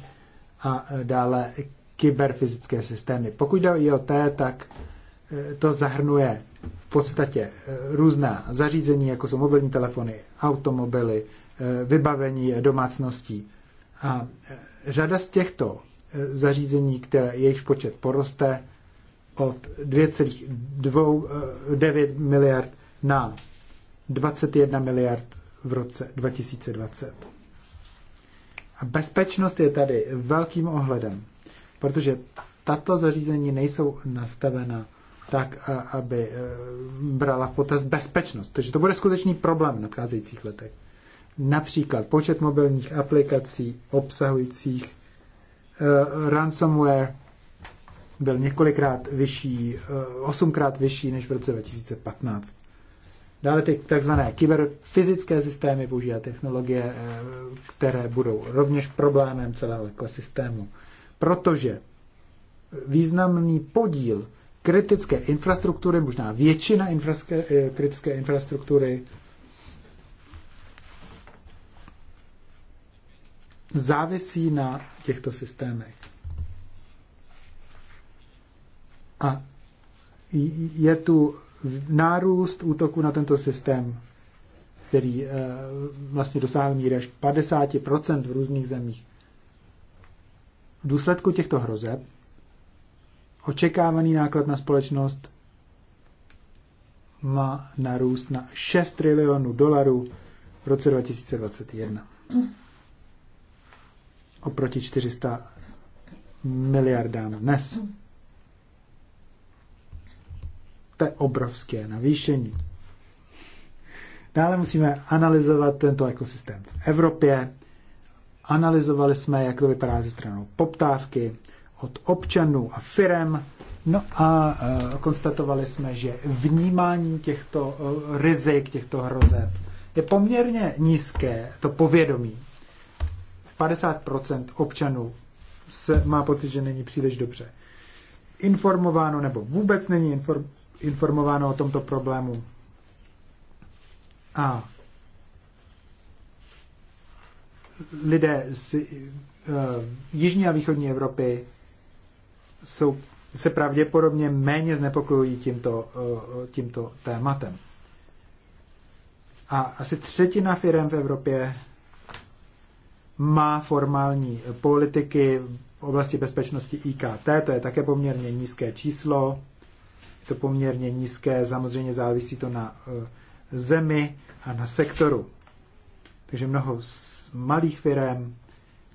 a e, dále kyberfyzické systémy. Pokud jde o IoT, tak e, to zahrnuje podstatě eh, různá zařízení, jako jsou mobilní telefony, automobily, eh, vybavení domácností. A eh, řada z těchto zařízení, které jejich počet poroste od 2,9 miliard na 21 miliard v roce 2020. A bezpečnost je tady velkým ohledem, protože tato zařízení nejsou nastavena tak aby eh, brala v potaz bezpečnost. Takže to bude skutečný problém v nadcházejících letech. Například počet mobilních aplikací obsahujících uh, ransomware byl několikrát vyšší, uh, osmkrát vyšší než v roce 2015. Dále ty takzvané kyberfyzické systémy používají technologie, které budou rovněž problémem celého ekosystému, protože významný podíl kritické infrastruktury, možná většina infraské, eh, kritické infrastruktury závisí na těchto systémech. A je tu nárůst útoku na tento systém, který eh, vlastně dosáhl míry až 50% v různých zemích. V důsledku těchto hrozeb očekávaný náklad na společnost má narůst na 6 trilionů dolarů v roce 2021. Oproti 400 miliardám dnes. To je obrovské navýšení. Dále musíme analyzovat tento ekosystém v Evropě. Analyzovali jsme, jak to vypadá ze stranou poptávky, od občanů a firem. No a e, konstatovali jsme, že vnímání těchto e, rizik, těchto hrozeb je poměrně nízké, to povědomí. 50% občanů se má pocit, že není příliš dobře informováno nebo vůbec není informováno o tomto problému. A lidé z uh, jižní a východní Evropy jsou, se pravděpodobně méně znepokojují tímto, eh, tímto tématem. A asi třetina firm v Evropě má formální politiky v oblasti bezpečnosti IKT, to je také poměrně nízké číslo, je to poměrně nízké, samozřejmě závisí to na eh, zemi a na sektoru. Takže mnoho z malých firm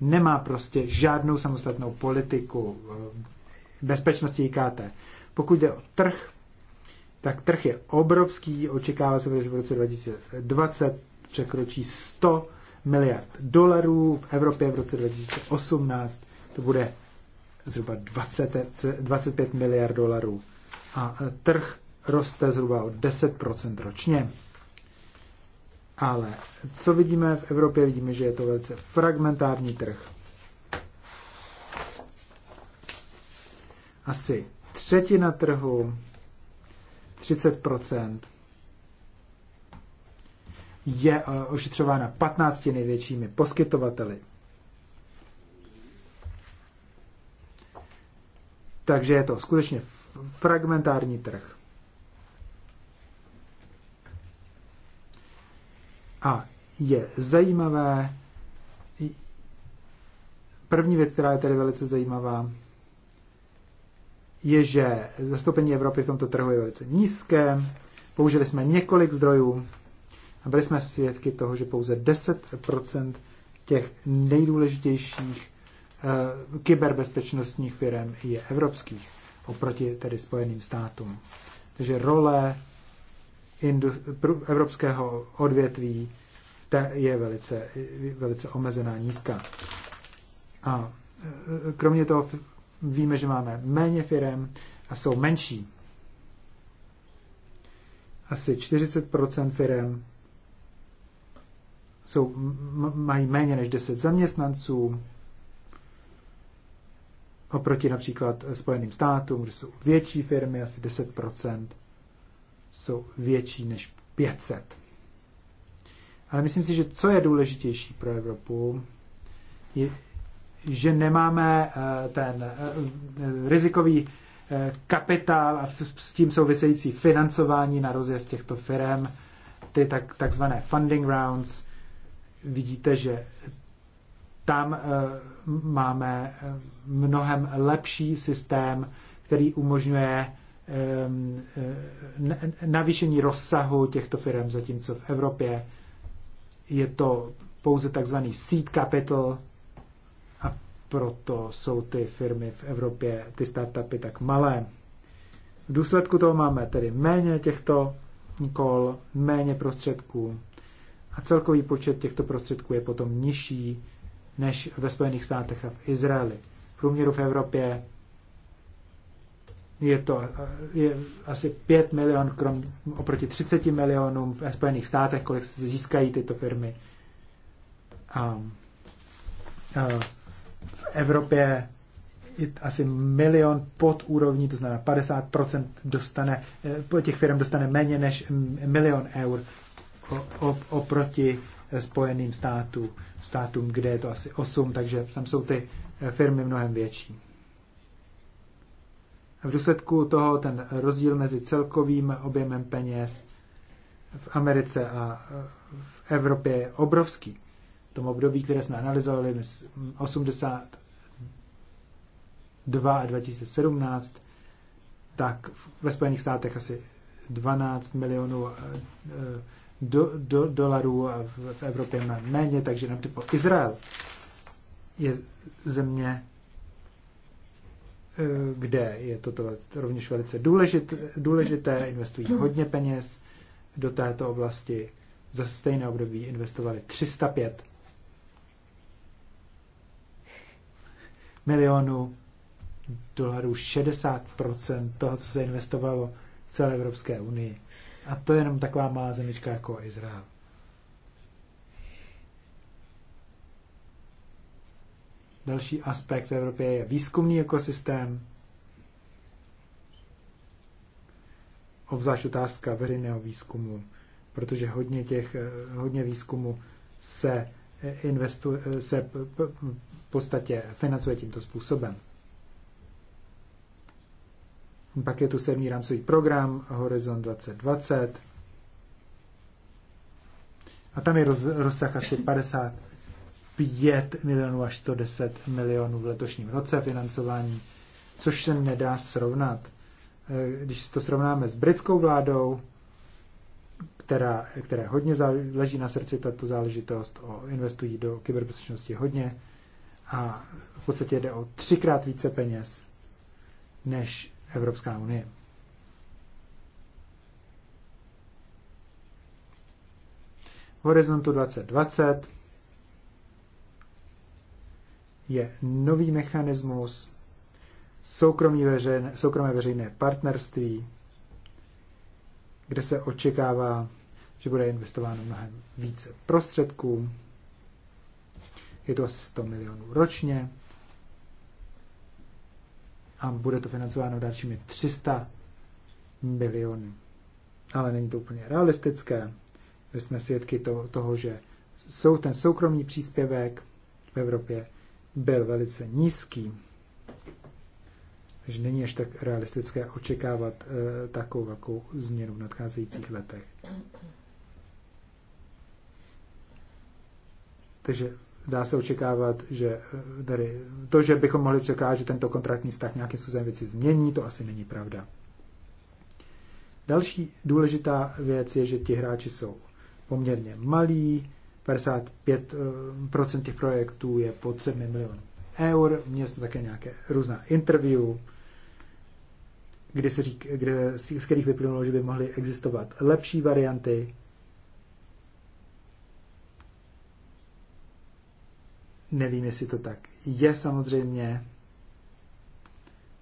nemá prostě žádnou samostatnou politiku eh, bezpečnosti IKT. Pokud jde o trh, tak trh je obrovský, očekává se, že v roce 2020 překročí 100 miliard dolarů, v Evropě v roce 2018 to bude zhruba 20, 25 miliard dolarů a e, trh roste zhruba o 10% ročně. Ale co vidíme v Evropě? Vidíme, že je to velice fragmentární trh. asi třetina trhu, 30% je eh, ošetřována 15 největšími poskytovateli. Takže je to skutečně fragmentární trh. A je zajímavé, první věc, která je tady velice zajímavá, je, že zastoupení Evropy v tomto trhu je velice nízké. Použili jsme několik zdrojů a byli jsme svědky toho, že pouze 10% těch nejdůležitějších uh, kyberbezpečnostních firm je evropských oproti tedy Spojeným státům. Takže role evropského odvětví je velice, velice omezená, nízká. A eh, kromě toho Víme, že máme méně firem a jsou menší. Asi 40% firem jsou, mají méně než 10 zaměstnanců, oproti například Spojeným státům, kde jsou větší firmy, asi 10% jsou větší než 500. Ale myslím si, že co je důležitější pro Evropu, že nemáme eh, ten eh, rizikový eh, kapitál a s tím související financování na rozjezd těchto firm, ty tak, takzvané funding rounds. Vidíte, že tam máme mnohem lepší systém, který umožňuje ehm, navýšení rozsahu těchto firm, zatímco v Evropě je to pouze takzvaný seed capital, proto jsou ty firmy v Evropě, ty startupy tak malé. V důsledku toho máme tedy méně těchto kol, méně prostředků a celkový počet těchto prostředků je potom nižší než ve Spojených státech a v Izraeli. V průměru v Evropě je to je asi 5 milion krom, oproti 30 milionům v Spojených státech, kolik se získají tyto firmy. A, a v Evropě je asi milion pod úrovní, to znamená 50% dostane, eh, těch firm dostane méně než milion eur oproti spojeným státům, státům, kde je to asi 8, takže tam jsou ty eh, firmy mnohem větší. V důsledku toho ten rozdíl mezi celkovým objemem peněz v Americe a eh, v Evropě je obrovský tom období, které jsme analyzovali, 82 a 2017, tak ve Spojených státech asi 12 milionů eh, do, do, dolarů a v, v Evropě méně, takže například Izrael je země, eh, kde je toto rovněž velice důležité, důležité, investují hodně peněz do této oblasti. Za stejné období investovali 305 milionů dolarů, 60% toho, co se investovalo v celé Evropské unii. A to je jenom taková malá zemička jako Izrael. Další aspekt v Evropě je výzkumný ekosystém, obzvlášť otázka veřejného výzkumu, protože hodně, těch, eh, hodně výzkumu se investu, se v podstatě financuje tímto způsobem. Pak je tu sedmý rámcový program Horizon 2020. A tam je roz, rozsah asi 55 milionů až 110 milionů v letošním roce financování, což se nedá srovnat. Eh, když to srovnáme s britskou vládou, která, které hodně leží na srdci tato záležitost, o, investují do kyberbezpečnosti hodně a v podstatě jde o třikrát více peněz než Evropská unie. V horizontu 2020 je nový mechanismus soukromí veřejné, soukromé veřejné partnerství, kde se očekává že bude investováno mnohem více prostředků. Je to asi 100 milionů ročně a bude to financováno dalšími 300 miliony. Ale není to úplně realistické. My jsme svědky to, toho, že jsou ten soukromý příspěvek v Evropě byl velice nízký. Takže není až tak realistické očekávat e, takovou velkou změnu v nadcházejících letech. Takže dá se očekávat, že eh, tady to, že bychom mohli čekat, že tento kontraktní vztah nějaký způsobem věci změní, to asi není pravda. Další důležitá věc je, že ti hráči jsou poměrně malí, 55% eh, těch projektů je pod 7 milionů eur, měli jsme také nějaké různá interview, kde se řík, kde, z kterých vyplynulo, že by mohly existovat lepší varianty, Nevím, jestli to tak je samozřejmě,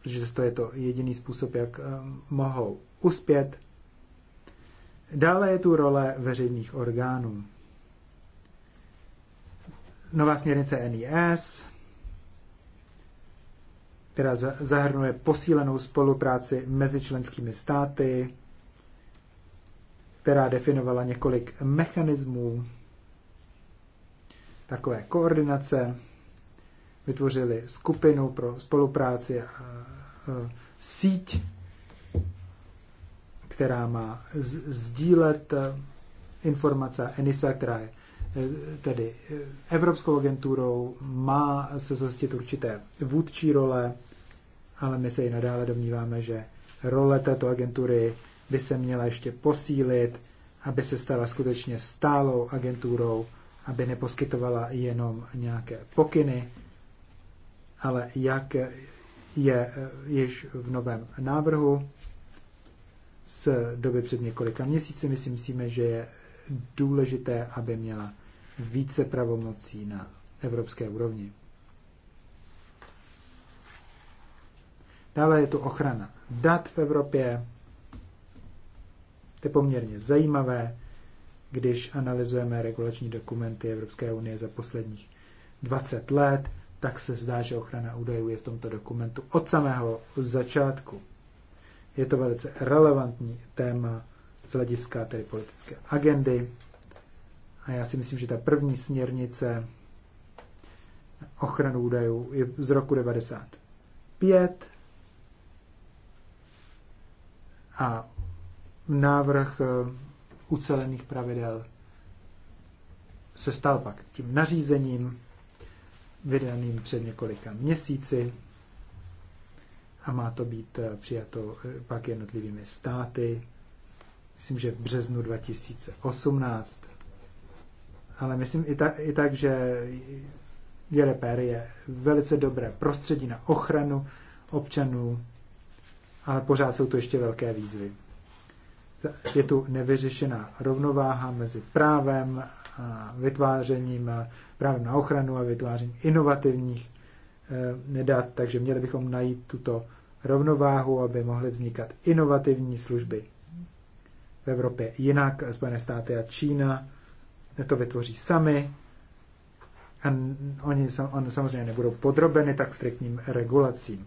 protože to je to jediný způsob, jak eh, mohou uspět. Dále je tu role veřejných orgánů. Nová směrnice NIS, která zahrnuje posílenou spolupráci mezi členskými státy, která definovala několik mechanismů takové koordinace, vytvořili skupinu pro spolupráci a síť, která má sdílet e, informace ENISA, která je e, tedy e, Evropskou agenturou, má se zhostit určité vůdčí role, ale my se i nadále domníváme, že role této agentury by se měla ještě posílit, aby se stala skutečně stálou agenturou, aby neposkytovala jenom nějaké pokyny, ale jak je eh, již v novém návrhu z doby před několika měsíci, my si myslíme, že je důležité, aby měla více pravomocí na evropské úrovni. Dále je tu ochrana dat v Evropě. To je poměrně zajímavé když analyzujeme regulační dokumenty Evropské unie za posledních 20 let, tak se zdá, že ochrana údajů je v tomto dokumentu od samého začátku. Je to velice relevantní téma z hlediska tedy politické agendy. A já si myslím, že ta první směrnice ochranu údajů je z roku 95 a návrh eh, ucelených pravidel se stal pak tím nařízením vydaným před několika měsíci a má to být eh, přijato eh, pak jednotlivými státy, myslím, že v březnu 2018. Ale myslím i, ta, i tak, že GDPR je velice dobré prostředí na ochranu občanů, ale pořád jsou to ještě velké výzvy je tu nevyřešená rovnováha mezi právem a vytvářením, právem na ochranu a vytvářením inovativních eh, nedat, takže měli bychom najít tuto rovnováhu, aby mohly vznikat inovativní služby v Evropě. Jinak Spojené státy a Čína to vytvoří sami a oni, samozřejmě nebudou podrobeny tak striktním regulacím.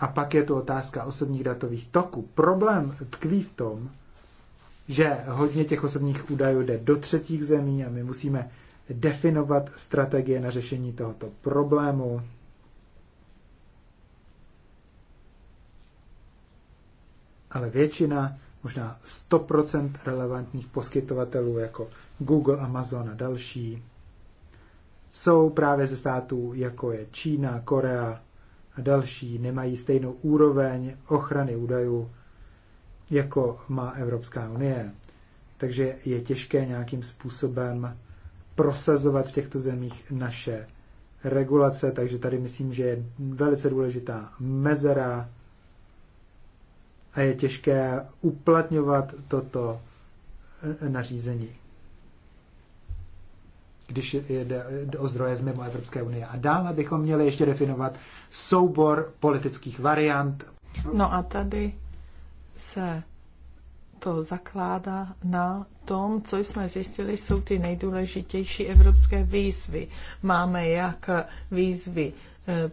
A pak je tu otázka osobních datových toků. Problém tkví v tom, že hodně těch osobních údajů jde do třetích zemí a my musíme definovat strategie na řešení tohoto problému. Ale většina, možná 100% relevantních poskytovatelů jako Google, Amazon a další, jsou právě ze států jako je Čína, Korea, a další nemají stejnou úroveň ochrany údajů, jako má Evropská unie. Takže je těžké nějakým způsobem prosazovat v těchto zemích naše regulace, takže tady myslím, že je velice důležitá mezera a je těžké uplatňovat toto nařízení když jde o zdroje z mimo Evropské unie. A dále bychom měli ještě definovat soubor politických variant. No a tady se to zakládá na tom, co jsme zjistili, jsou ty nejdůležitější evropské výzvy. Máme jak výzvy eh,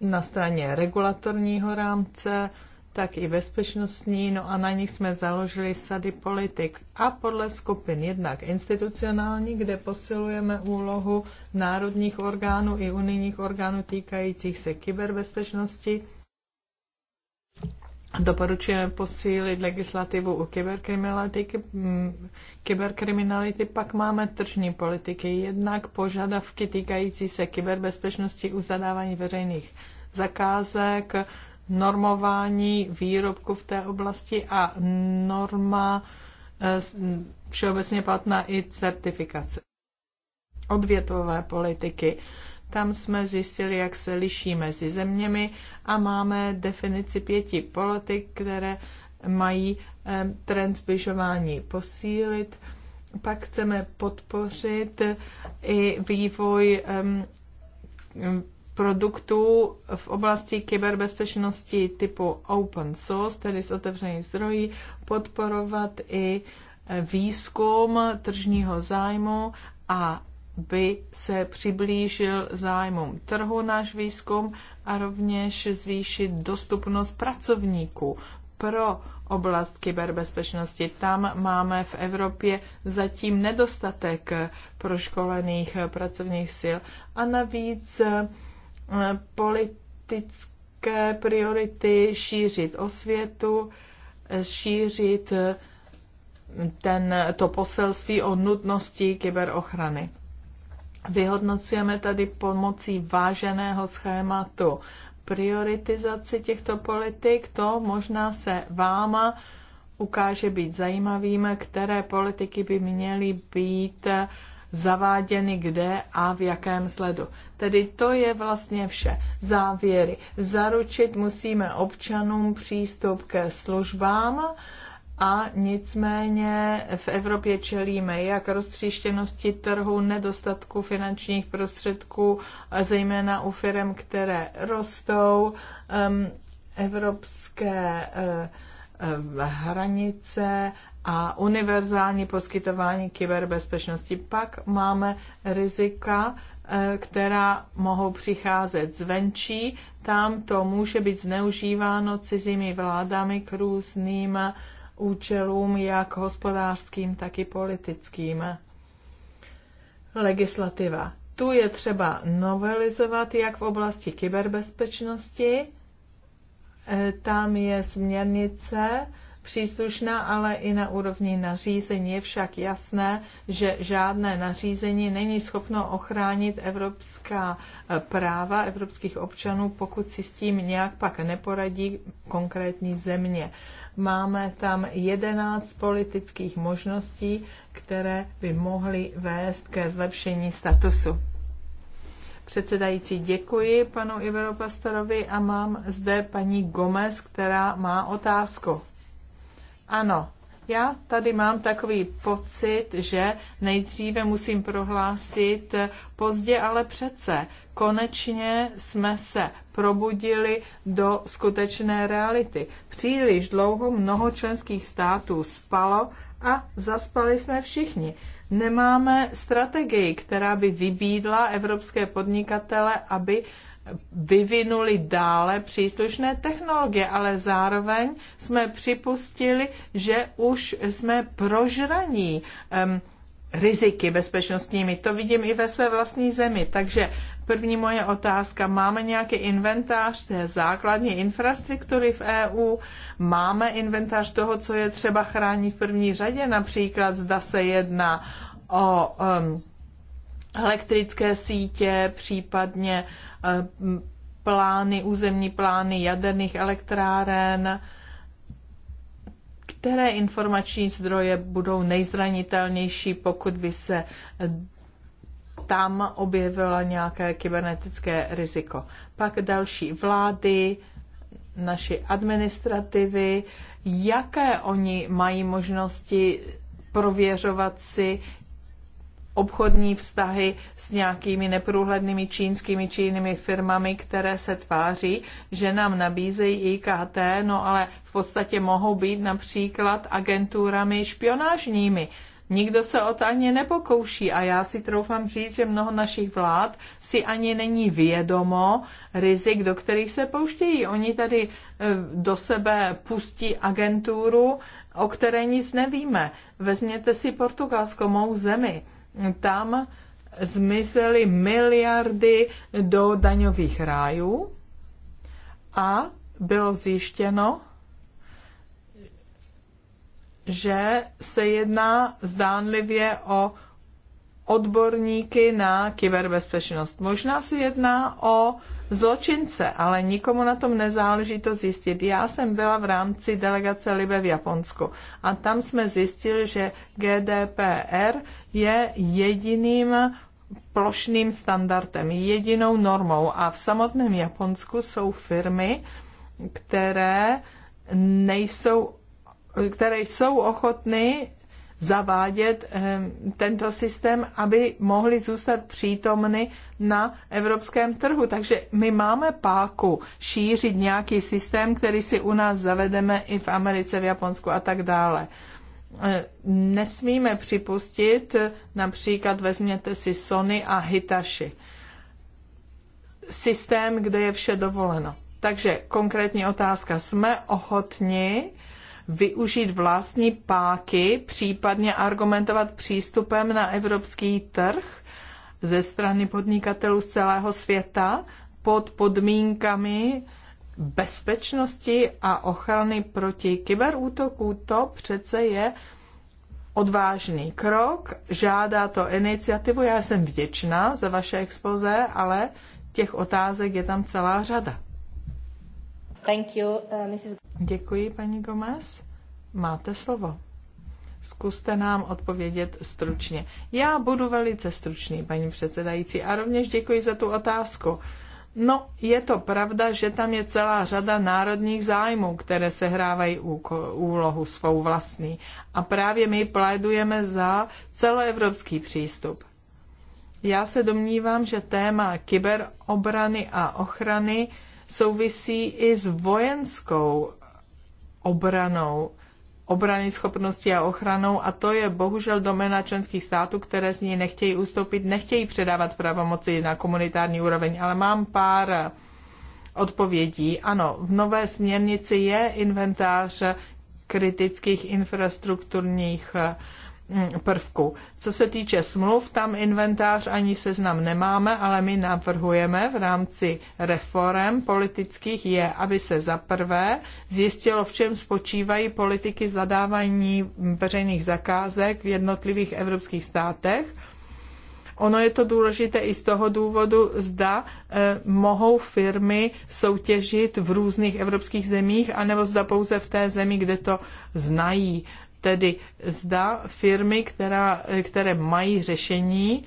na straně regulatorního rámce, tak i bezpečnostní, no a na nich jsme založili sady politik. A podle skupin jednak institucionální, kde posilujeme úlohu národních orgánů i unijních orgánů týkajících se kyberbezpečnosti. Doporučujeme posílit legislativu u kyberkriminality. Kyberkriminality pak máme tržní politiky, jednak požadavky týkající se kyberbezpečnosti u zadávání veřejných zakázek, normování výrobku v té oblasti a norma eh, všeobecně platná i certifikace odvětové politiky. Tam jsme zjistili, jak se liší mezi zeměmi a máme definici pěti politik, které mají eh, trend zbližování posílit. Pak chceme podpořit i vývoj produktů v oblasti kyberbezpečnosti typu open source, tedy z otevřených zdrojí, podporovat i eh, výzkum tržního zájmu a by se přiblížil zájmům trhu náš výzkum a rovněž zvýšit dostupnost pracovníků pro oblast kyberbezpečnosti. Tam máme v Evropě zatím nedostatek proškolených pracovních sil a navíc eh, politické priority, šířit osvětu, šířit ten, to poselství o nutnosti kyberochrany. Vyhodnocujeme tady pomocí váženého schématu prioritizaci těchto politik. To možná se vám ukáže být zajímavým, které politiky by měly být uh, zaváděny kde a v jakém sledu. Tedy to je vlastně vše. Závěry. Zaručit musíme občanům přístup ke službám, a nicméně v Evropě čelíme jak roztříštěnosti trhu, nedostatku finančních prostředků, zejména u firm, které rostou, evropské eh, eh, hranice a univerzální poskytování kyberbezpečnosti. Pak máme rizika, eh, která mohou přicházet zvenčí. Tam to může být zneužíváno cizími vládami k různým účelům, jak hospodářským, tak i politickým. Legislativa. Tu je třeba novelizovat jak v oblasti kyberbezpečnosti, eh, tam je směrnice příslušná, ale i na úrovni nařízení. Je však jasné, že žádné nařízení není schopno ochránit evropská eh, práva evropských občanů, pokud si s tím nějak pak neporadí konkrétní země. Máme tam jedenáct politických možností, které by mohly vést ke zlepšení statusu. Předsedající, děkuji panu Iveropastorovi a mám zde paní Gomez, která má otázku. Ano, já tady mám takový pocit, že nejdříve musím prohlásit pozdě, ale přece. Konečně jsme se probudili do skutečné reality. Příliš dlouho mnoho členských států spalo a zaspali jsme všichni. Nemáme strategii, která by vybídla evropské podnikatele, aby vyvinuli dále příslušné technologie, ale zároveň jsme připustili, že už jsme prožraní um, riziky bezpečnostními. To vidím i ve své vlastní zemi. Takže první moje otázka, máme nějaký inventář té základní infrastruktury v EU? Máme inventář toho, co je třeba chránit v první řadě? Například zda se jedná o um, elektrické sítě, případně uh, Eh, plány, územní plány jaderných elektráren, které informační zdroje budou nejzranitelnější, pokud by se tam objevilo nějaké kybernetické riziko. Pak další vlády, naši administrativy, jaké oni mají možnosti prověřovat si, obchodní vztahy s nějakými neprůhlednými čínskými či jinými firmami, které se tváří, že nám nabízejí IKT, no ale v podstatě mohou být například agenturami špionážními. Nikdo se o to ani nepokouší a já si troufám říct, že mnoho našich vlád si ani není vědomo rizik, do kterých se pouštějí. Oni tady e, do sebe pustí agenturu, o které nic nevíme. Vezměte si Portugalsko, mou zemi tam zmizely miliardy do daňových rájů a bylo zjištěno, že se jedná zdánlivě o odborníky na kyberbezpečnost. Možná se jedná o zločince, ale nikomu na tom nezáleží to zjistit. Já jsem byla v rámci delegace Libe v Japonsku a tam jsme zjistili, že GDPR je jediným plošným standardem, jedinou normou. A v samotném Japonsku jsou firmy, které nejsou, které jsou ochotny zavádět ehm, tento systém, aby mohli zůstat přítomny na evropském trhu. Takže my máme páku šířit nějaký systém, který si u nás zavedeme i v Americe, v Japonsku a tak dále. E, nesmíme připustit, například vezměte si Sony a Hitachi, systém, kde je vše dovoleno. Takže konkrétní otázka, jsme ochotni využít vlastní páky, případně argumentovat přístupem na evropský trh ze strany podnikatelů z celého světa pod podmínkami, bezpečnosti a ochrany proti kyberútoku, to přece je odvážný krok, žádá to iniciativu. Já jsem vděčná za vaše expoze, ale těch otázek je tam celá řada. Thank you, uh, Mrs. Děkuji, paní Gomez. Máte slovo. Zkuste nám odpovědět stručně. Já budu velice stručný, paní předsedající, a rovněž děkuji za tu otázku. Uh, No, je to pravda, že tam je celá řada národních zájmů, které se hrávají úlohu svou vlastní. A právě my plédujeme za celoevropský přístup. Já se domnívám, že téma kyberobrany a ochrany souvisí i s vojenskou obranou obrany schopnosti a ochranou a to je bohužel domena členských států, které z ní nechtějí ustoupit, nechtějí předávat pravomoci na komunitární úroveň, ale mám pár odpovědí. Ano, v nové směrnici je inventář kritických infrastrukturních uh, Hm, prvku. Co se týče smluv, tam inventář ani seznam nemáme, ale my navrhujeme v rámci reform politických je, aby se za prvé zjistilo, v čem spočívají politiky zadávání veřejných zakázek v jednotlivých evropských státech. Ono je to důležité i z toho důvodu, zda e, mohou firmy soutěžit v různých evropských zemích, anebo zda pouze v té zemi, kde to znají. Tedy zda firmy, která, které mají řešení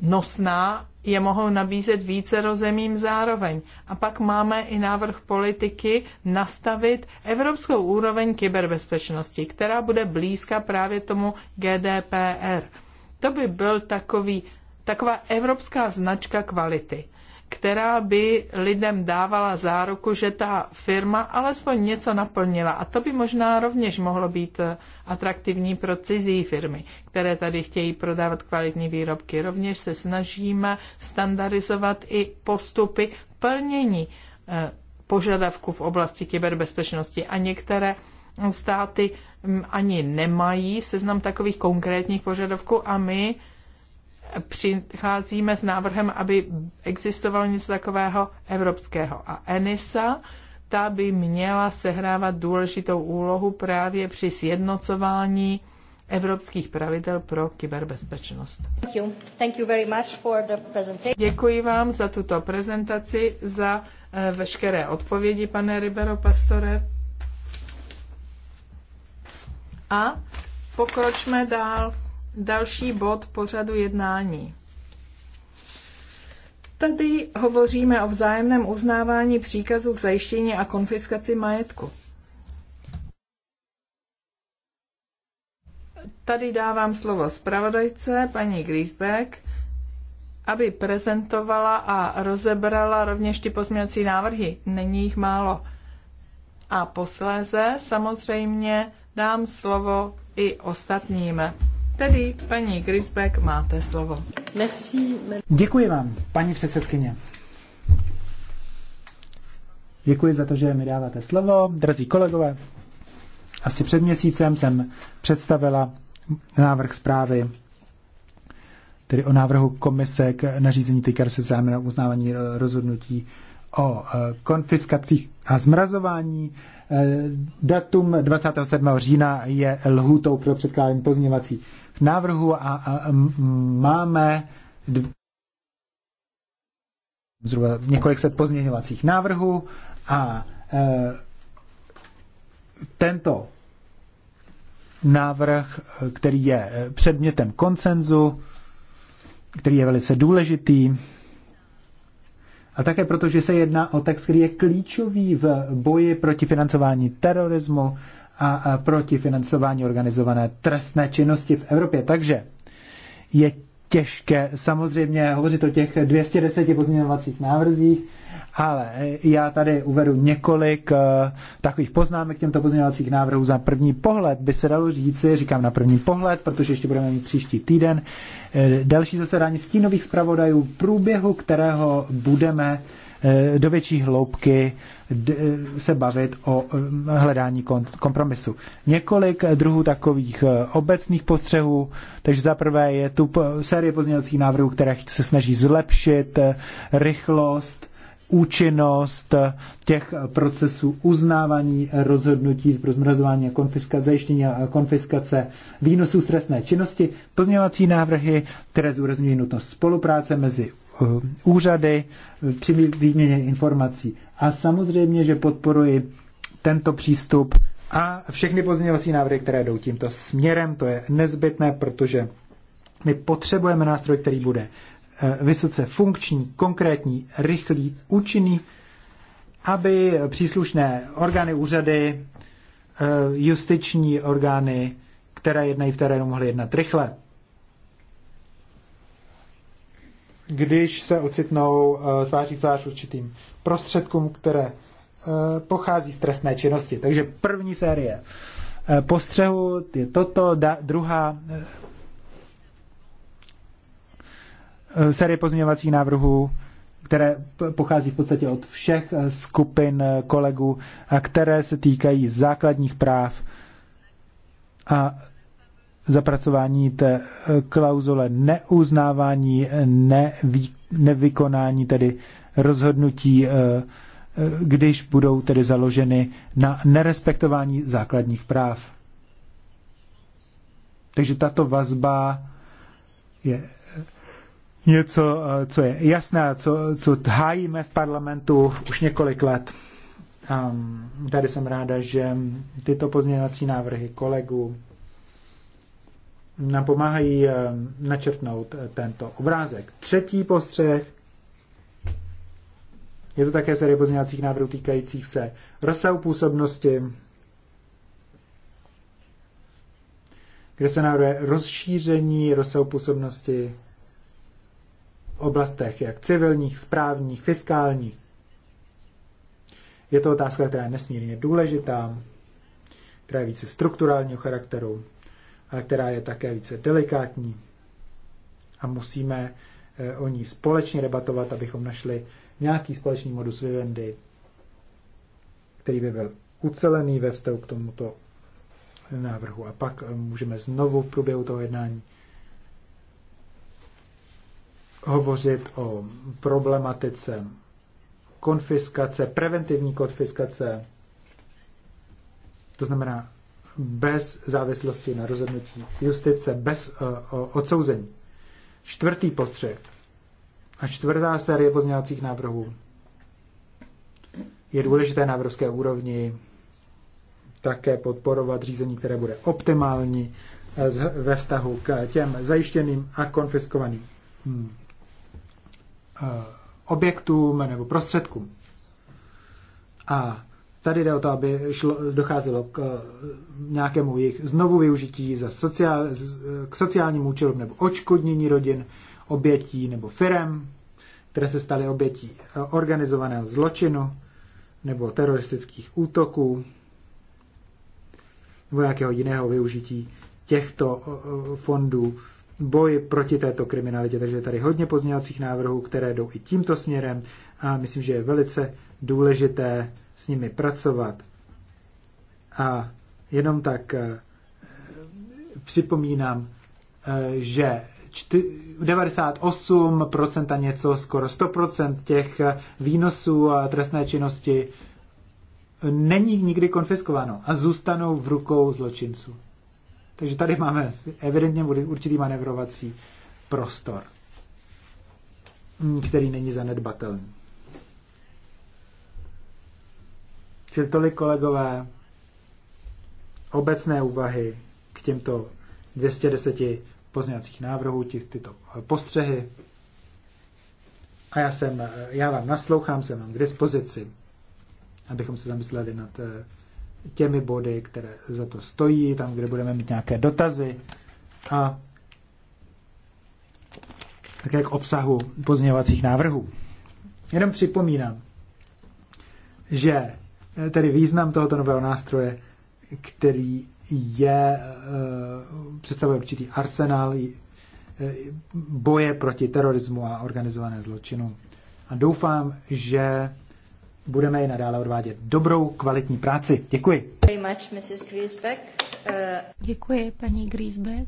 nosná, je mohou nabízet více rozemím zároveň. A pak máme i návrh politiky nastavit evropskou úroveň kyberbezpečnosti, která bude blízka právě tomu GDPR. To by byl takový, taková evropská značka kvality která by lidem dávala záruku, že ta firma alespoň něco naplnila. A to by možná rovněž mohlo být eh, atraktivní pro cizí firmy, které tady chtějí prodávat kvalitní výrobky. Rovněž se snažíme standardizovat i postupy plnění eh, požadavků v oblasti kyberbezpečnosti a některé státy hm, ani nemají seznam takových konkrétních požadavků a my přicházíme s návrhem, aby existovalo něco takového evropského. A ENISA, ta by měla sehrávat důležitou úlohu právě při sjednocování evropských pravidel pro kyberbezpečnost. Thank you. Thank you very much for the presentation. Děkuji vám za tuto prezentaci, za eh, veškeré odpovědi, pane Ribero Pastore. A pokročme dál další bod pořadu jednání. Tady hovoříme o vzájemném uznávání příkazů k zajištění a konfiskaci majetku. Tady dávám slovo zpravodajce, paní Griesbeck, aby prezentovala a rozebrala rovněž ty pozměňovací návrhy. Není jich málo. A posléze samozřejmě dám slovo i ostatním Tedy, paní Grisbeck, máte slovo. Merci. Děkuji vám, paní předsedkyně. Děkuji za to, že mi dáváte slovo, drazí kolegové. Asi před měsícem jsem představila návrh zprávy, tedy o návrhu komise k nařízení týkající se vzájemného uznávání eh, rozhodnutí o eh, konfiskacích a zmrazování. Eh, datum 27. října je lhůtou pro předkládání pozměňovací návrhu a, a máme zhruba několik set pozměňovacích návrhů a e, tento návrh, který je e, předmětem konsenzu, který je velice důležitý, a také proto, že se jedná o text, který je klíčový v boji proti financování terorismu a proti financování organizované trestné činnosti v Evropě. Takže je těžké samozřejmě hovořit o těch 210 pozměňovacích návrzích, ale já tady uvedu několik uh, takových poznámek k těmto pozměňovacích návrhů. Za první pohled by se dalo říci, říkám na první pohled, protože ještě budeme mít příští týden, uh, další zasedání stínových zpravodajů, v průběhu kterého budeme uh, Eh, do větší hloubky eh, se bavit o eh, hledání kompromisu. Několik druhů takových obecných postřehů, takže za prvé je tu série pozměňovacích návrhů, které se snaží zlepšit rychlost, účinnost těch procesů uznávání rozhodnutí z rozmrazování a konfiskace, zajištění a konfiskace výnosů stresné činnosti, pozměňovací návrhy, které zúrazňují nutnost spolupráce mezi Eh, úřady při výměně informací. A samozřejmě, že podporuji tento přístup a všechny pozměňovací návrhy, které jdou tímto směrem, to je nezbytné, protože my potřebujeme nástroj, který bude eh, vysoce funkční, konkrétní, rychlý, účinný, aby příslušné orgány úřady, eh, justiční orgány, které jednají v terénu, mohly jednat rychle. když se ocitnou eh, tváří tvář určitým prostředkům, které eh, pochází z trestné činnosti. Takže první série eh, postřehu je toto, da, druhá série pozměňovacích návrhů, které pochází v podstatě od všech skupin kolegů, a které se týkají základních práv a zapracování té eh, klauzule neuznávání, eh, nevý, nevykonání tedy rozhodnutí, eh, když budou tedy založeny na nerespektování základních práv. Takže tato vazba je něco, co je jasné, co, co hájíme v parlamentu už několik let. Um, tady jsem ráda, že tyto pozměňovací návrhy kolegů nám pomáhají eh, načrtnout eh, tento obrázek. Třetí postřeh. Je to také série pozměňovacích návrhů týkajících se rozsahu působnosti, kde se návrhuje rozšíření rozsahu působnosti v oblastech jak civilních, správních, fiskálních. Je to otázka, která je nesmírně důležitá, která je více strukturálního charakteru, ale která je také více delikátní. A musíme eh, o ní společně debatovat, abychom našli nějaký společný modus vivendi, který by byl ucelený ve vztahu k tomuto návrhu. A pak eh, můžeme znovu v průběhu toho jednání hovořit o problematice konfiskace, preventivní konfiskace, to znamená bez závislosti na rozhodnutí justice, bez uh, odsouzení. Čtvrtý postřeh a čtvrtá série pozměňovacích návrhů je důležité na evropské úrovni také podporovat řízení, které bude optimální eh, ve vztahu k těm zajištěným a konfiskovaným hm, eh, objektům nebo prostředkům. A Tady jde o to, aby šlo, docházelo k eh, nějakému jejich znovu využití za sociál, eh, k sociálním účelům nebo očkodnění rodin, obětí nebo firem, které se staly obětí eh, organizovaného zločinu nebo teroristických útoků nebo nějakého jiného využití těchto fondů boji proti této kriminalitě. Takže je tady hodně pozměňovacích návrhů, které jdou i tímto směrem a myslím, že je velice důležité s nimi pracovat. A jenom tak eh, připomínám, eh, že 98% a něco, skoro 100% těch eh, výnosů a trestné činnosti není nikdy konfiskováno a zůstanou v rukou zločinců. Takže tady máme evidentně určitý manevrovací prostor, mm, který není zanedbatelný. Čili tolik kolegové obecné úvahy k těmto 210 pozněvacích návrhů, těch, tyto eh, postřehy. A já, jsem, eh, já vám naslouchám, jsem vám k dispozici, abychom se zamysleli nad eh, těmi body, které za to stojí, tam, kde budeme mít nějaké dotazy a také k obsahu pozměňovacích návrhů. Jenom připomínám, že Eh, tedy význam tohoto nového nástroje, který je, eh, představuje určitý arsenál eh, boje proti terorismu a organizované zločinu. A doufám, že budeme i nadále odvádět dobrou, kvalitní práci. Děkuji. Děkuji, paní Griesbeck.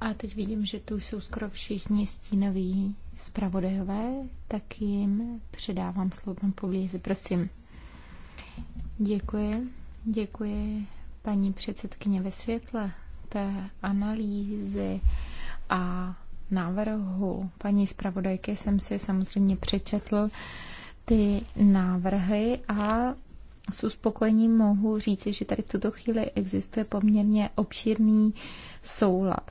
A teď vidím, že tu jsou skoro všichni stínoví zpravodajové, tak jim předávám slovo pan prosím. Děkuji, děkuji paní předsedkyně ve světle té analýzy a návrhu paní zpravodajky jsem si samozřejmě přečetl ty návrhy a s uspokojením mohu říci, že tady v tuto chvíli existuje poměrně obšírný soulad.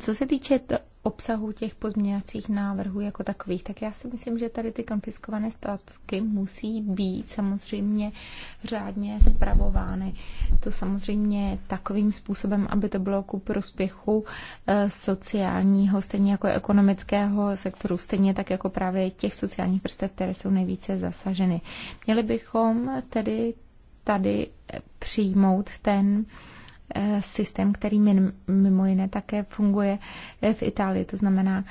Co se týče obsahu těch pozměňovacích návrhů jako takových, tak já si myslím, že tady ty konfiskované statky musí být samozřejmě řádně zpravovány. To samozřejmě takovým způsobem, aby to bylo ku prospěchu eh, sociálního, stejně jako ekonomického sektoru, stejně tak jako právě těch sociálních prstev, které jsou nejvíce zasaženy. Měli bychom tedy tady přijmout ten Eh, systém, který mimo jiné také funguje eh, v Itálii. To znamená,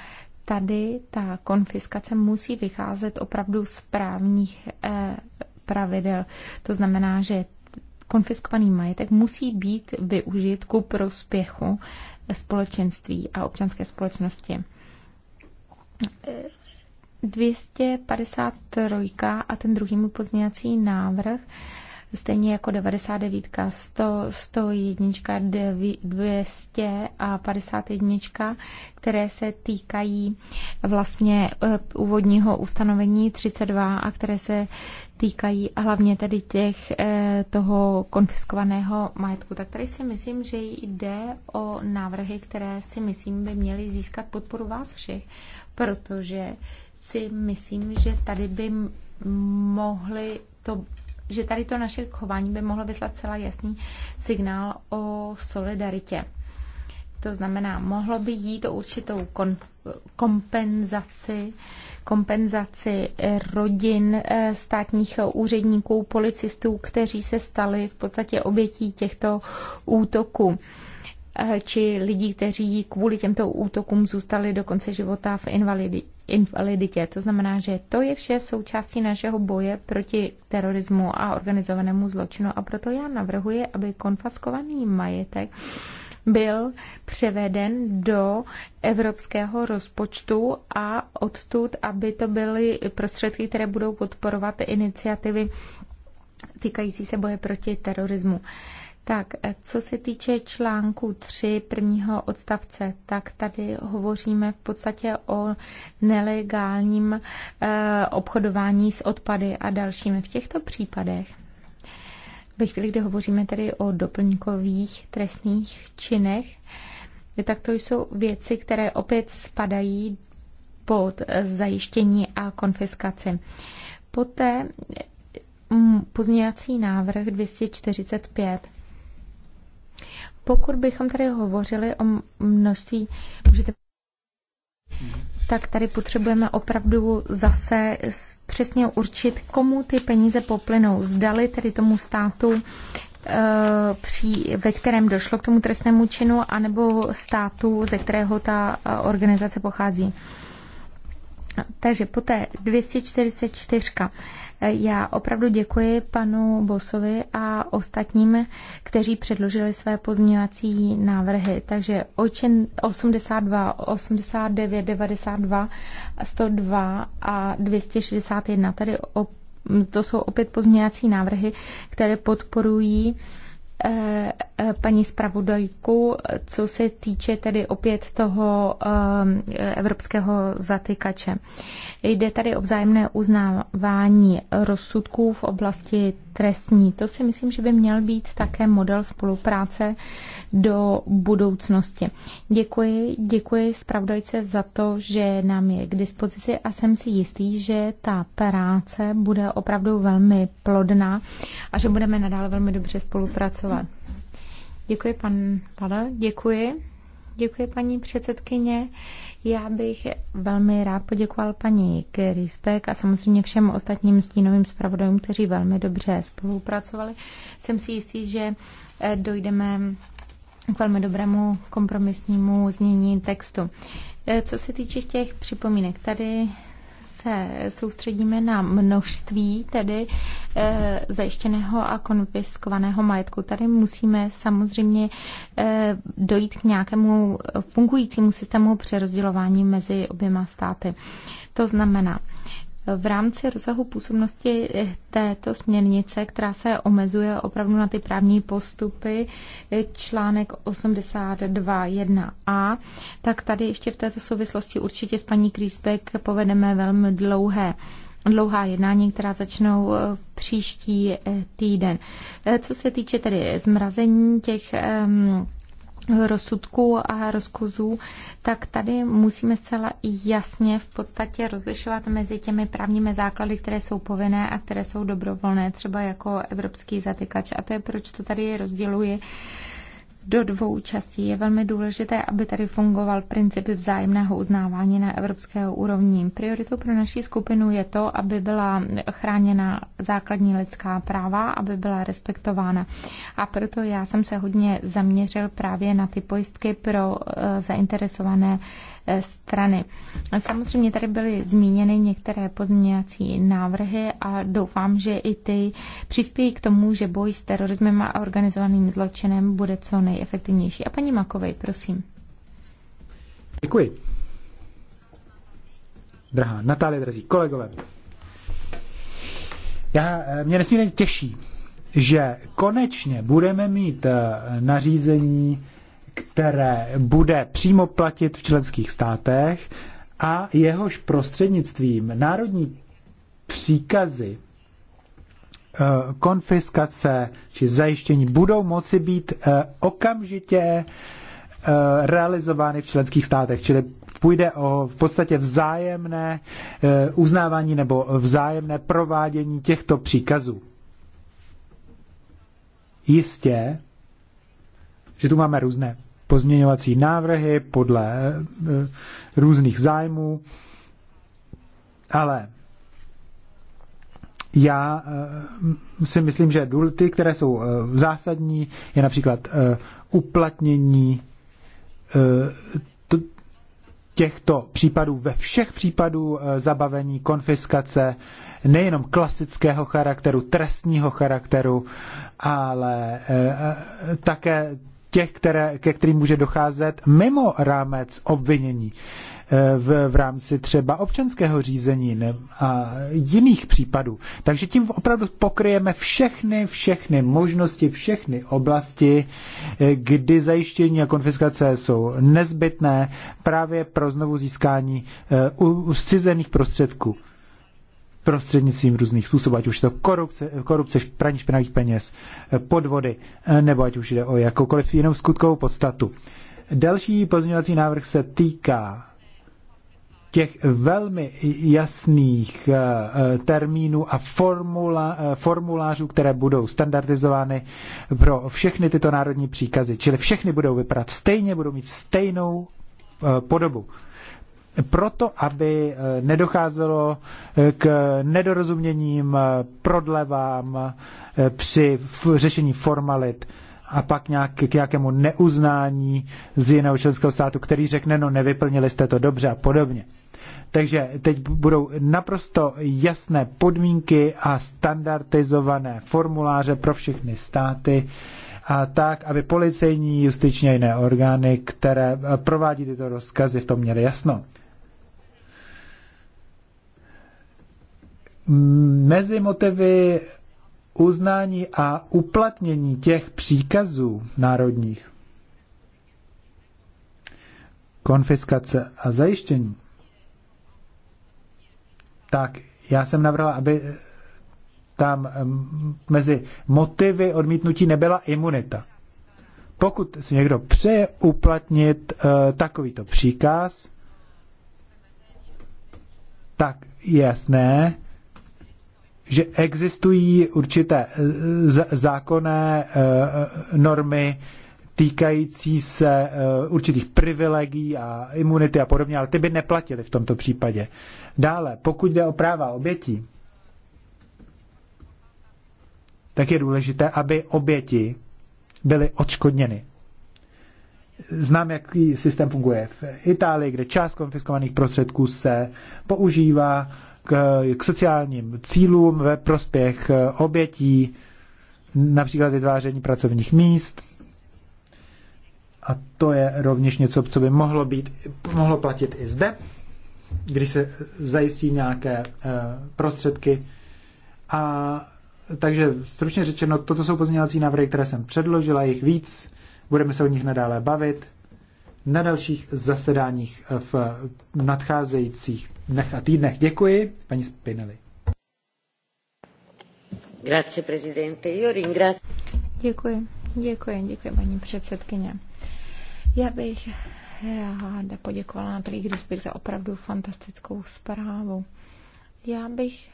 tady ta konfiskace musí vycházet opravdu z právních eh, pravidel. To znamená, že konfiskovaný majetek musí být využit ku prospěchu společenství a občanské společnosti. 253 a ten druhý můj pozměňovací návrh stejně jako 99, 100, 101, 200 a 51, které se týkají vlastně eh, úvodního ustanovení 32 a které se týkají hlavně tedy těch eh, toho konfiskovaného majetku. Tak tady si myslím, že jde o návrhy, které si myslím by měly získat podporu vás všech, protože si myslím, že tady by mohly to že tady to naše chování by mohlo vyslat celá jasný signál o solidaritě. To znamená, mohlo by jít o určitou kon, kompenzaci, kompenzaci eh, rodin eh, státních úředníků, policistů, kteří se stali v podstatě obětí těchto útoků eh, či lidí, kteří kvůli těmto útokům zůstali do konce života v, invalidi, invaliditě. To znamená, že to je vše součástí našeho boje proti terorismu a organizovanému zločinu a proto já navrhuji, aby konfaskovaný majetek byl převeden do evropského rozpočtu a odtud, aby to byly prostředky, které budou podporovat iniciativy týkající se boje proti terorismu. Tak, eh, co se týče článku 3 prvního odstavce, tak tady hovoříme v podstatě o nelegálním eh, obchodování s odpady a dalšími. V těchto případech ve chvíli, kdy hovoříme tedy o doplňkových trestných činech, tak to jsou věci, které opět spadají pod eh, zajištění a konfiskaci. Poté mm, pozměňací návrh 245. Pokud bychom tady hovořili o množství, můžete tak tady potřebujeme opravdu zase přesně určit, komu ty peníze poplynou. Zdali tedy tomu státu, eh, při, ve kterém došlo k tomu trestnému činu, anebo státu, ze kterého ta eh, organizace pochází. Takže poté 244. Já opravdu děkuji panu Bosovi a ostatním, kteří předložili své pozměňovací návrhy. Takže 82, 89, 92, 102 a 261. Tady to jsou opět pozměňovací návrhy, které podporují Eh, eh, paní zpravodajku, co se týče tedy opět toho ehm, evropského zatykače. Jde tady o vzájemné uznávání rozsudků v oblasti trestní. To si myslím, že by měl být také model spolupráce do budoucnosti. Děkuji, děkuji zpravodajce za to, že nám je k dispozici a jsem si jistý, že ta práce bude opravdu velmi plodná a že budeme nadále velmi dobře spolupracovat. Děkuji, pan Pala, děkuji. Děkuji, paní předsedkyně. Já bych velmi rád poděkoval paní Grisbeck a samozřejmě všem ostatním stínovým zpravodajům, kteří velmi dobře spolupracovali. Jsem si jistý, že eh, dojdeme k velmi dobrému kompromisnímu znění textu. Eh, co se týče těch připomínek, tady se soustředíme na množství tedy e, zajištěného a konfiskovaného majetku, tady musíme samozřejmě e, dojít k nějakému fungujícímu systému přerozdělování mezi oběma státy. To znamená, v rámci rozsahu působnosti této směrnice, která se omezuje opravdu na ty právní postupy, článek 82.1a, tak tady ještě v této souvislosti určitě s paní Krýsbek povedeme velmi dlouhé dlouhá jednání, která začnou eh, příští eh, týden. Eh, co se týče tedy zmrazení těch ehm, rozsudků a rozkozů, tak tady musíme zcela jasně v podstatě rozlišovat mezi těmi právními základy, které jsou povinné a které jsou dobrovolné, třeba jako evropský zatykač. A to je, proč to tady rozděluji do dvou částí. Je velmi důležité, aby tady fungoval princip vzájemného uznávání na evropské úrovni. Prioritou pro naši skupinu je to, aby byla chráněna základní lidská práva, aby byla respektována. A proto já jsem se hodně zaměřil právě na ty pojistky pro eh, zainteresované Eh, strany. Samozřejmě tady byly zmíněny některé pozměňovací návrhy a doufám, že i ty přispějí k tomu, že boj s terorismem a organizovaným zločinem bude co nejefektivnější. A paní Makovej, prosím. Děkuji. Drahá Natálie, drazí kolegové. Já, eh, mě nesmírně těší, že konečně budeme mít eh, nařízení které bude přímo platit v členských státech a jehož prostřednictvím národní příkazy eh, konfiskace či zajištění budou moci být eh, okamžitě eh, realizovány v členských státech, čili půjde o v podstatě vzájemné uznávání nebo vzájemné provádění těchto příkazů. Jistě, že tu máme různé pozměňovací návrhy podle eh, různých zájmů, ale já eh, si myslím, že ty, které jsou eh, zásadní, je například uplatnění těchto případů ve všech případů zabavení, konfiskace, nejenom klasického charakteru, trestního charakteru, ale také těch, které, ke kterým může docházet mimo rámec obvinění eh, v, v rámci třeba občanského řízení a jiných případů. Takže tím opravdu pokryjeme všechny, všechny možnosti, všechny oblasti, eh, kdy zajištění a konfiskace jsou nezbytné právě pro znovu získání eh, uscizených prostředků prostřednictvím různých způsobů, ať už je to korupce, korupce praní špinavých peněz, eh, podvody, eh, nebo ať už jde o jakoukoliv jinou skutkovou podstatu. Další pozměňovací návrh se týká těch velmi jasných eh, termínů a formula, formulářů, které budou standardizovány pro všechny tyto národní příkazy. Čili všechny budou vypadat stejně, budou mít stejnou podobu proto, aby eh, nedocházelo eh, k nedorozuměním, eh, prodlevám při řešení formalit a pak nějak k nějakému neuznání z jiného členského státu, který řekne, no nevyplnili jste to dobře a podobně. Takže teď budou naprosto jasné podmínky a standardizované formuláře pro všechny státy, a tak, aby policejní, justiční a jiné orgány, které provádí tyto rozkazy, v tom měly jasno. mezi motivy uznání a uplatnění těch příkazů národních, konfiskace a zajištění, tak já jsem navrhl, aby tam mezi motivy odmítnutí nebyla imunita. Pokud si někdo přeje uplatnit uh, takovýto příkaz, tak je jasné, že existují určité eh, zákonné eh, eh, normy týkající se určitých privilegií a imunity a podobně, ale ty by neplatily v tomto případě. Dále, pokud jde o práva obětí, tak je důležité, aby oběti byly odškodněny. Znám, jaký systém funguje v Itálii, kde část konfiskovaných prostředků se používá k, k sociálním cílům ve prospěch eh, obětí, například vytváření pracovních míst. A to je rovněž něco, co by mohlo, být, mohlo platit i zde, když se zajistí nějaké eh, prostředky. A takže stručně řečeno, toto jsou pozměňovací návrhy, které jsem předložila, jich víc, budeme se o nich nadále bavit na dalších zasedáních v nadcházejících dnech a týdnech. Děkuji, paní Spinelli. Grazie, prezidente. Io ringrazio. Děkuji, děkuji, děkuji, paní předsedkyně. Já bych ráda poděkovala Natalí Grisbych za opravdu fantastickou zprávu. Já bych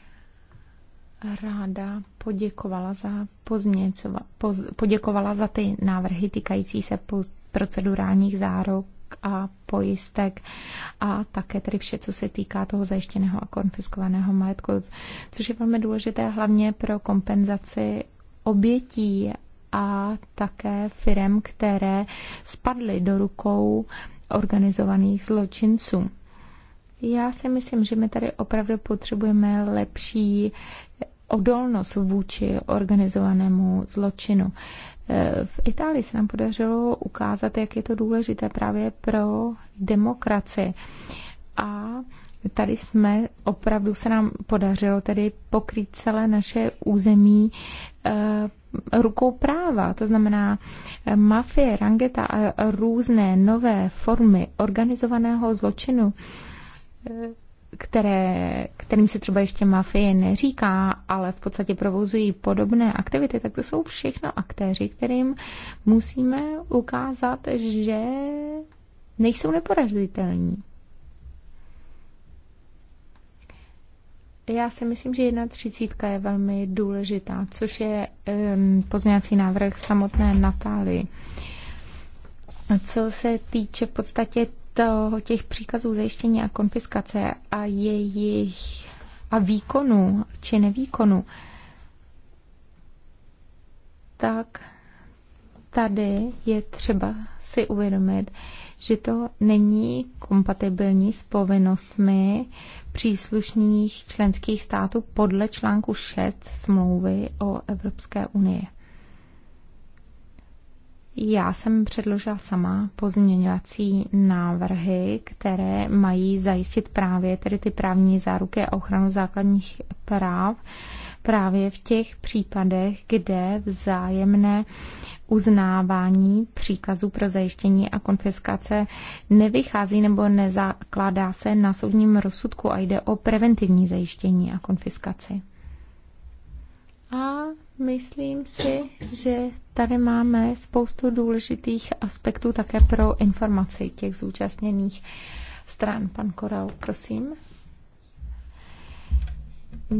ráda poděkovala za poz, poděkovala za ty návrhy týkající se post procedurálních záruk a pojistek a také tedy vše, co se týká toho zajištěného a konfiskovaného majetku, což je velmi důležité hlavně pro kompenzaci obětí a také firem, které spadly do rukou organizovaných zločinců. Já si myslím, že my tady opravdu potřebujeme lepší odolnost vůči organizovanému zločinu. Eh, v Itálii se nám podařilo ukázat, jak je to důležité právě pro demokracii. A tady jsme, opravdu se nám podařilo tedy pokrýt celé naše území eh, rukou práva, to znamená eh, mafie, rangeta a různé nové formy organizovaného zločinu které, kterým se třeba ještě mafie neříká, ale v podstatě provozují podobné aktivity, tak to jsou všechno aktéři, kterým musíme ukázat, že nejsou neporažitelní. Já si myslím, že jedna třicítka je velmi důležitá, což je um, pozměňovací návrh samotné Natálii. Co se týče v podstatě to, těch příkazů zajištění a konfiskace a jejich a výkonu či nevýkonu, tak tady je třeba si uvědomit, že to není kompatibilní s povinnostmi příslušných členských států podle článku 6 smlouvy o Evropské unii. Já jsem předložila sama pozměňovací návrhy, které mají zajistit právě tedy ty právní záruky a ochranu základních práv právě v těch případech, kde vzájemné uznávání příkazů pro zajištění a konfiskace nevychází nebo nezakládá se na soudním rozsudku a jde o preventivní zajištění a konfiskaci. A Myslím si, že tady máme spoustu důležitých aspektů také pro informaci těch zúčastněných stran. Pan Koral, prosím.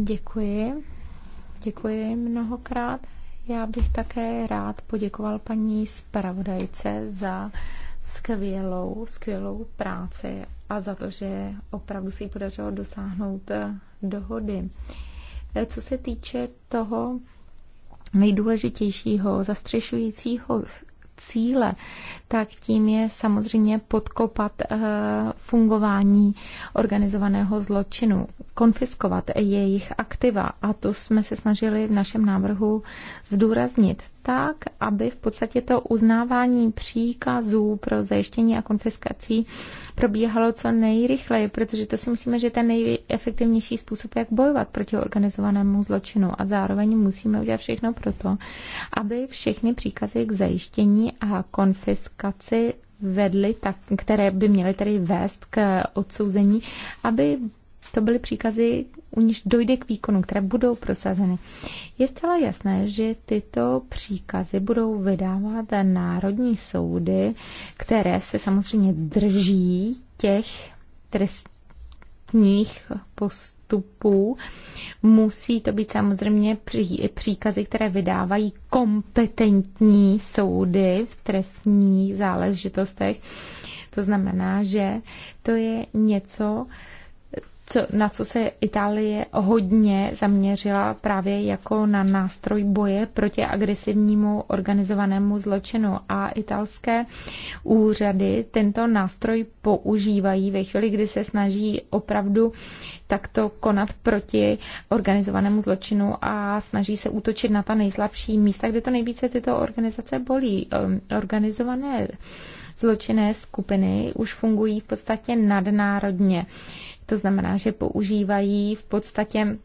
Děkuji. Děkuji mnohokrát. Já bych také rád poděkoval paní zpravodajce za skvělou, skvělou práci a za to, že opravdu se jí podařilo dosáhnout dohody. Co se týče toho, nejdůležitějšího zastřešujícího cíle, tak tím je samozřejmě podkopat eh, fungování organizovaného zločinu, konfiskovat jejich aktiva. A to jsme se snažili v našem návrhu zdůraznit tak, aby v podstatě to uznávání příkazů pro zajištění a konfiskací probíhalo co nejrychleji, protože to si myslíme, že je ten nejefektivnější způsob, jak bojovat proti organizovanému zločinu. A zároveň musíme udělat všechno pro to, aby všechny příkazy k zajištění a konfiskaci vedly, tak, které by měly tedy vést k odsouzení, aby to byly příkazy, u níž dojde k výkonu, které budou prosazeny. Je zcela jasné, že tyto příkazy budou vydávat národní soudy, které se samozřejmě drží těch trestních postupů. Musí to být samozřejmě příkazy, které vydávají kompetentní soudy v trestních záležitostech. To znamená, že to je něco, co, na co se Itálie hodně zaměřila právě jako na nástroj boje proti agresivnímu organizovanému zločinu. A italské úřady tento nástroj používají ve chvíli, kdy se snaží opravdu takto konat proti organizovanému zločinu a snaží se útočit na ta nejslabší místa, kde to nejvíce tyto organizace bolí. Ehm, organizované zločinné skupiny už fungují v podstatě nadnárodně. To znamená, že používají v podstatě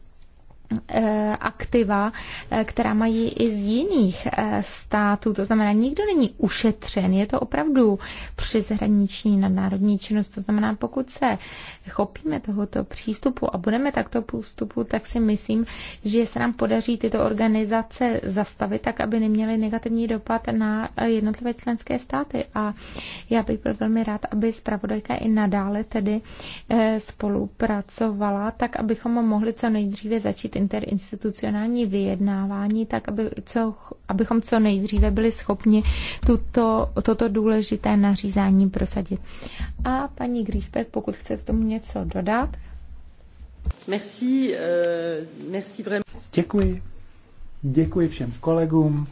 Eh, aktiva, eh, která mají i z jiných eh, států. To znamená, nikdo není ušetřen. Je to opravdu přeshraniční nadnárodní činnost. To znamená, pokud se chopíme tohoto přístupu a budeme takto postupu, tak si myslím, že se nám podaří tyto organizace zastavit tak, aby neměly negativní dopad na jednotlivé členské státy. A já bych byl velmi rád, aby zpravodajka i nadále tedy spolupracovala, tak abychom mohli co nejdříve začít interinstitucionální vyjednávání, tak aby co, abychom co nejdříve byli schopni tuto, toto důležité nařízení prosadit. A paní Grispek, pokud chce k tomu něco dodat. Merci, uh, merci Děkuji. Děkuji všem kolegům,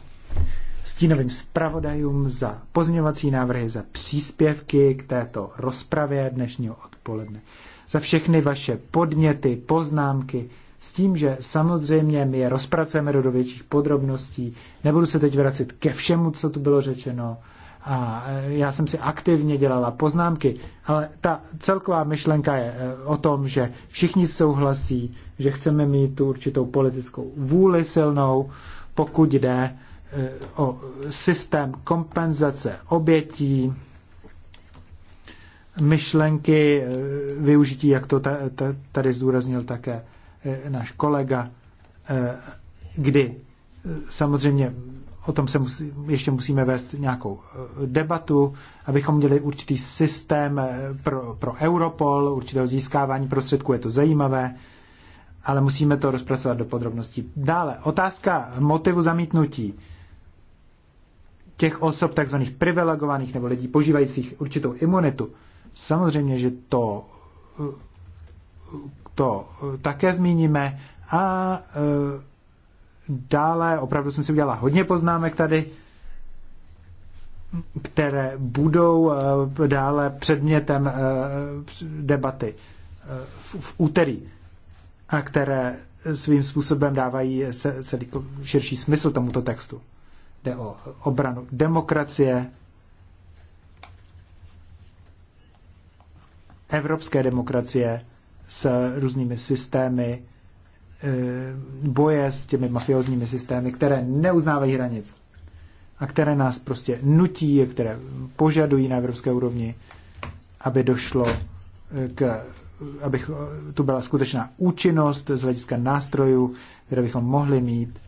stínovým zpravodajům za pozměňovací návrhy, za příspěvky k této rozpravě dnešního odpoledne, za všechny vaše podněty, poznámky, s tím, že samozřejmě my je rozpracujeme do, větších podrobností. Nebudu se teď vracet ke všemu, co tu bylo řečeno. A e, já jsem si aktivně dělala poznámky, ale ta celková myšlenka je e, o tom, že všichni souhlasí, že chceme mít tu určitou politickou vůli silnou, pokud jde e, o systém kompenzace obětí, myšlenky využití, jak to tady zdůraznil také Eh, náš kolega, eh, kdy eh, samozřejmě o tom se musí, ještě musíme vést nějakou debatu, abychom měli určitý systém pro, pro Europol, určitého získávání prostředků, je to zajímavé, ale musíme to rozpracovat do podrobností. Dále, otázka motivu zamítnutí těch osob takzvaných privilegovaných nebo lidí požívajících určitou imunitu. Samozřejmě, že to to eh, také zmíníme. A eh, dále, opravdu jsem si udělala hodně poznámek tady, které budou eh, dále předmětem debaty v úterý a které svým způsobem dávají celý jako širší smysl tomuto textu. Jde o obranu demokracie, evropské demokracie, s různými systémy e, boje s těmi mafiozními systémy, které neuznávají hranic a které nás prostě nutí, které požadují na evropské úrovni, aby došlo e, k aby e, tu byla skutečná účinnost z hlediska nástrojů, které bychom mohli mít,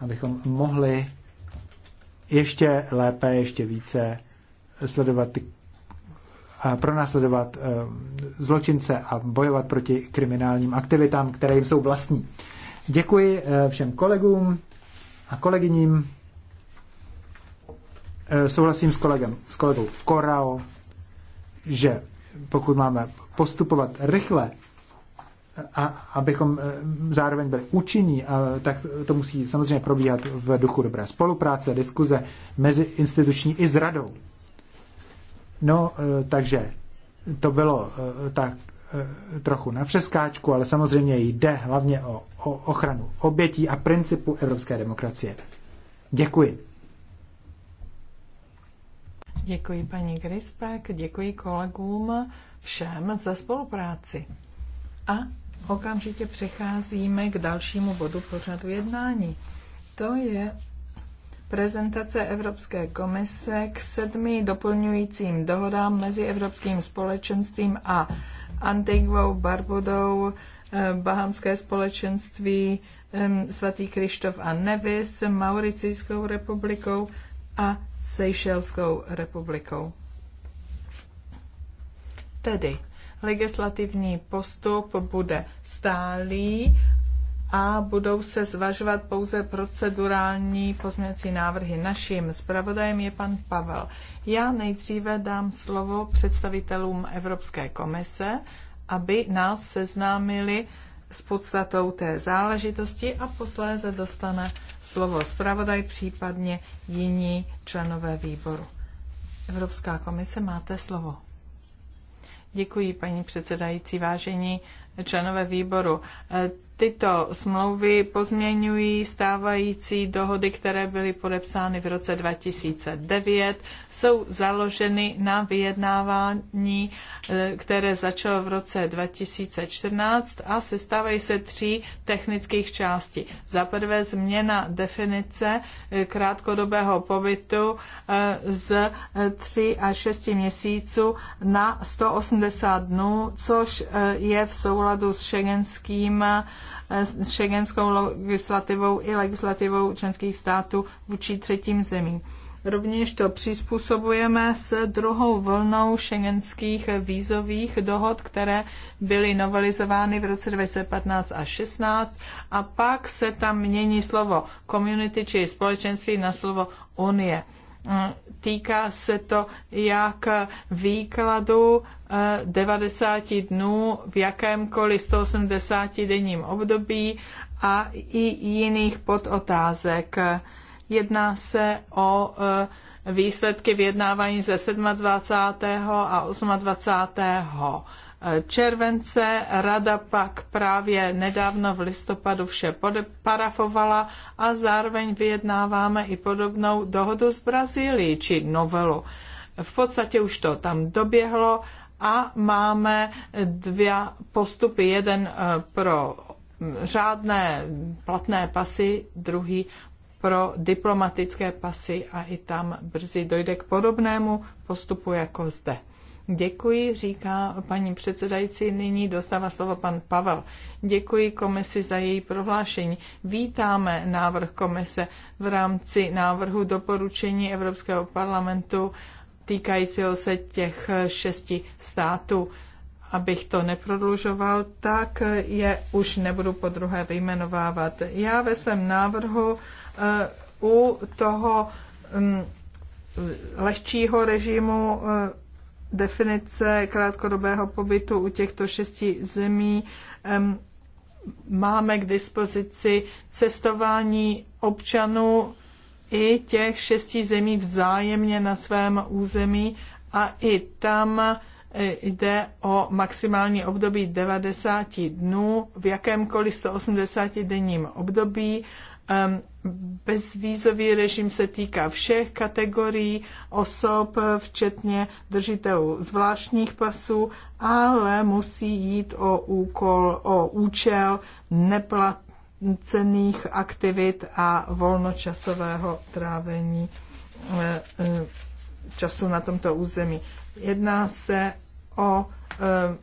abychom mohli ještě lépe, ještě více sledovat ty pronásledovat eh, zločince a bojovat proti kriminálním aktivitám, které jim jsou vlastní. Děkuji eh, všem kolegům a kolegyním. Eh, souhlasím s, kolegem, s kolegou Korao, že pokud máme postupovat rychle, a abychom zároveň byli účinní, tak to musí samozřejmě probíhat v duchu dobré spolupráce, diskuze mezi instituční i s radou. No, e, takže to bylo e, tak e, trochu na přeskáčku, ale samozřejmě jde hlavně o, o ochranu obětí a principu evropské demokracie. Děkuji. Děkuji paní Grispek, děkuji kolegům všem za spolupráci. A okamžitě přecházíme k dalšímu bodu pořadu jednání. To je prezentace Evropské komise k sedmi doplňujícím dohodám mezi Evropským společenstvím a Antiguou, Barbudou, eh, Bahamské společenství, svatý Krištof a Nevis, Mauricijskou republikou a Seychelskou republikou. Tedy legislativní postup bude stálý a budou se zvažovat pouze procedurální pozměňovací návrhy. Naším zpravodajem je pan Pavel. Já nejdříve dám slovo představitelům Evropské komise, aby nás seznámili s podstatou té záležitosti a posléze dostane slovo zpravodaj, případně jiní členové výboru. Evropská komise, máte slovo. Děkuji, paní předsedající, vážení členové výboru. Tyto smlouvy pozměňují stávající dohody, které byly podepsány v roce 2009, jsou založeny na vyjednávání, eh, které začalo v roce 2014 a sestávají se tří technických částí. Za prvé změna definice eh, krátkodobého pobytu eh, z 3 až 6 měsíců na 180 dnů, což je v souladu s šengenským Eh, s šengenskou legislativou i legislativou členských států vůči třetím zemím. Rovněž to přizpůsobujeme s druhou vlnou šengenských vízových dohod, které byly novelizovány v roce 2015 a 16 a pak se tam mění slovo community či společenství na slovo unie. Týká se to jak výkladu 90 eh, dnů v jakémkoliv 180 denním období a i jiných podotázek. Jedná se o eh, výsledky vyjednávání ze 27. a 28 července. Rada pak právě nedávno v listopadu vše parafovala a zároveň vyjednáváme i podobnou dohodu s Brazílií či novelu. V podstatě už to tam doběhlo a máme dva postupy. Jeden eh, pro řádné platné pasy, druhý pro diplomatické pasy a i tam brzy dojde k podobnému postupu jako zde. Děkuji, říká paní předsedající. Nyní dostává slovo pan Pavel. Děkuji komisi za její prohlášení. Vítáme návrh komise v rámci návrhu doporučení Evropského parlamentu týkajícího se těch šesti států. Abych to neprodlužoval, tak je už nebudu po druhé vyjmenovávat. Já ve svém návrhu uh, u toho um, lehčího režimu uh, definice krátkodobého pobytu u těchto šesti zemí máme k dispozici cestování občanů i těch šesti zemí vzájemně na svém území a i tam e, jde o maximální období 90 dnů v jakémkoliv 180 denním období Bezvízový režim se týká všech kategorií osob, včetně držitelů zvláštních pasů, ale musí jít o úkol, o účel neplacených aktivit a volnočasového trávení eh, eh, času na tomto území. Jedná se o eh,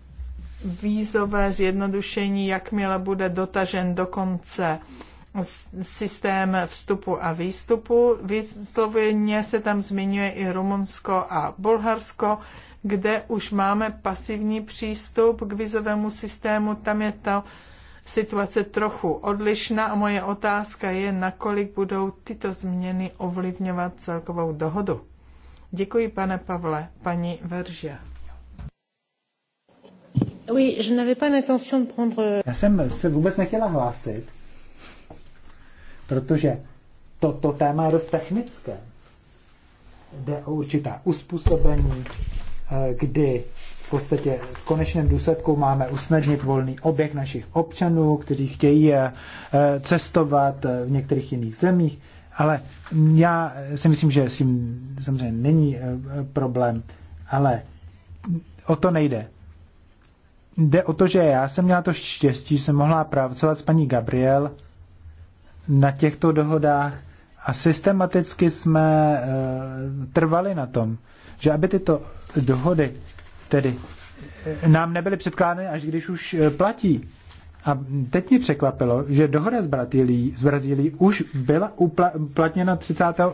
vízové zjednodušení, jakmile bude dotažen do konce systém vstupu a výstupu. Vysloveně se tam zmiňuje i Rumunsko a Bulharsko, kde už máme pasivní přístup k vizovému systému. Tam je ta situace trochu odlišná a moje otázka je, nakolik budou tyto změny ovlivňovat celkovou dohodu. Děkuji, pane Pavle. Paní Verže. Já jsem se vůbec nechtěla hlásit, protože toto téma je dost technické. Jde o určitá uspůsobení, eh, kdy v podstatě v konečném důsledku máme usnadnit volný oběh našich občanů, kteří chtějí eh, eh, cestovat v některých jiných zemích. Ale já si myslím, že s tím samozřejmě není problém, ale o to nejde. Jde o to, že já jsem měla to štěstí, že jsem mohla pracovat s paní Gabriel, na těchto dohodách a systematicky jsme eh, trvali na tom, že aby tyto dohody tedy eh, nám nebyly předkládány, až když už eh, platí. A teď mě překvapilo, že dohoda z Brazílií, z Brazílií už byla uplatněna 31.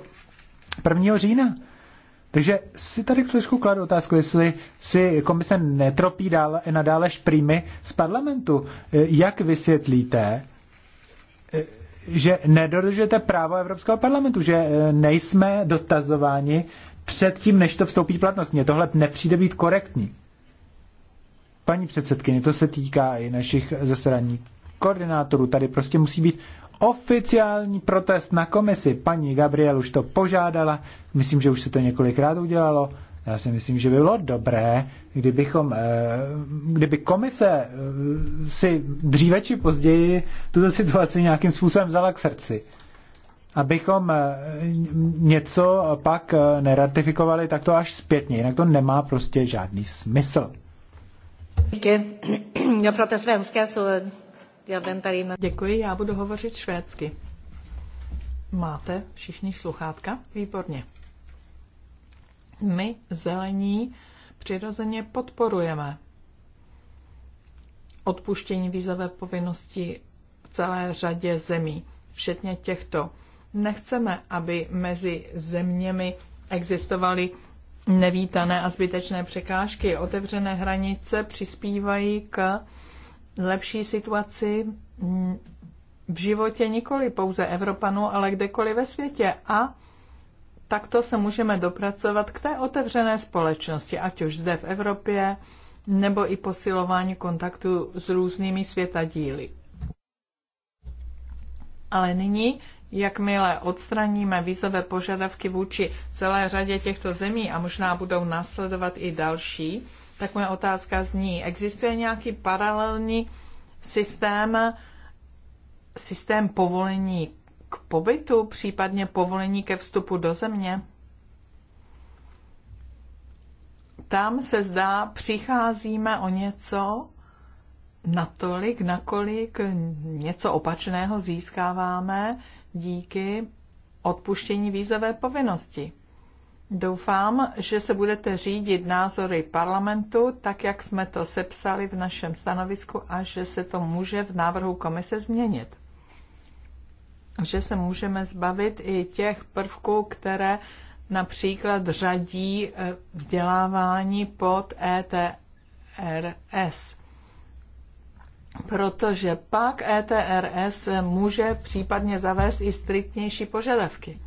října. Takže si tady trošku kladu otázku, jestli si komise netropí dále, nadále šprýmy z parlamentu. Jak vysvětlíte, že nedodržujete právo Evropského parlamentu, že eh, nejsme dotazováni předtím, než to vstoupí platnost. Mně tohle nepřijde být korektní. Paní předsedkyně, to se týká i našich zasedání koordinátorů. Tady prostě musí být oficiální protest na komisi. Paní Gabriel už to požádala, myslím, že už se to několikrát udělalo já si myslím, že by bylo dobré, kdybychom, eh, kdyby komise eh, si dříve či později tuto situaci nějakým způsobem vzala k srdci. Abychom eh, něco pak neratifikovali tak to až zpětně, jinak to nemá prostě žádný smysl. Děkuji, já budu hovořit švédsky. Máte všichni sluchátka? Výborně. My zelení přirozeně podporujeme odpuštění vízové povinnosti v celé řadě zemí, včetně těchto. Nechceme, aby mezi zeměmi existovaly nevítané a zbytečné překážky. Otevřené hranice přispívají k lepší situaci v životě nikoli pouze Evropanů, ale kdekoliv ve světě. A takto se můžeme dopracovat k té otevřené společnosti, ať už zde v Evropě, nebo i posilování kontaktu s různými světadíly. Ale nyní, jakmile odstraníme vízové požadavky vůči celé řadě těchto zemí a možná budou následovat i další, tak moje otázka zní, existuje nějaký paralelní systém, systém povolení pobytu, případně povolení ke vstupu do země. Tam se zdá, přicházíme o něco natolik, nakolik něco opačného získáváme díky odpuštění vízové povinnosti. Doufám, že se budete řídit názory parlamentu, tak jak jsme to sepsali v našem stanovisku a že se to může v návrhu komise změnit že se můžeme zbavit i těch prvků, které například řadí eh, vzdělávání pod ETRS. Protože pak ETRS eh, může případně zavést i striktnější požadavky.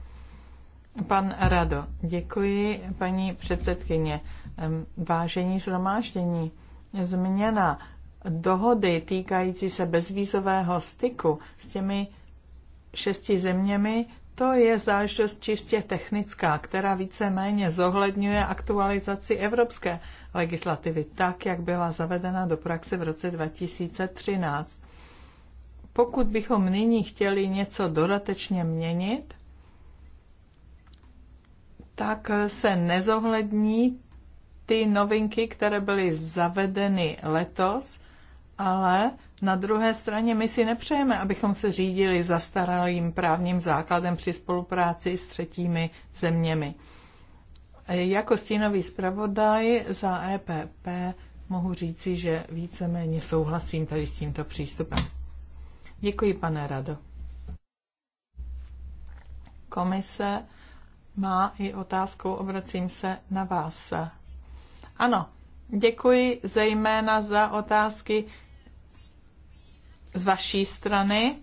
Pan Rado, děkuji, paní předsedkyně. Vážení zhromáždění, změna dohody týkající se bezvízového styku s těmi šesti zeměmi, to je záležitost čistě technická, která více-méně zohledňuje aktualizaci evropské legislativy tak, jak byla zavedena do praxe v roce 2013. Pokud bychom nyní chtěli něco dodatečně měnit, tak se nezohlední ty novinky, které byly zavedeny letos, ale na druhé straně my si nepřejeme, abychom se řídili zastaralým právním základem při spolupráci s třetími zeměmi. Jako stínový zpravodaj za EPP mohu říci, že víceméně souhlasím tady s tímto přístupem. Děkuji, pane Rado. Komise má i otázku, obracím se na vás. Ano, děkuji zejména za otázky z vaší strany.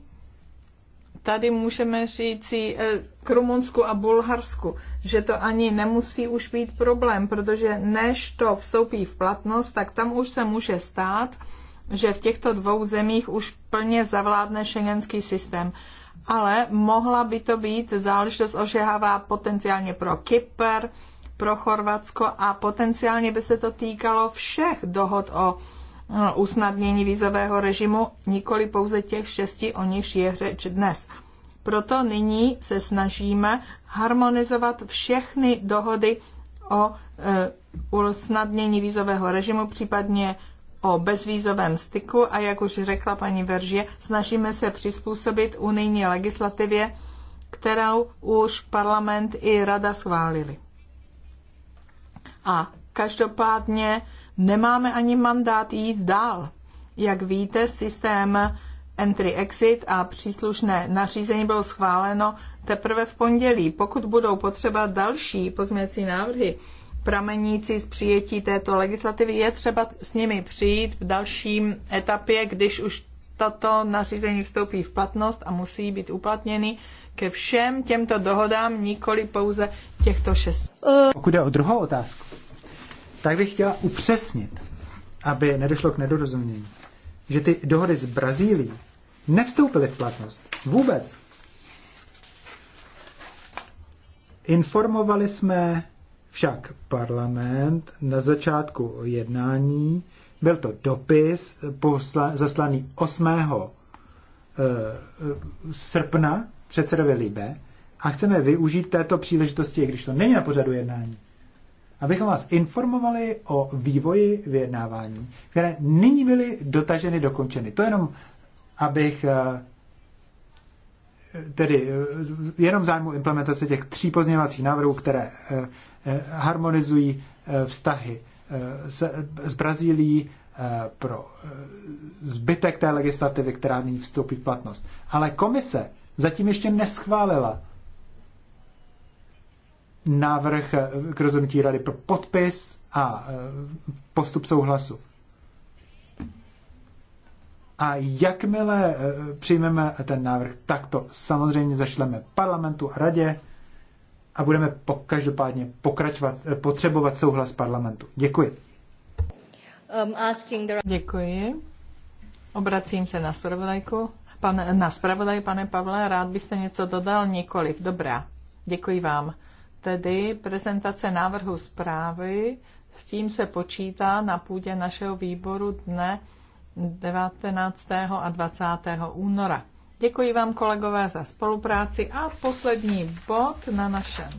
Tady můžeme říci eh, k Rumunsku a Bulharsku, že to ani nemusí už být problém, protože než to vstoupí v platnost, tak tam už se může stát, že v těchto dvou zemích už plně zavládne šengenský systém. Ale mohla by to být záležitost ožehává potenciálně pro Kypr, pro Chorvatsko a potenciálně by se to týkalo všech dohod o Eh, usnadnění vízového režimu, nikoli pouze těch šesti, o nichž je řeč dnes. Proto nyní se snažíme harmonizovat všechny dohody o eh, usnadnění vízového režimu, případně o bezvízovém styku a jak už řekla paní Veržie, snažíme se přizpůsobit unijní legislativě, kterou už parlament i rada schválili. A každopádně nemáme ani mandát jít dál. Jak víte, systém entry-exit a příslušné nařízení bylo schváleno teprve v pondělí. Pokud budou potřeba další pozměňovací návrhy, pramenící z přijetí této legislativy, je třeba s nimi přijít v dalším etapě, když už tato nařízení vstoupí v platnost a musí být uplatněny ke všem těmto dohodám, nikoli pouze těchto šest. Pokud je o druhou otázku, tak bych chtěla upřesnit, aby nedošlo k nedorozumění, že ty dohody z Brazílií nevstoupily v platnost. Vůbec. Informovali jsme však parlament na začátku jednání. Byl to dopis posla, zaslaný 8. Eh, eh, srpna předsedovi Libe a chceme využít této příležitosti, když to není na pořadu jednání, abychom vás informovali o vývoji vyjednávání, které nyní byly dotaženy, dokončeny. To jenom, abych eh, tedy eh, jenom zájmu implementace těch tří pozměňovacích návrhů, které eh, harmonizují vztahy s Brazílií pro zbytek té legislativy, která nyní vstoupí v platnost. Ale komise zatím ještě neschválila návrh eh, k rozhodnutí rady pro podpis a eh, postup souhlasu. A jakmile eh, přijmeme ten návrh, tak to samozřejmě zašleme parlamentu a radě a budeme po, každopádně pokračovat, potřebovat souhlas parlamentu. Děkuji. Um, Děkuji. Obracím se na spravodajku. Pan, na spravodaj, pane Pavle, rád byste něco dodal? Nikoliv. Dobrá. Děkuji vám tedy prezentace návrhu zprávy. S tím se počítá na půdě našeho výboru dne 19. a 20. února. Děkuji vám, kolegové, za spolupráci a poslední bod na našem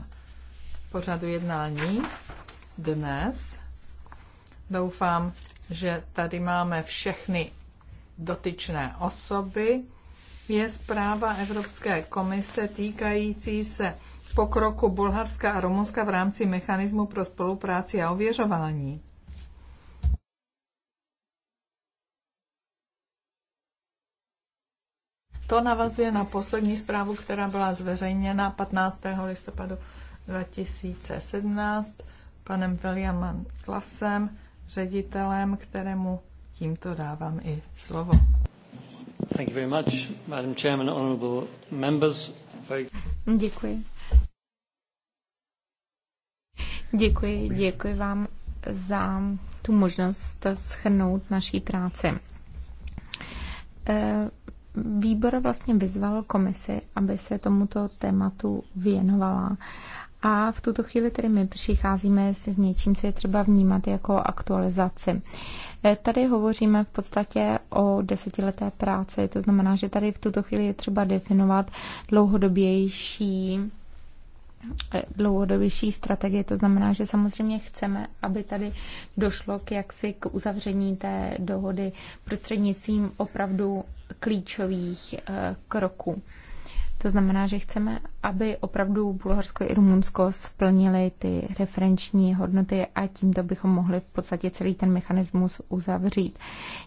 pořadu jednání dnes. Doufám, že tady máme všechny dotyčné osoby. Je zpráva Evropské komise týkající se pokroku Bulharska a Rumunska v rámci mechanismu pro spolupráci a ověřování. To navazuje na poslední zprávu, která byla zveřejněna 15. listopadu 2017 panem Williamem Klasem, ředitelem, kterému tímto dávám i slovo. Thank you very much, Madam Chairman, honorable members. Very... Děkuji. Děkuji, děkuji vám za tu možnost schrnout naší práci. Eh, výbor vlastně vyzval komisi, aby se tomuto tématu věnovala. A v tuto chvíli tedy my přicházíme s něčím, co je třeba vnímat jako aktualizaci. Eh, tady hovoříme v podstatě o desetileté práci, to znamená, že tady v tuto chvíli je třeba definovat dlouhodobější Eh, dlouhodobější strategie. To znamená, že samozřejmě chceme, aby tady došlo k jaksi k uzavření té dohody prostřednictvím opravdu klíčových eh, kroků. To znamená, že chceme, aby opravdu Bulharsko i Rumunsko splnili ty referenční hodnoty a tímto bychom mohli v podstatě celý ten mechanismus uzavřít.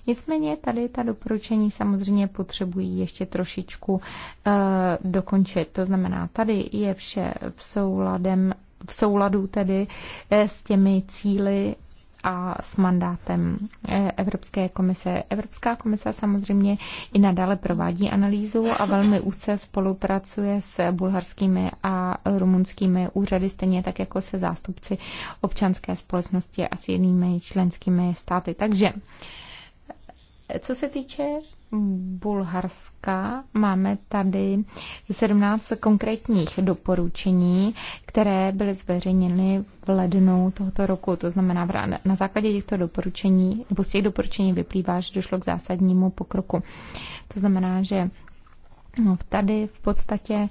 Nicméně tady ta doporučení samozřejmě potřebují ještě trošičku uh, dokončit. To znamená, tady je vše v souladem v souladu tedy eh, s těmi cíly a s mandátem eh, Evropské komise. Evropská komise samozřejmě i nadále provádí analýzu a velmi úzce spolupracuje s bulharskými a rumunskými úřady, stejně tak jako se zástupci občanské společnosti a s jinými členskými státy. Takže co se týče Bulharska máme tady 17 konkrétních doporučení, které byly zveřejněny v lednu tohoto roku. To znamená, na základě těchto doporučení, nebo z těch doporučení vyplývá, že došlo k zásadnímu pokroku. To znamená, že No, tady v podstatě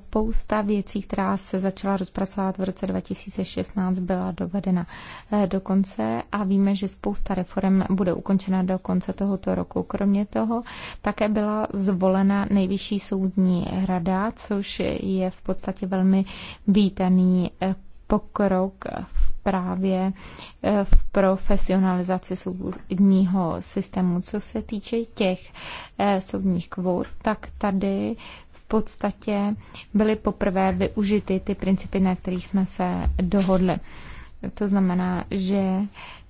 spousta věcí, která se začala rozpracovat v roce 2016, byla dovedena eh, do konce a víme, že spousta reform bude ukončena do konce tohoto roku. Kromě toho také byla zvolena nejvyšší soudní rada, což je v podstatě velmi vítaný eh, pokrok v právě eh, v profesionalizaci soudního systému. Co se týče těch eh, soudních kvót, tak tady v podstatě byly poprvé využity ty principy, na kterých jsme se dohodli. To znamená, že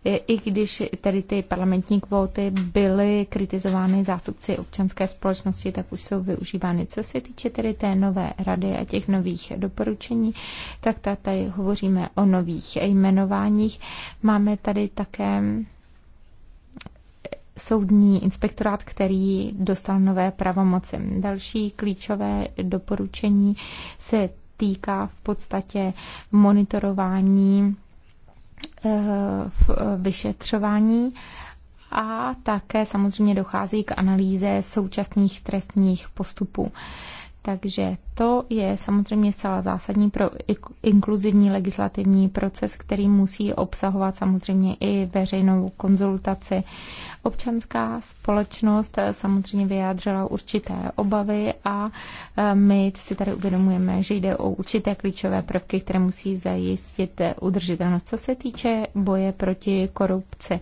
i když tedy ty parlamentní kvóty byly kritizovány zástupci občanské společnosti, tak už jsou využívány. Co se týče tedy té nové rady a těch nových doporučení, tak tady hovoříme o nových jmenováních. Máme tady také soudní inspektorát, který dostal nové pravomoci. Další klíčové doporučení se týká v podstatě monitorování v vyšetřování a také samozřejmě dochází k analýze současných trestních postupů. Takže to je samozřejmě zcela zásadní pro inkluzivní legislativní proces, který musí obsahovat samozřejmě i veřejnou konzultaci. Občanská společnost eh, samozřejmě vyjádřila určité obavy a eh, my si tady uvědomujeme, že jde o určité klíčové prvky, které musí zajistit eh, udržitelnost. Co se týče boje proti korupci,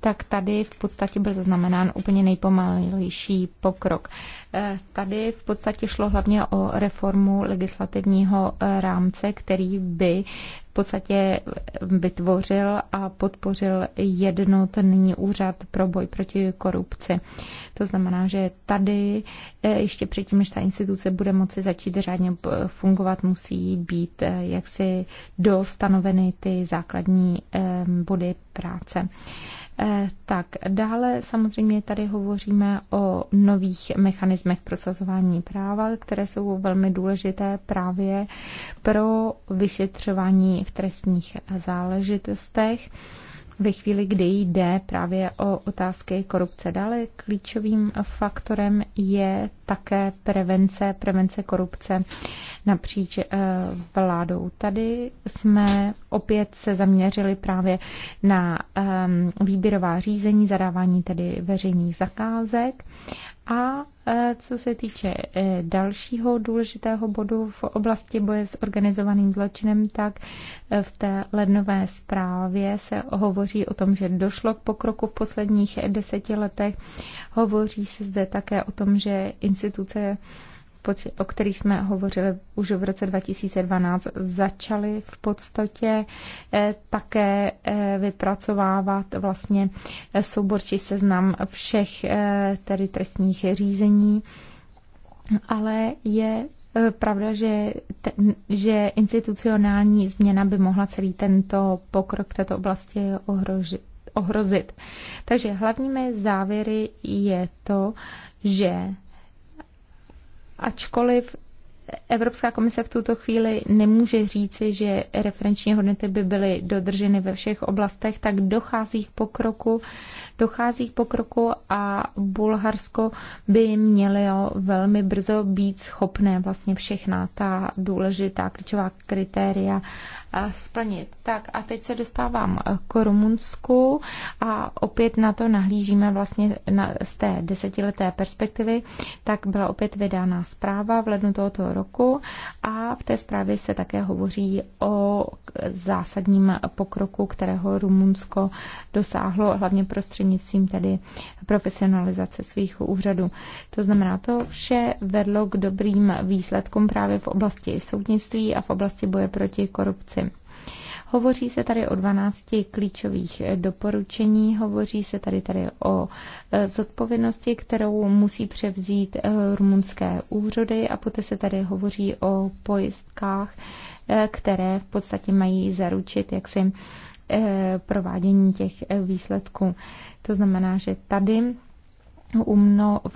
tak tady v podstatě byl zaznamenán úplně nejpomalejší pokrok. Eh, tady v podstatě šlo hlavně o reformu legislativního eh, rámce, který by v podstatě eh, vytvořil a podpořil jednotný úřad pro boj proti korupci. To znamená, že tady ještě předtím, než ta instituce bude moci začít řádně fungovat, musí být jaksi dostanoveny ty základní body práce. Eh, tak dále samozřejmě tady hovoříme o nových mechanismech prosazování práva, které jsou velmi důležité právě pro vyšetřování v trestních záležitostech ve chvíli, kdy jde právě o otázky korupce. Dále klíčovým faktorem je také prevence, prevence korupce napříč eh, vládou. Tady jsme opět se zaměřili právě na ehm, výběrová řízení, zadávání tedy veřejných zakázek a e, co se týče e, dalšího důležitého bodu v oblasti boje s organizovaným zločinem, tak e, v té lednové zprávě se hovoří o tom, že došlo k pokroku v posledních deseti letech. Hovoří se zde také o tom, že instituce o kterých jsme hovořili už v roce 2012, začaly v podstatě eh, také eh, vypracovávat vlastně eh, soubor či seznam všech tedy trestních řízení, ale je pravda, že, ten, že institucionální změna by mohla celý tento pokrok této oblasti ohrožit. ohrozit. Takže hlavními závěry je to, že ačkoliv Evropská komise v tuto chvíli nemůže říci, že referenční hodnoty by byly dodrženy ve všech oblastech, tak dochází k pokroku, dochází k pokroku a Bulharsko by mělo velmi brzo být schopné vlastně všechna ta důležitá klíčová kritéria splnit. Tak a teď se dostávám k Rumunsku a opět na to nahlížíme vlastně na, z té desetileté perspektivy. Tak byla opět vydána zpráva v lednu tohoto roku a v té zprávě se také hovoří o zásadním pokroku, kterého Rumunsko dosáhlo, hlavně prostřednictvím tedy profesionalizace svých úřadů. To znamená, to vše vedlo k dobrým výsledkům právě v oblasti soudnictví a v oblasti boje proti korupci. Hovoří se tady o 12 klíčových doporučení, hovoří se tady tady o e, zodpovědnosti, kterou musí převzít e, rumunské úřady a poté se tady hovoří o pojistkách, e, které v podstatě mají zaručit jaksi provádění těch výsledků. To znamená, že tady v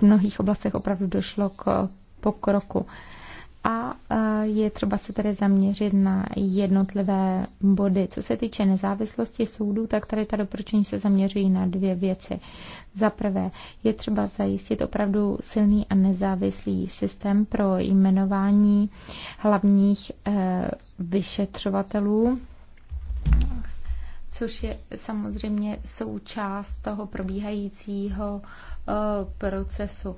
mnohých oblastech opravdu došlo k pokroku a e, je třeba se tedy zaměřit na jednotlivé body. Co se týče nezávislosti soudů, tak tady ta doporučení se zaměřují na dvě věci. Za prvé, je třeba zajistit opravdu silný a nezávislý systém pro jmenování hlavních e, vyšetřovatelů což je samozřejmě součást toho probíhajícího e, procesu.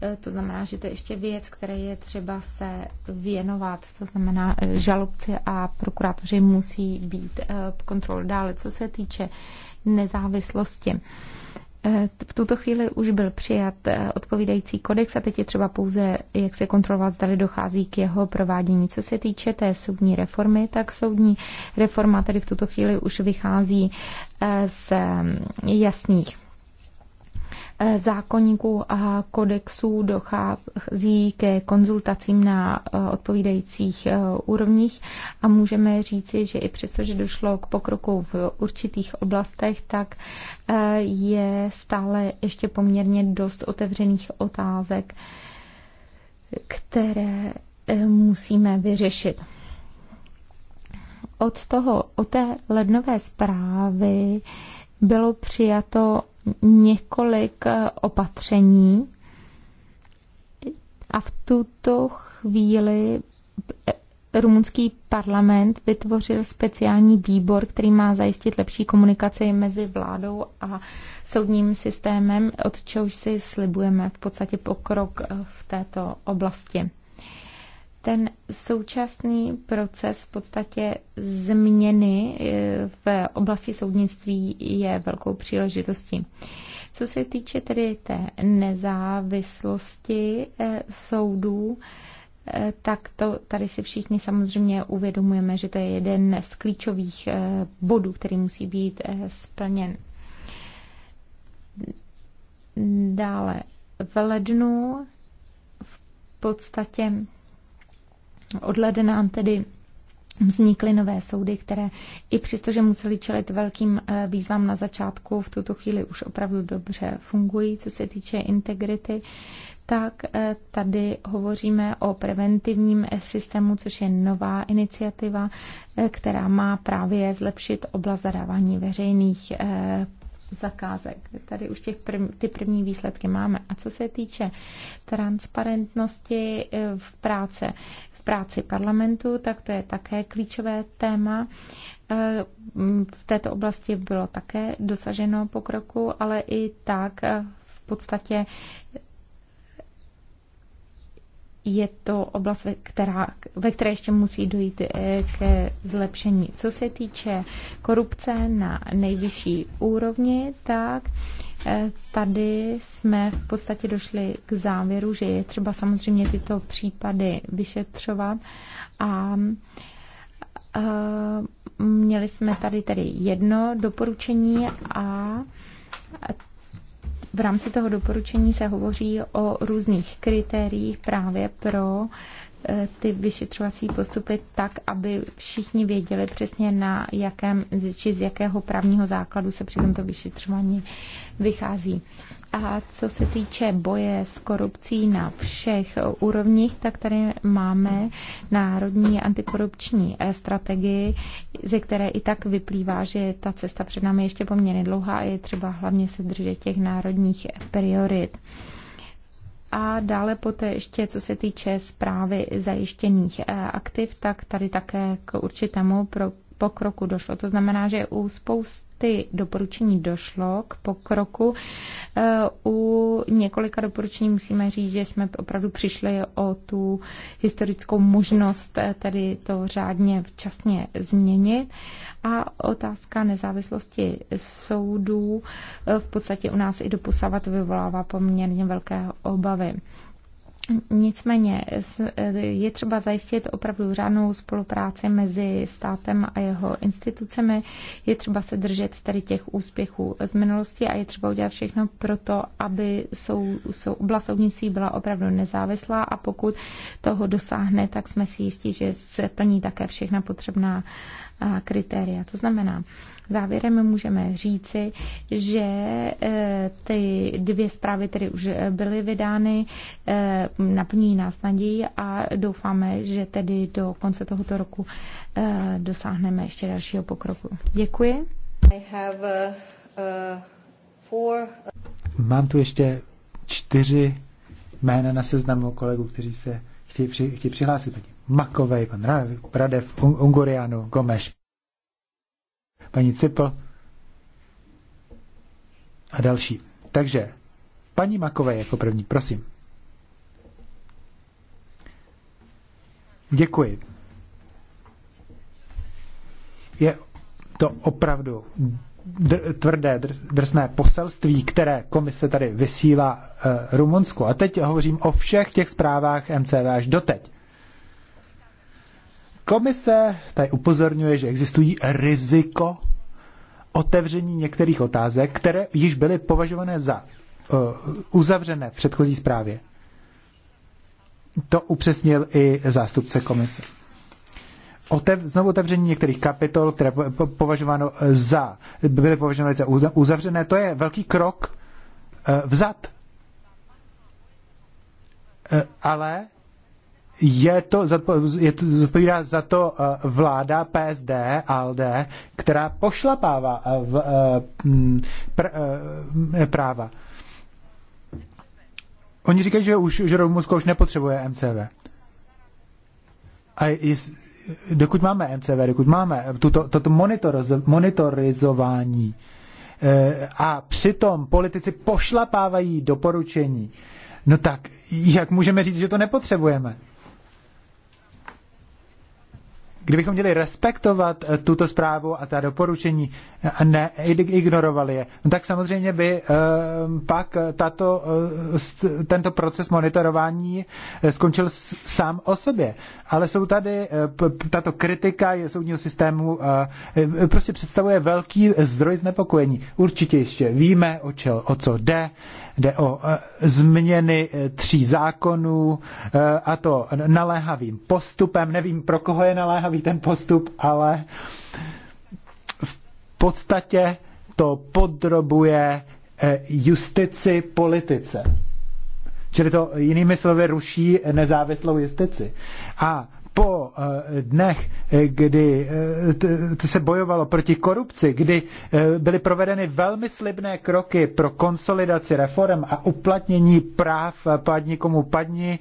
Eh, to znamená, že to je ještě věc, které je třeba se věnovat. To znamená, eh, žalobci a prokurátoři musí být eh, kontrol dále, co se týče nezávislosti. V tuto chvíli už byl přijat odpovídající kodex a teď je třeba pouze, jak se kontrolovat, zda dochází k jeho provádění. Co se týče té soudní reformy, tak soudní reforma tedy v tuto chvíli už vychází z mm, jasných Eh, zákonníků a kodexů dochází ke konzultacím na eh, odpovídajících eh, úrovních a můžeme říci, že i přesto, že došlo k pokroku v určitých oblastech, tak je stále ještě poměrně dost otevřených otázek, které musíme vyřešit od toho, od té lednové zprávy bylo přijato několik eh, opatření a v tuto chvíli eh, rumunský parlament vytvořil speciální výbor, který má zajistit lepší komunikaci mezi vládou a soudním systémem, od čehož si slibujeme v podstatě pokrok eh, v této oblasti ten současný proces v podstatě změny eh, v oblasti soudnictví je velkou příležitostí. Co se týče tedy té nezávislosti eh, soudů, eh, tak to, tady si všichni samozřejmě uvědomujeme, že to je jeden z klíčových bodů, který musí být splněn. Dále v lednu v podstatě od ledna tedy vznikly nové soudy, které i přesto, že museli čelit velkým eh, výzvám na začátku, v tuto chvíli už opravdu dobře fungují, co se týče integrity tak eh, tady hovoříme o preventivním eh, systému, což je nová iniciativa, která má právě zlepšit oblast zadávání veřejných zakázek. Tady už těch prv, ty první výsledky máme. A co se týče transparentnosti v práce, práci parlamentu, tak to je také klíčové téma. V této oblasti bylo také dosaženo pokroku, ale i tak v podstatě je to oblast, která, ve které ještě musí dojít eh, ke zlepšení. Co se týče korupce na nejvyšší úrovni, tak Eh, tady jsme v podstatě došli k závěru, že je třeba samozřejmě tyto případy vyšetřovat a eh, měli jsme tady tedy jedno doporučení a v rámci toho doporučení se hovoří o různých kritériích právě pro Eh, ty vyšetřovací postupy tak, aby všichni věděli přesně na jakém, či z jakého právního základu se při tomto vyšetřování vychází. A co se týče boje s korupcí na všech úrovních, tak tady máme národní antikorupční eh, strategii, ze které i tak vyplývá, že ta cesta před námi ještě poměrně dlouhá a je třeba hlavně se držet těch národních priorit. A dále poté ještě, co se týče zprávy zajištěných eh, aktiv, tak tady také k určitému pokroku došlo. To znamená, že u spousty ty doporučení došlo k pokroku. Eh, u několika doporučení musíme říct, že jsme opravdu přišli o tu historickou možnost eh, tedy to řádně včasně změnit. A otázka nezávislosti soudů eh, v podstatě u nás i doposavat vyvolává poměrně velké obavy. Nicméně je třeba zajistit opravdu řádnou spolupráci mezi státem a jeho institucemi. Je třeba se držet tady těch úspěchů z minulosti a je třeba udělat všechno pro to, aby sou, sou, oblast soudnictví byla opravdu nezávislá a pokud toho dosáhne, tak jsme si jistí, že se plní také všechna potřebná kritéria. To znamená, závěrem můžeme říci, že e, ty dvě zprávy, které už byly vydány, e, naplní nás naději a doufáme, že tedy do konce tohoto roku e, dosáhneme ještě dalšího pokroku. Děkuji. I have a, uh, a uh, four... Uh- Mám tu ještě čtyři jména na seznamu kolegů, kteří se chtějí, při, chtějí přihlásit. Makovej, pan Pradev, Ungurianu, Gomeš, paní Cipl a další. Takže paní Makové jako první, prosím. Děkuji. Je to opravdu dr- tvrdé, dr- drsné poselství, které komise tady vysílá e, Rumunsku. A teď hovořím o všech těch zprávách MCV až doteď. Komise tady upozorňuje, že existují riziko otevření některých otázek, které již byly považované za uh, uzavřené v předchozí zprávě. To upřesnil i zástupce komise. Otev, znovu otevření některých kapitol, které považováno za, byly považovány za uzavřené, to je velký krok uh, vzad. Uh, ale je to, je to zodpovídá za to eh, vláda PSD, ALDE, která pošlapává eh, v, eh, pr, práva. Oni říkají, že už že Rumunsko už nepotřebuje MCV. A jis, dokud máme MCV, dokud máme tuto, toto monitor, monitorizování a přitom politici pošlapávají doporučení, no tak jak můžeme říct, že to nepotřebujeme? kdybychom měli respektovat eh, tuto zprávu a ta doporučení eh, a ne, ignorovali je, no tak samozřejmě by eh, pak tato, tento proces monitorování skončil sám o sobě. Ale jsou tady, tato kritika soudního systému prostě představuje velký zdroj znepokojení. Určitě ještě víme, o, čel, o co jde. Jde o změny tří zákonů a to naléhavým postupem. Nevím, pro koho je naléhavý zajímavý ten postup, ale v podstatě to podrobuje eh, justici politice. Čili to jinými slovy ruší nezávislou justici. A po eh, dnech, eh, kdy se bojovalo proti korupci, kdy byly provedeny velmi slibné kroky pro konsolidaci reform a uplatnění práv padni komu padni,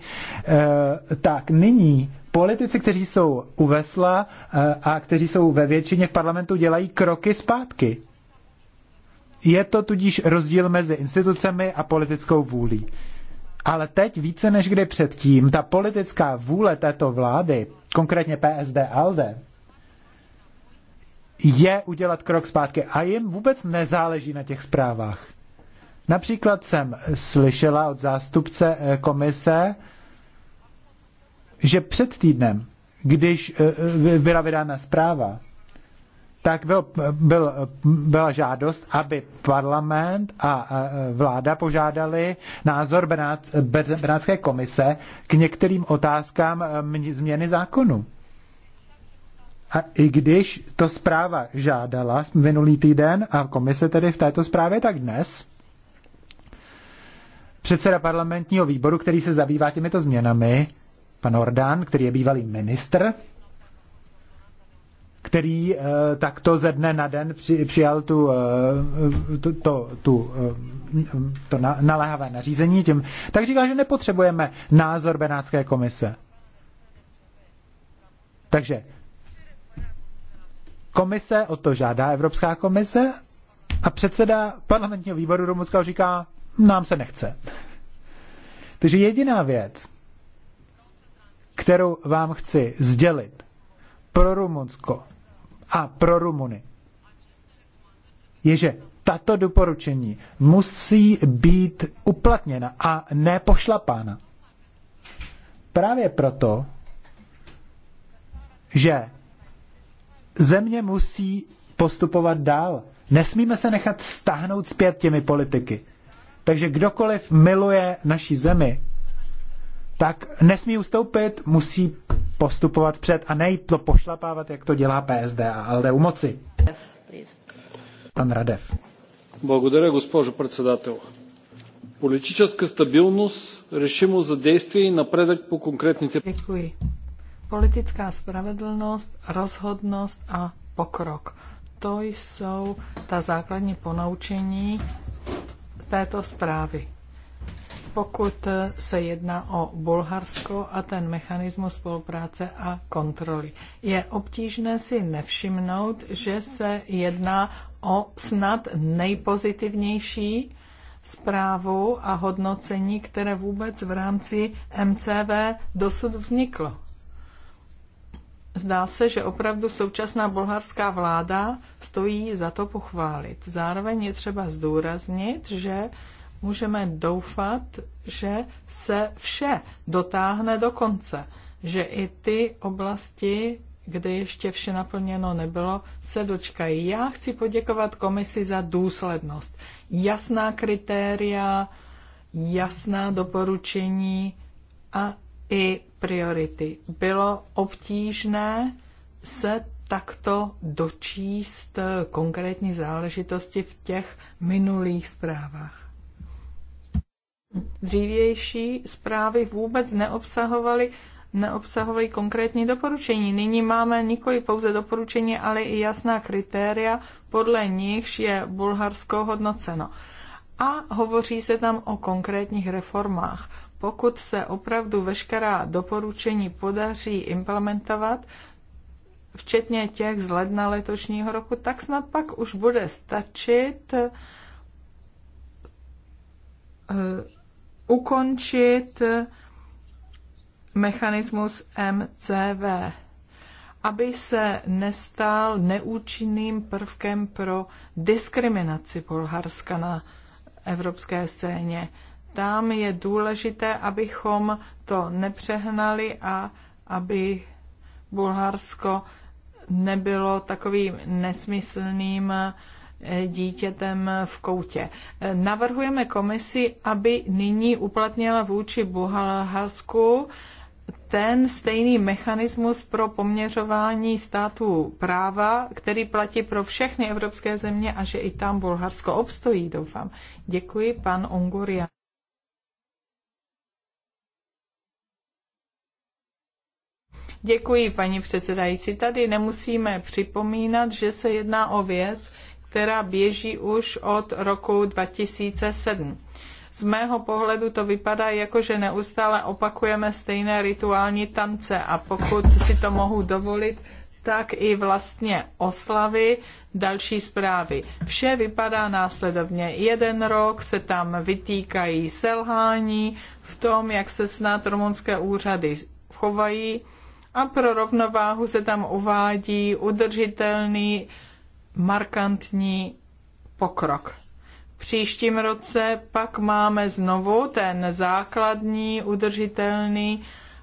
tak nyní politici, kteří jsou u vesla eh, a kteří jsou ve většině v parlamentu, dělají kroky zpátky. Je to tudíž rozdíl mezi institucemi a politickou vůlí. Ale teď více než kdy předtím, ta politická vůle této vlády, konkrétně PSD ALDE, je udělat krok zpátky a jim vůbec nezáleží na těch zprávách. Například jsem slyšela od zástupce eh, komise, že před týdnem, když eh, eh, byla vydána zpráva, tak byl, byl, byla žádost, aby parlament a eh, vláda požádali názor Benátské komise k některým otázkám změny zákonu. A i když to zpráva žádala minulý týden a komise tedy v této zprávě, tak dnes předseda parlamentního výboru, který se zabývá těmito změnami, pan Ordán, který je bývalý ministr, který eh, takto ze dne na den při, přijal tu, eh, tu, to, tu, eh, to na, naléhavé nařízení, tím, tak říká, že nepotřebujeme názor Benátské komise. Takže komise o to žádá Evropská komise a předseda parlamentního výboru Rumunska říká, nám se nechce. Takže jediná věc, kterou vám chci sdělit pro Rumunsko a pro Rumuny, je, že tato doporučení musí být uplatněna a nepošlapána. Právě proto, že země musí postupovat dál. Nesmíme se nechat stáhnout zpět těmi politiky. Takže kdokoliv miluje naší zemi, tak nesmí ustoupit, musí postupovat před a ne to pošlapávat, jak to dělá PSD a LD u moci. Pan Radev. Благодаря, госпожо председател. Политическа стабилност, решимост за действие и напредък по конкретните... Děkuji. Politická spravedlnost, rozhodnost a pokrok. To jsou ta základní ponaučení z této zprávy pokud se jedná o Bulharsko a ten mechanismus spolupráce a kontroly. Je obtížné si nevšimnout, že se jedná o snad nejpozitivnější zprávu a hodnocení, které vůbec v rámci MCV dosud vzniklo. Zdá se, že opravdu současná bulharská vláda stojí za to pochválit. Zároveň je třeba zdůraznit, že můžeme doufat, že se vše dotáhne do konce, že i ty oblasti, kde ještě vše naplněno nebylo, se dočkají. Já chci poděkovat komisi za důslednost. Jasná kritéria, jasná doporučení a i priority. Bylo obtížné se takto dočíst konkrétní záležitosti v těch minulých zprávách dřívější zprávy vůbec neobsahovaly neobsahovali konkrétní doporučení. Nyní máme nikoli pouze doporučení, ale i jasná kritéria, podle nichž je Bulharsko hodnoceno. A hovoří se tam o konkrétních reformách. Pokud se opravdu veškerá doporučení podaří implementovat, včetně těch z ledna letošního roku, tak snad pak už bude stačit eh, ukončit mechanismus MCV, aby se nestal neúčinným prvkem pro diskriminaci Bulharska na evropské scéně. Tam je důležité, abychom to nepřehnali a aby Bulharsko nebylo takovým nesmyslným dítětem v koutě. Navrhujeme komisi, aby nyní uplatnila vůči Bulharsku ten stejný mechanismus pro poměřování států práva, který platí pro všechny evropské země a že i tam Bulharsko obstojí, doufám. Děkuji, pan Onguria. Děkuji, paní předsedající. Tady nemusíme připomínat, že se jedná o věc, která běží už od roku 2007. Z mého pohledu to vypadá jako, že neustále opakujeme stejné rituální tance a pokud si to mohu dovolit, tak i vlastně oslavy další zprávy. Vše vypadá následovně. Jeden rok se tam vytýkají selhání v tom, jak se snad rumunské úřady chovají a pro rovnováhu se tam uvádí udržitelný markantní pokrok. V příštím roce pak máme znovu ten základní udržitelný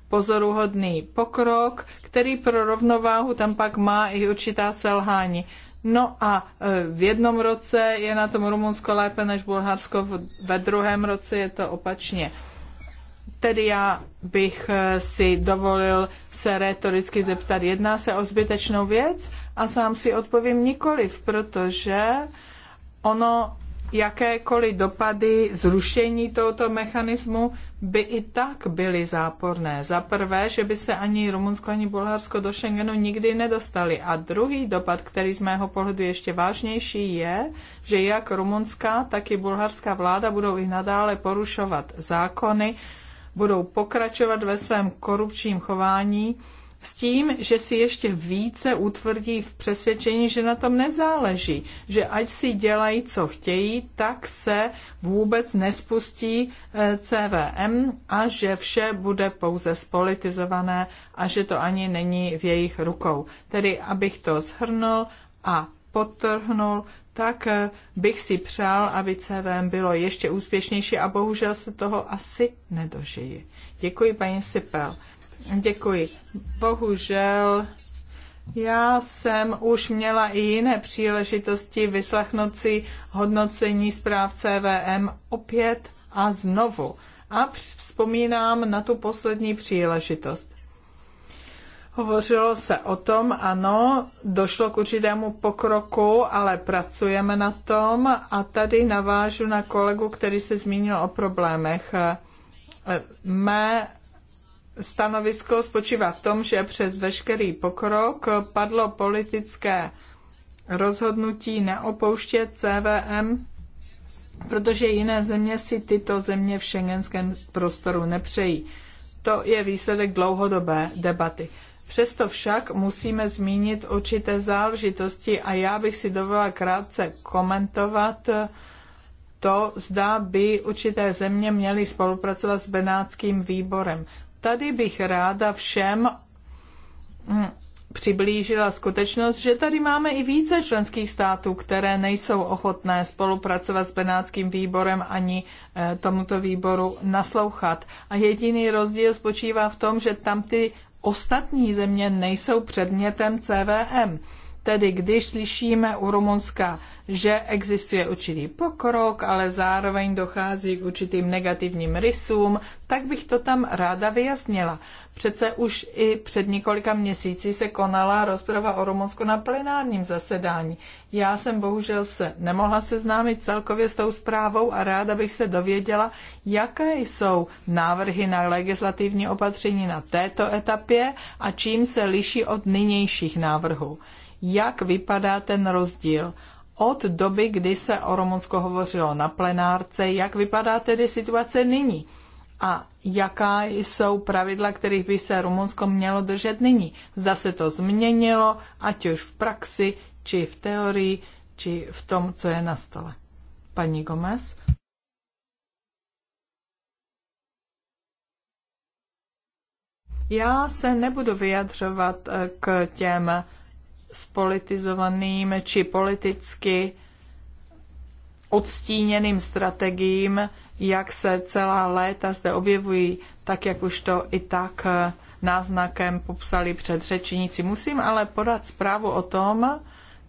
pozoruhodný pokrok, který pro rovnováhu tam pak má i určitá selhání. No a e, v jednom roce je na tom Rumunsko lépe než Bulharsko, ve druhém roce je to opačně. Tedy já bych e, si dovolil se retoricky zeptat, jedná se o zbytečnou věc? A sám si odpovím nikoliv, protože ono jakékoliv dopady zrušení tohoto mechanismu by i tak byly záporné. Za prvé, že by se ani Rumunsko, ani Bulharsko do Schengenu nikdy nedostali. A druhý dopad, který z mého pohledu ještě vážnější, je, že jak rumunská, tak i bulharská vláda budou i nadále porušovat zákony, budou pokračovat ve svém korupčním chování, s tím, že si ještě více utvrdí v přesvědčení, že na tom nezáleží, že ať si dělají, co chtějí, tak se vůbec nespustí eh, CVM a že vše bude pouze spolitizované a že to ani není v jejich rukou. Tedy, abych to shrnul a podtrhnul, tak eh, bych si přál, aby CVM bylo ještě úspěšnější a bohužel se toho asi nedožije. Děkuji, paní Sipel. Děkuji. Bohužel já jsem už měla i jiné příležitosti vyslechnout si hodnocení zpráv CVM opět a znovu. A vzpomínám na tu poslední příležitost. Hovořilo se o tom, ano, došlo k určitému pokroku, ale pracujeme na tom a tady navážu na kolegu, který se zmínil o problémech. Mé stanovisko spočívá v tom, že přes veškerý pokrok padlo politické rozhodnutí neopouštět CVM, protože jiné země si tyto země v šengenském prostoru nepřejí. To je výsledek dlouhodobé debaty. Přesto však musíme zmínit určité záležitosti a já bych si dovolila krátce komentovat to, zda by určité země měly spolupracovat s Benátským výborem tady bych ráda všem hm, přiblížila skutečnost, že tady máme i více členských států, které nejsou ochotné spolupracovat s Benátským výborem ani eh, tomuto výboru naslouchat. A jediný rozdíl spočívá v tom, že tam ty ostatní země nejsou předmětem CVM. Tedy když slyšíme u Rumunska, že existuje určitý pokrok, ale zároveň dochází k určitým negativním rysům, tak bych to tam ráda vyjasnila. Přece už i před několika měsíci se konala rozprava o Rumunsku na plenárním zasedání. Já jsem bohužel se nemohla seznámit celkově s tou zprávou a ráda bych se dověděla, jaké jsou návrhy na legislativní opatření na této etapě a čím se liší od nynějších návrhů jak vypadá ten rozdíl od doby, kdy se o Rumunsku hovořilo na plenárce, jak vypadá tedy situace nyní a jaká jsou pravidla, kterých by se Rumunsko mělo držet nyní. Zda se to změnilo, ať už v praxi, či v teorii, či v tom, co je na stole. Paní Gomez? Já se nebudu vyjadřovat eh, k těm spolitizovaným či politicky odstíněným strategiím, jak se celá léta zde objevují, tak jak už to i tak náznakem popsali předřečníci. Musím ale podat zprávu o tom,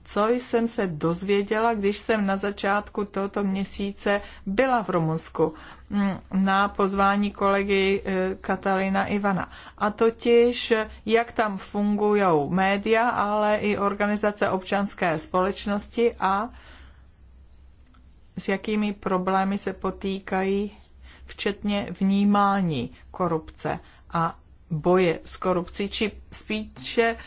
co jsem se dozvěděla, když jsem na začátku tohoto měsíce byla v Rumunsku. Mm, na pozvání kolegy eh, Katalina Ivana. A totiž, jak tam fungují média, ale i organizace občanské společnosti a s jakými problémy se potýkají, včetně vnímání korupce a boje s korupcí, či spíše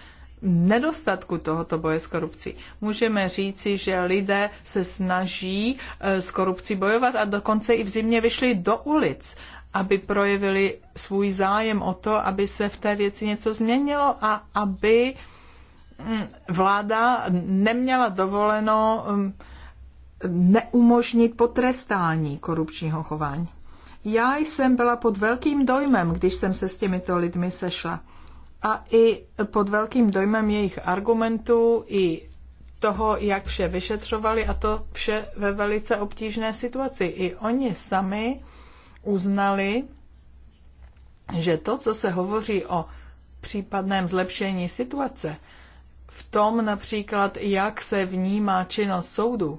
nedostatku tohoto boje s korupcí. Můžeme říci, že lidé se snaží eh, s korupcí bojovat a dokonce i v zimě vyšli do ulic, aby projevili svůj zájem o to, aby se v té věci něco změnilo a aby mm, vláda neměla dovoleno mm, neumožnit potrestání korupčního chování. Já jsem byla pod velkým dojmem, když jsem se s těmito lidmi sešla a i pod velkým dojmem jejich argumentů i toho, jak vše vyšetřovali a to vše ve velice obtížné situaci. I oni sami uznali, že to, co se hovoří o případném zlepšení situace, v tom například, jak se vnímá činnost soudu,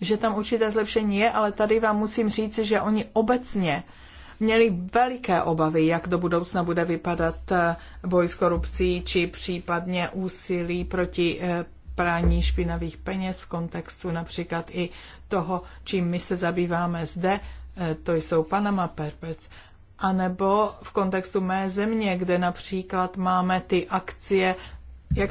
že tam určité zlepšení je, ale tady vám musím říct, že oni obecně měli veliké obavy, jak do budoucna bude vypadat eh, boj s korupcí či případně úsilí proti eh, prání špinavých peněz v kontextu například i toho, čím my se zabýváme zde, eh, to jsou Panama Papers, anebo v kontextu mé země, kde například máme ty akcie, jak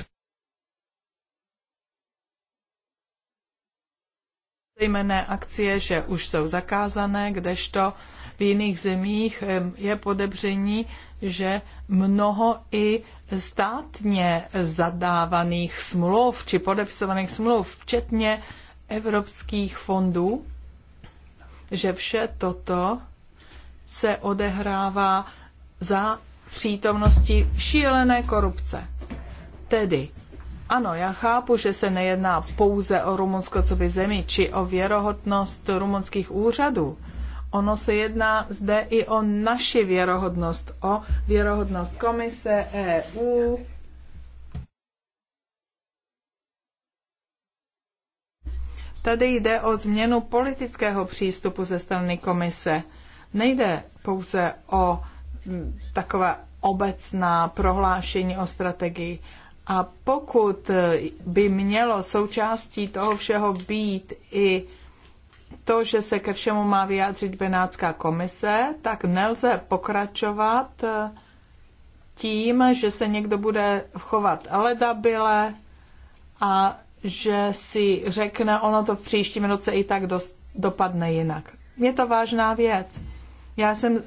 jmené akcie, že už jsou zakázané, kdežto v jiných zemích je podebření, že mnoho i státně zadávaných smluv či podepsovaných smluv, včetně evropských fondů, že vše toto se odehrává za přítomnosti šílené korupce. Tedy, ano, já chápu, že se nejedná pouze o Rumunsko co by zemi, či o věrohodnost rumunských úřadů, Ono se jedná zde i o naši věrohodnost, o věrohodnost komise EU. Tady jde o změnu politického přístupu ze strany komise. Nejde pouze o mm, takové obecná prohlášení o strategii. A pokud e, by mělo součástí toho všeho být i to, že se ke všemu má vyjádřit Benátská komise, tak nelze pokračovat eh, tím, že se někdo bude chovat ledabile a že si řekne, ono to v příštím roce i tak dost, dopadne jinak. Je to vážná věc. Já jsem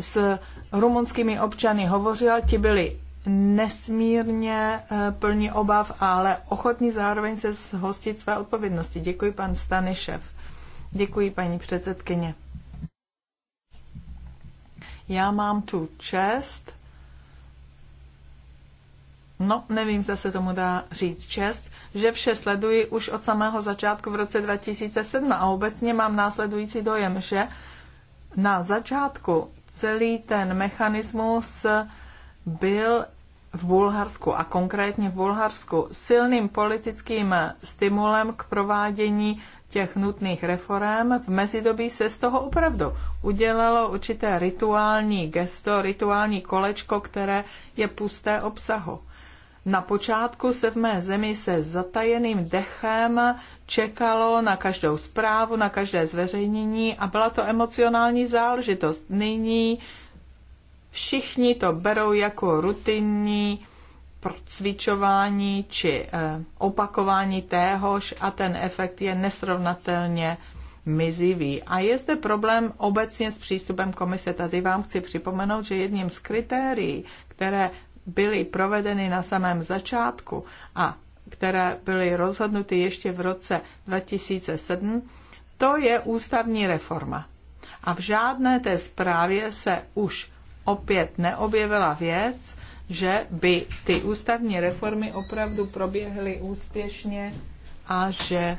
s rumunskými občany hovořila, ti byli nesmírně eh, plní obav, ale ochotní zároveň se zhostit své odpovědnosti. Děkuji, pan Stanišev. Děkuji, paní předsedkyně. Já mám tu čest. No, nevím, se tomu dá říct čest, že vše sleduji už od samého začátku v roce 2007 a obecně mám následující dojem, že na začátku celý ten mechanismus byl v Bulharsku a konkrétně v Bulharsku silným politickým stimulem k provádění těch nutných reform, v mezidobí se z toho opravdu udělalo určité rituální gesto, rituální kolečko, které je pusté obsahu. Na počátku se v mé zemi se zatajeným dechem čekalo na každou zprávu, na každé zveřejnění a byla to emocionální záležitost. Nyní všichni to berou jako rutinní procvičování či eh, opakování téhož a ten efekt je nesrovnatelně mizivý. A je zde problém obecně s přístupem komise. Tady vám chci připomenout, že jedním z kritérií, které byly provedeny na samém začátku a které byly rozhodnuty ještě v roce 2007, to je ústavní reforma. A v žádné té zprávě se už opět neobjevila věc, že by ty ústavní reformy opravdu proběhly úspěšně a že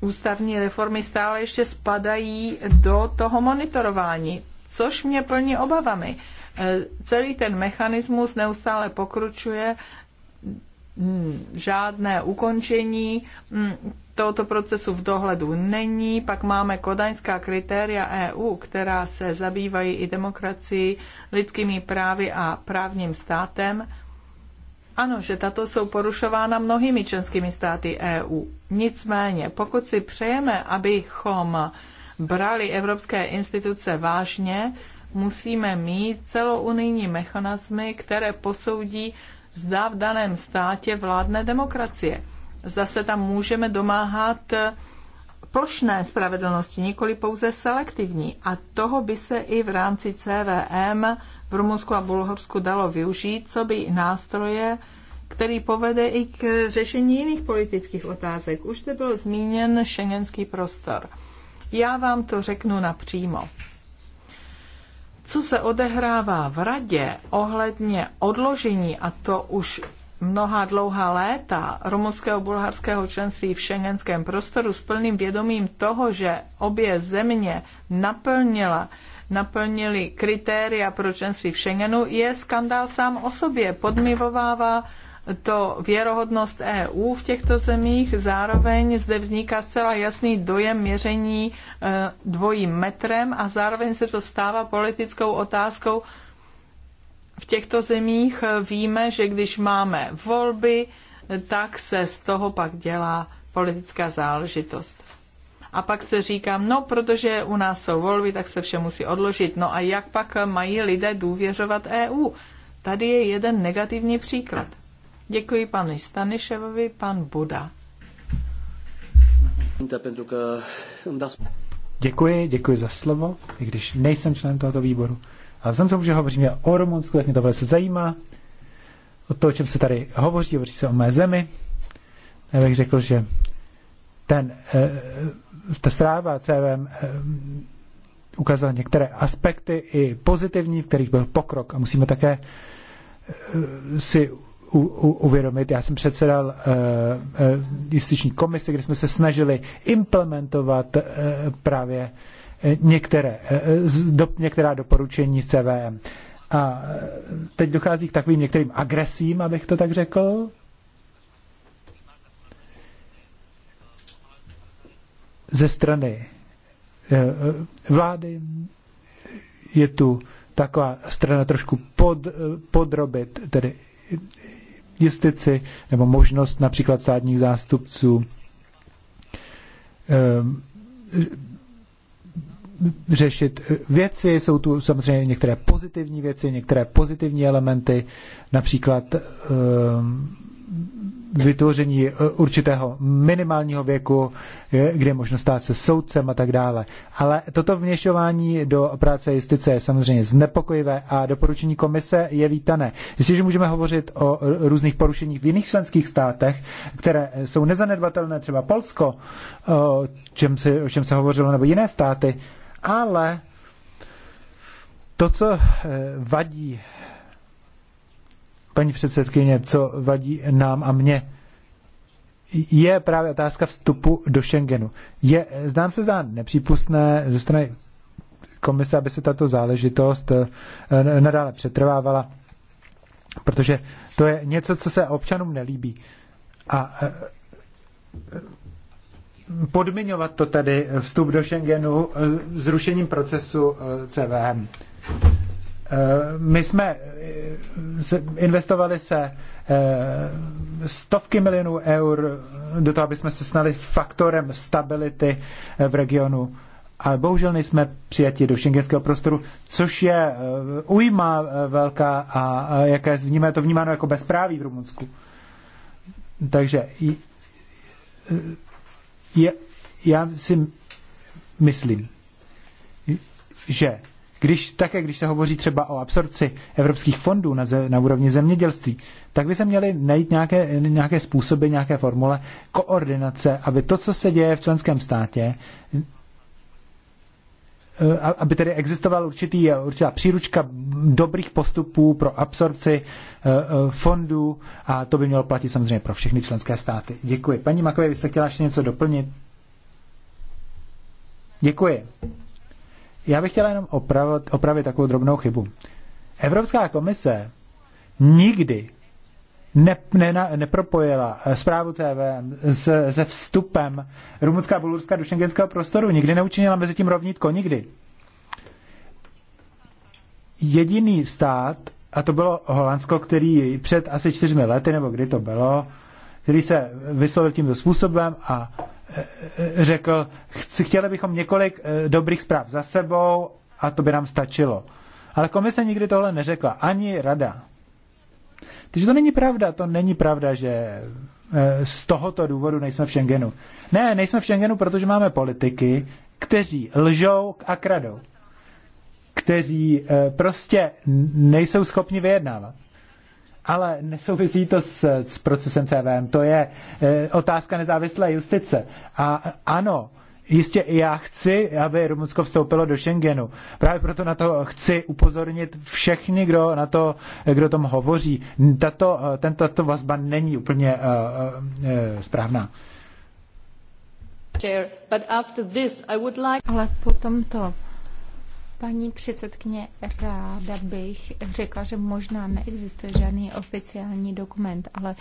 ústavní reformy stále ještě spadají do toho monitorování, což mě plní obavami. E, celý ten mechanismus neustále pokručuje, žádné ukončení tohoto procesu v dohledu není. Pak máme kodaňská kritéria EU, která se zabývají i demokracií, lidskými právy a právním státem. Ano, že tato jsou porušována mnohými členskými státy EU. Nicméně, pokud si přejeme, abychom brali evropské instituce vážně, musíme mít celounijní mechanismy, které posoudí, zda v daném státě vládne demokracie. Zda se tam můžeme domáhat plošné spravedlnosti, nikoli pouze selektivní. A toho by se i v rámci CVM v Rumunsku a Bulhorsku dalo využít, co by nástroje, který povede i k řešení jiných politických otázek. Už zde byl zmíněn šengenský prostor. Já vám to řeknu napřímo. Co se odehrává v radě ohledně odložení, a to už mnoha dlouhá léta rumunského bulharského členství v šengenském prostoru s plným vědomím toho, že obě země naplnila naplnili kritéria pro členství v Schengenu, je skandál sám o sobě. Podmivovává to věrohodnost EU v těchto zemích, zároveň zde vzniká zcela jasný dojem měření eh, dvojím metrem a zároveň se to stává politickou otázkou v těchto zemích eh, víme, že když máme volby, eh, tak se z toho pak dělá politická záležitost. A pak se říká, no protože u nás jsou volby, tak se vše musí odložit. No a jak pak eh, mají lidé důvěřovat EU? Tady je jeden negativní příklad. Děkuji panu Staniševovi, pan Buda. Děkuji, děkuji za slovo, i když nejsem člen tohoto výboru. A vzhledem tomu, že hovoříme o Rumunsku, tak mě to velice zajímá. O to, o čem se tady hovoří, hovoří se o mé zemi. Já bych řekl, že ten, eh, ta stráva CVM eh, ukázala některé aspekty i pozitivní, v kterých byl pokrok. A musíme také eh, si u, u, uvědomit. Já jsem předsedal uh, uh, justiční komisi, kde jsme se snažili implementovat uh, právě některé, eh, do, některá doporučení CVM. A eh, teď dochází k takovým některým agresím, abych to tak řekl. Ze strany eh, vlády je tu taková strana trošku pod, podrobit tedy justici nebo možnost například státních zástupců řešit věci, jsou tu samozřejmě některé pozitivní věci, některé pozitivní elementy, například ehm, vytvoření eh, určitého minimálního věku, kde je možno stát se soudcem a tak dále. Ale toto vměšování do práce justice je samozřejmě znepokojivé a doporučení komise je vítané. Jestliže můžeme hovořit o eh, různých porušeních v jiných členských státech, které jsou nezanedbatelné, třeba Polsko, eh, o čem se, o čem se hovořilo, nebo jiné státy, ale to, co eh, vadí paní předsedkyně, co vadí nám a mně, je právě otázka vstupu do Schengenu. Je, znám se zdá nepřípustné ze strany komise, aby se tato záležitost eh, nadále přetrvávala, protože to je něco, co se občanům nelíbí. A eh, podmiňovat to tedy vstup do Schengenu eh, zrušením procesu eh, CVM. Eh, my jsme investovali se stovky milionů eur do toho, aby jsme se snali faktorem stability v regionu ale bohužel nejsme přijati do šengenského prostoru, což je ujma velká a jaké je to vnímáno jako bezpráví v Rumunsku. Takže je, já si myslím, že když, také když se hovoří třeba o absorpci evropských fondů na, ze, na úrovni zemědělství, tak by se měly najít nějaké, nějaké způsoby, nějaké formule koordinace, aby to, co se děje v členském státě, Eh, aby tedy existoval určitý, určitá příručka dobrých postupů pro absorpci eh, eh, fondů a to by mělo platit samozřejmě pro všechny členské státy. Děkuji. Paní Makové, vy jste chtěla ještě něco doplnit? Děkuji. Já bych chtěla jenom opravit, opravit takovou drobnou chybu. Evropská komise nikdy ne, ne, nepropojila eh, zprávu TV s, se vstupem rumunská a do šengenského prostoru. Nikdy neučinila mezi tím rovnítko, nikdy. Jediný stát, a to bylo Holandsko, který před asi čtyřmi lety, nebo kdy to bylo, který se vyslovil tímto způsobem a eh, řekl, chtěli bychom několik eh, dobrých zpráv za sebou a to by nám stačilo. Ale komise nikdy tohle neřekla, ani rada. Takže to není pravda, to není pravda, že eh, z tohoto důvodu nejsme v Schengenu. Ne, nejsme v Schengenu, protože máme politiky, kteří lžou a kradou. Kteří eh, prostě nejsou schopni vyjednávat. Ale nesouvisí to s, s procesem CVM. To je e, otázka nezávislé justice. A ano, Jistě i já chci, aby Rumunsko vstoupilo do Schengenu. Právě proto na to chci upozornit všechny, kdo, na to, kdo tom hovoří. Tato, ten, tato vazba není úplně uh, uh, správná. Ale po tomto Paní předsedkyně, ráda bych řekla, že možná neexistuje žádný oficiální dokument, ale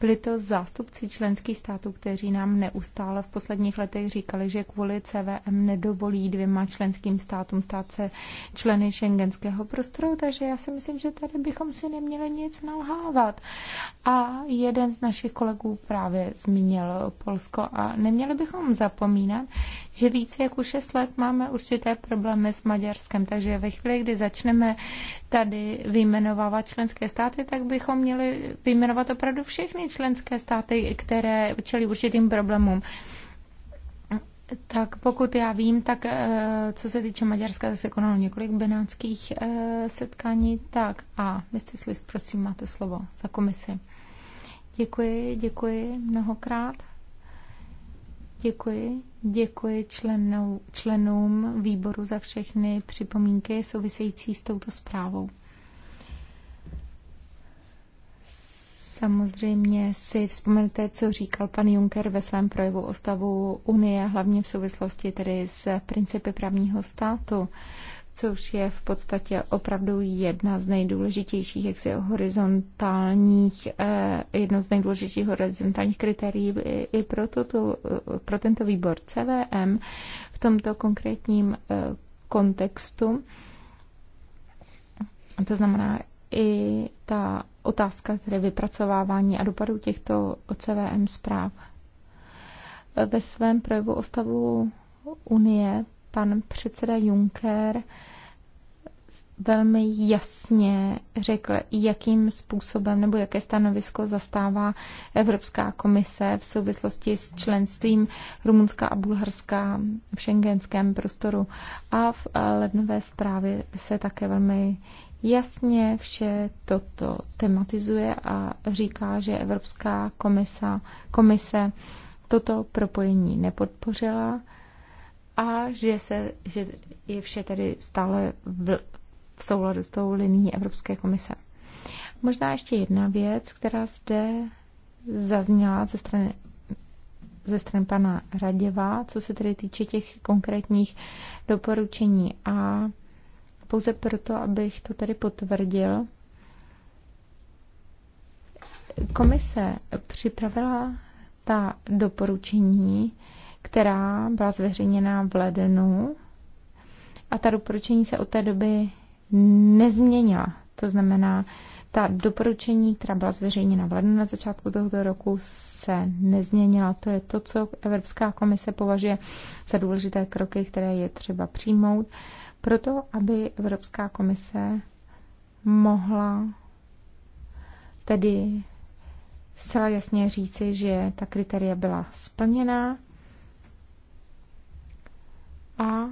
byli to zástupci členských států, kteří nám neustále v posledních letech říkali, že kvůli CVM nedovolí dvěma členským státům stát se členy šengenského prostoru, takže já si myslím, že tady bychom si neměli nic nalhávat. A jeden z našich kolegů právě zmínil Polsko a neměli bychom zapomínat, že více jak už 6 let máme určité problémy s Maďarskem, takže ve chvíli, kdy začneme tady vyjmenovávat členské státy, tak bychom měli vyjmenovat opravdu všechny členské státy, které čelí určitým problémům. Tak pokud já vím, tak eh, co se týče Maďarska, zase konalo několik benátských eh, setkání. Tak a Mr. Swiss, prosím, máte slovo za komisi. Děkuji, děkuji mnohokrát. Děkuji. Děkuji členou, členům výboru za všechny připomínky související s touto zprávou. Samozřejmě si vzpomenete, co říkal pan Juncker ve svém projevu o stavu Unie, hlavně v souvislosti tedy s principy právního státu což je v podstatě opravdu jedna z nejdůležitějších jaksi horizontálních, eh, jedno z nejdůležitějších horizontálních kritérií i pro, tuto, pro tento výbor CVM v tomto konkrétním eh, kontextu. To znamená, i ta otázka které vypracovávání a dopadu těchto CVM zpráv. Ve svém projevu o stavu Unie pan předseda Juncker velmi jasně řekl, jakým způsobem nebo jaké stanovisko zastává Evropská komise v souvislosti s členstvím Rumunska a Bulharska v šengenském prostoru. A v lednové zprávě se také velmi jasně vše toto tematizuje a říká, že Evropská komisa, komise toto propojení nepodpořila a že, se, že je vše tedy stále v, v souladu s tou linií Evropské komise. Možná ještě jedna věc, která zde zazněla ze strany ze strany pana Raděva, co se tedy týče těch konkrétních doporučení. A pouze proto, abych to tedy potvrdil, komise připravila ta doporučení která byla zveřejněna v lednu a ta doporučení se od té doby nezměnila. To znamená, ta doporučení, která byla zveřejněna v lednu na začátku tohoto roku, se nezměnila. To je to, co Evropská komise považuje za důležité kroky, které je třeba přijmout, proto aby Evropská komise mohla tedy zcela jasně říci, že ta kritéria byla splněna. A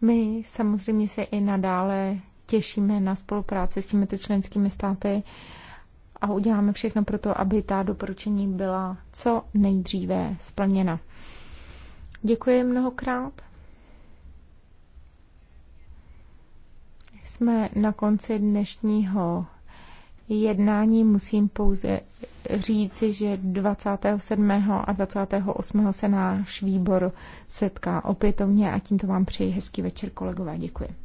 my samozřejmě se i nadále těšíme na spolupráci s těmito členskými státy a uděláme všechno pro to, aby ta doporučení byla co nejdříve splněna. Děkuji mnohokrát. Jsme na konci dnešního jednání musím pouze říci, že 27. a 28. se náš výbor setká opětovně a tímto vám přeji hezký večer, kolegové. Děkuji.